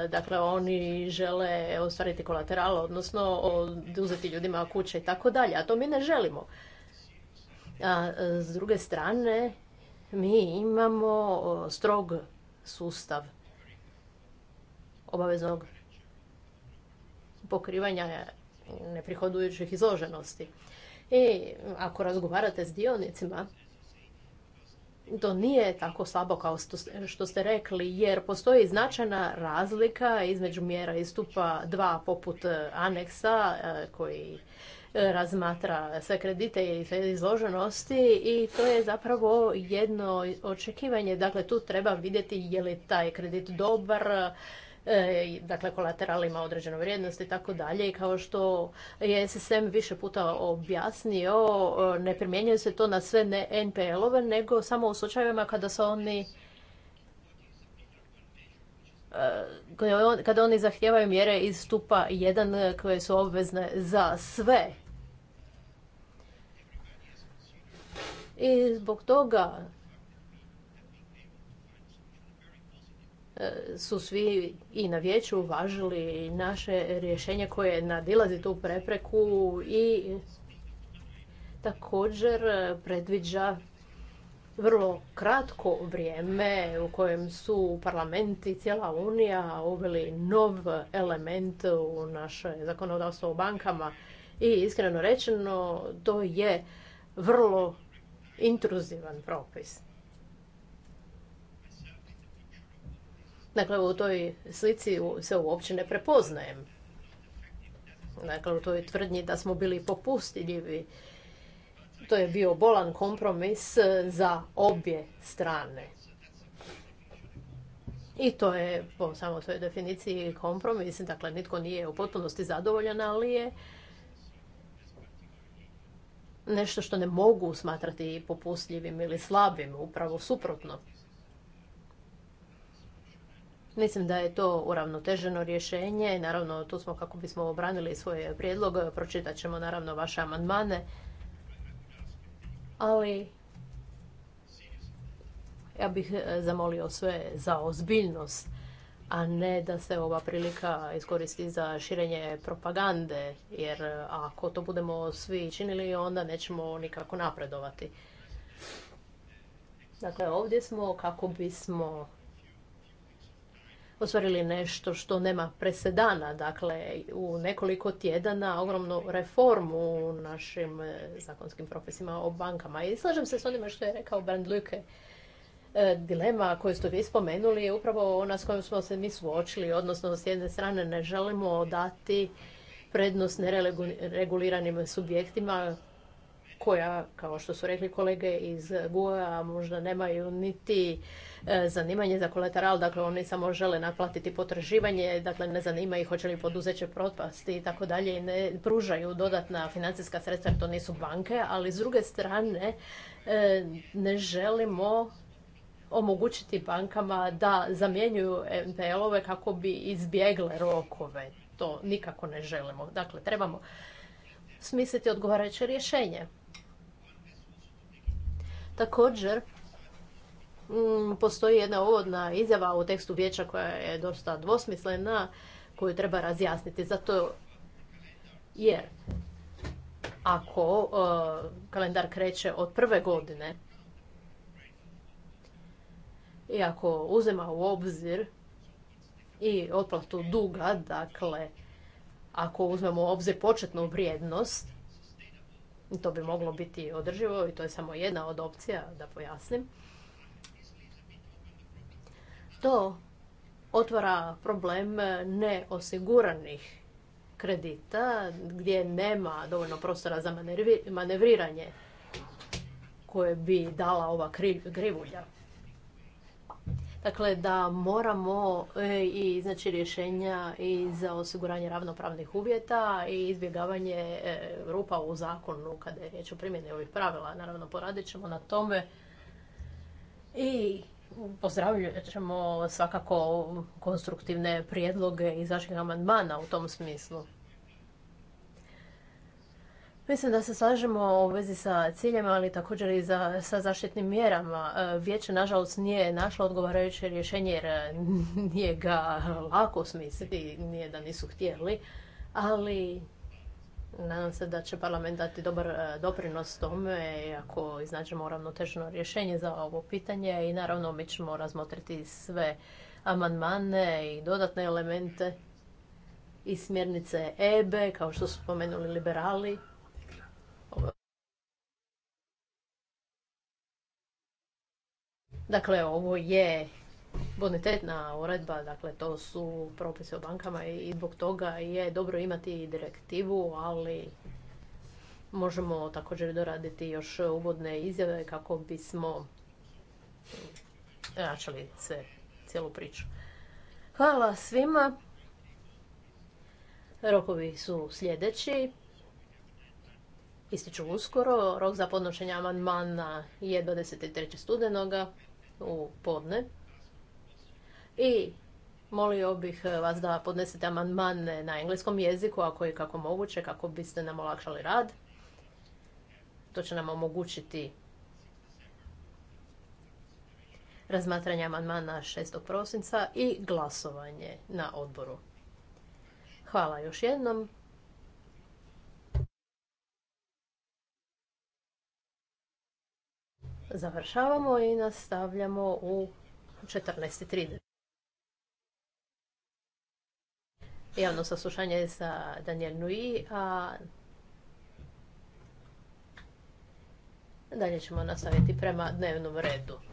e, dakle oni žele ostvariti kolateral, odnosno oduzeti ljudima kuće i tako dalje, a to mi ne želimo. A e, s druge strane, mi imamo strog sustav obaveznog pokrivanja neprihodujućih izloženosti. I ako razgovarate s dionicima, to nije tako slabo kao što ste rekli, jer postoji značajna razlika između mjera istupa dva poput e, aneksa e, koji e, razmatra sve kredite i sve izloženosti i to je zapravo jedno očekivanje. Dakle, tu treba vidjeti je li taj kredit dobar, E, dakle kolateral ima određenu vrijednost i tako dalje. I kao što je SSM više puta objasnio, e, ne primjenjuje se to na sve ne NPL-ove, nego samo u slučajevima kada su oni e, kada oni zahtijevaju mjere iz stupa 1 koje su obvezne za sve. I zbog toga E, su svi i na vijeću uvažili naše rješenje koje nadilazi tu prepreku i također predviđa vrlo kratko vrijeme u kojem su parlament i cijela Unija uveli nov element u naše zakonodavstvo u bankama i iskreno rečeno to je vrlo intruzivan propis. Dakle, u toj slici se uopće ne prepoznajem. Dakle, u toj tvrdnji da smo bili popustiljivi. To je bio bolan kompromis e, za obje strane. I to je po samo svojoj definiciji kompromis. Dakle, nitko nije u potpunosti zadovoljan, ali je nešto što ne mogu smatrati popustljivim ili slabim, upravo suprotno. Mislim da je to uravnoteženo rješenje. Naravno, tu smo kako bismo obranili svoj prijedlog. Pročitat ćemo naravno vaše amandmane. Ali ja bih e, zamolio sve za ozbiljnost, a ne da se ova prilika iskoristi za širenje propagande, jer ako to budemo svi činili, onda nećemo nikako napredovati. Dakle, ovdje smo kako bismo ostvarili nešto što nema presedana, dakle u nekoliko tjedana ogromnu reformu u našim e, zakonskim profesima o bankama. I slažem se s onime što je rekao Brand e, Dilema koju ste vi spomenuli je upravo ona s kojom smo se mi suočili, odnosno s jedne strane ne želimo dati prednost nereguliranim subjektima koja, kao što su rekli kolege iz GUA, možda nemaju niti e, zanimanje za kolateral, dakle oni samo žele naplatiti potraživanje, dakle ne zanima ih hoće li poduzeće propasti i tako dalje i ne pružaju dodatna financijska sredstva jer to nisu banke, ali s druge strane e, ne želimo omogućiti bankama da zamjenjuju NPL-ove kako bi izbjegle rokove. To nikako ne želimo. Dakle, trebamo smisliti odgovarajuće rješenje. Također, mm, postoji jedna uvodna izjava u tekstu vijeća koja je dosta dvosmislena, koju treba razjasniti. Zato jer ako e, kalendar kreće od prve godine i ako uzema u obzir i otplatu duga, dakle, ako uzmemo u obzir početnu vrijednost, to bi moglo biti održivo i to je samo jedna od opcija, da pojasnim. To otvara problem neosiguranih kredita gdje nema dovoljno prostora za manevriranje koje bi dala ova grivulja. Dakle, da moramo e, i znači rješenja i za osiguranje ravnopravnih uvjeta i izbjegavanje e, rupa u zakonu kada je riječ o primjeni ovih pravila. Naravno, poradit ćemo na tome i pozdravljat ćemo svakako konstruktivne prijedloge i zaštitnih amandmana u tom smislu. Mislim da se slažemo u vezi sa ciljama, ali također i za, sa zaštitnim mjerama. E, vijeće, nažalost, nije našlo odgovarajuće rješenje jer e, nije ga lako smisliti, nije da nisu htjeli, ali nadam se da će parlament dati dobar e, doprinos tome ako iznađemo ravnotežno rješenje za ovo pitanje i naravno mi ćemo razmotriti sve amandmane i dodatne elemente i smjernice EBE, kao što su spomenuli liberali. Dakle, ovo je bonitetna uredba, dakle to su propise o bankama i zbog toga je dobro imati direktivu, ali možemo također doraditi još uvodne izjave kako bismo načeli se cijelu priču. Hvala svima. Rokovi su sljedeći. Ističu uskoro. Rok za podnošenje amandmana je 23. studenoga u podne. I molio bih eh, vas da podnesete amandmane na engleskom jeziku, ako je kako moguće, kako biste nam olakšali rad. To će nam omogućiti razmatranje amandmana 6. prosinca i glasovanje na odboru. Hvala još jednom. završavamo i nastavljamo u 14.30. Javno saslušanje je sa Daniel Nui, a dalje ćemo nastaviti prema dnevnom redu.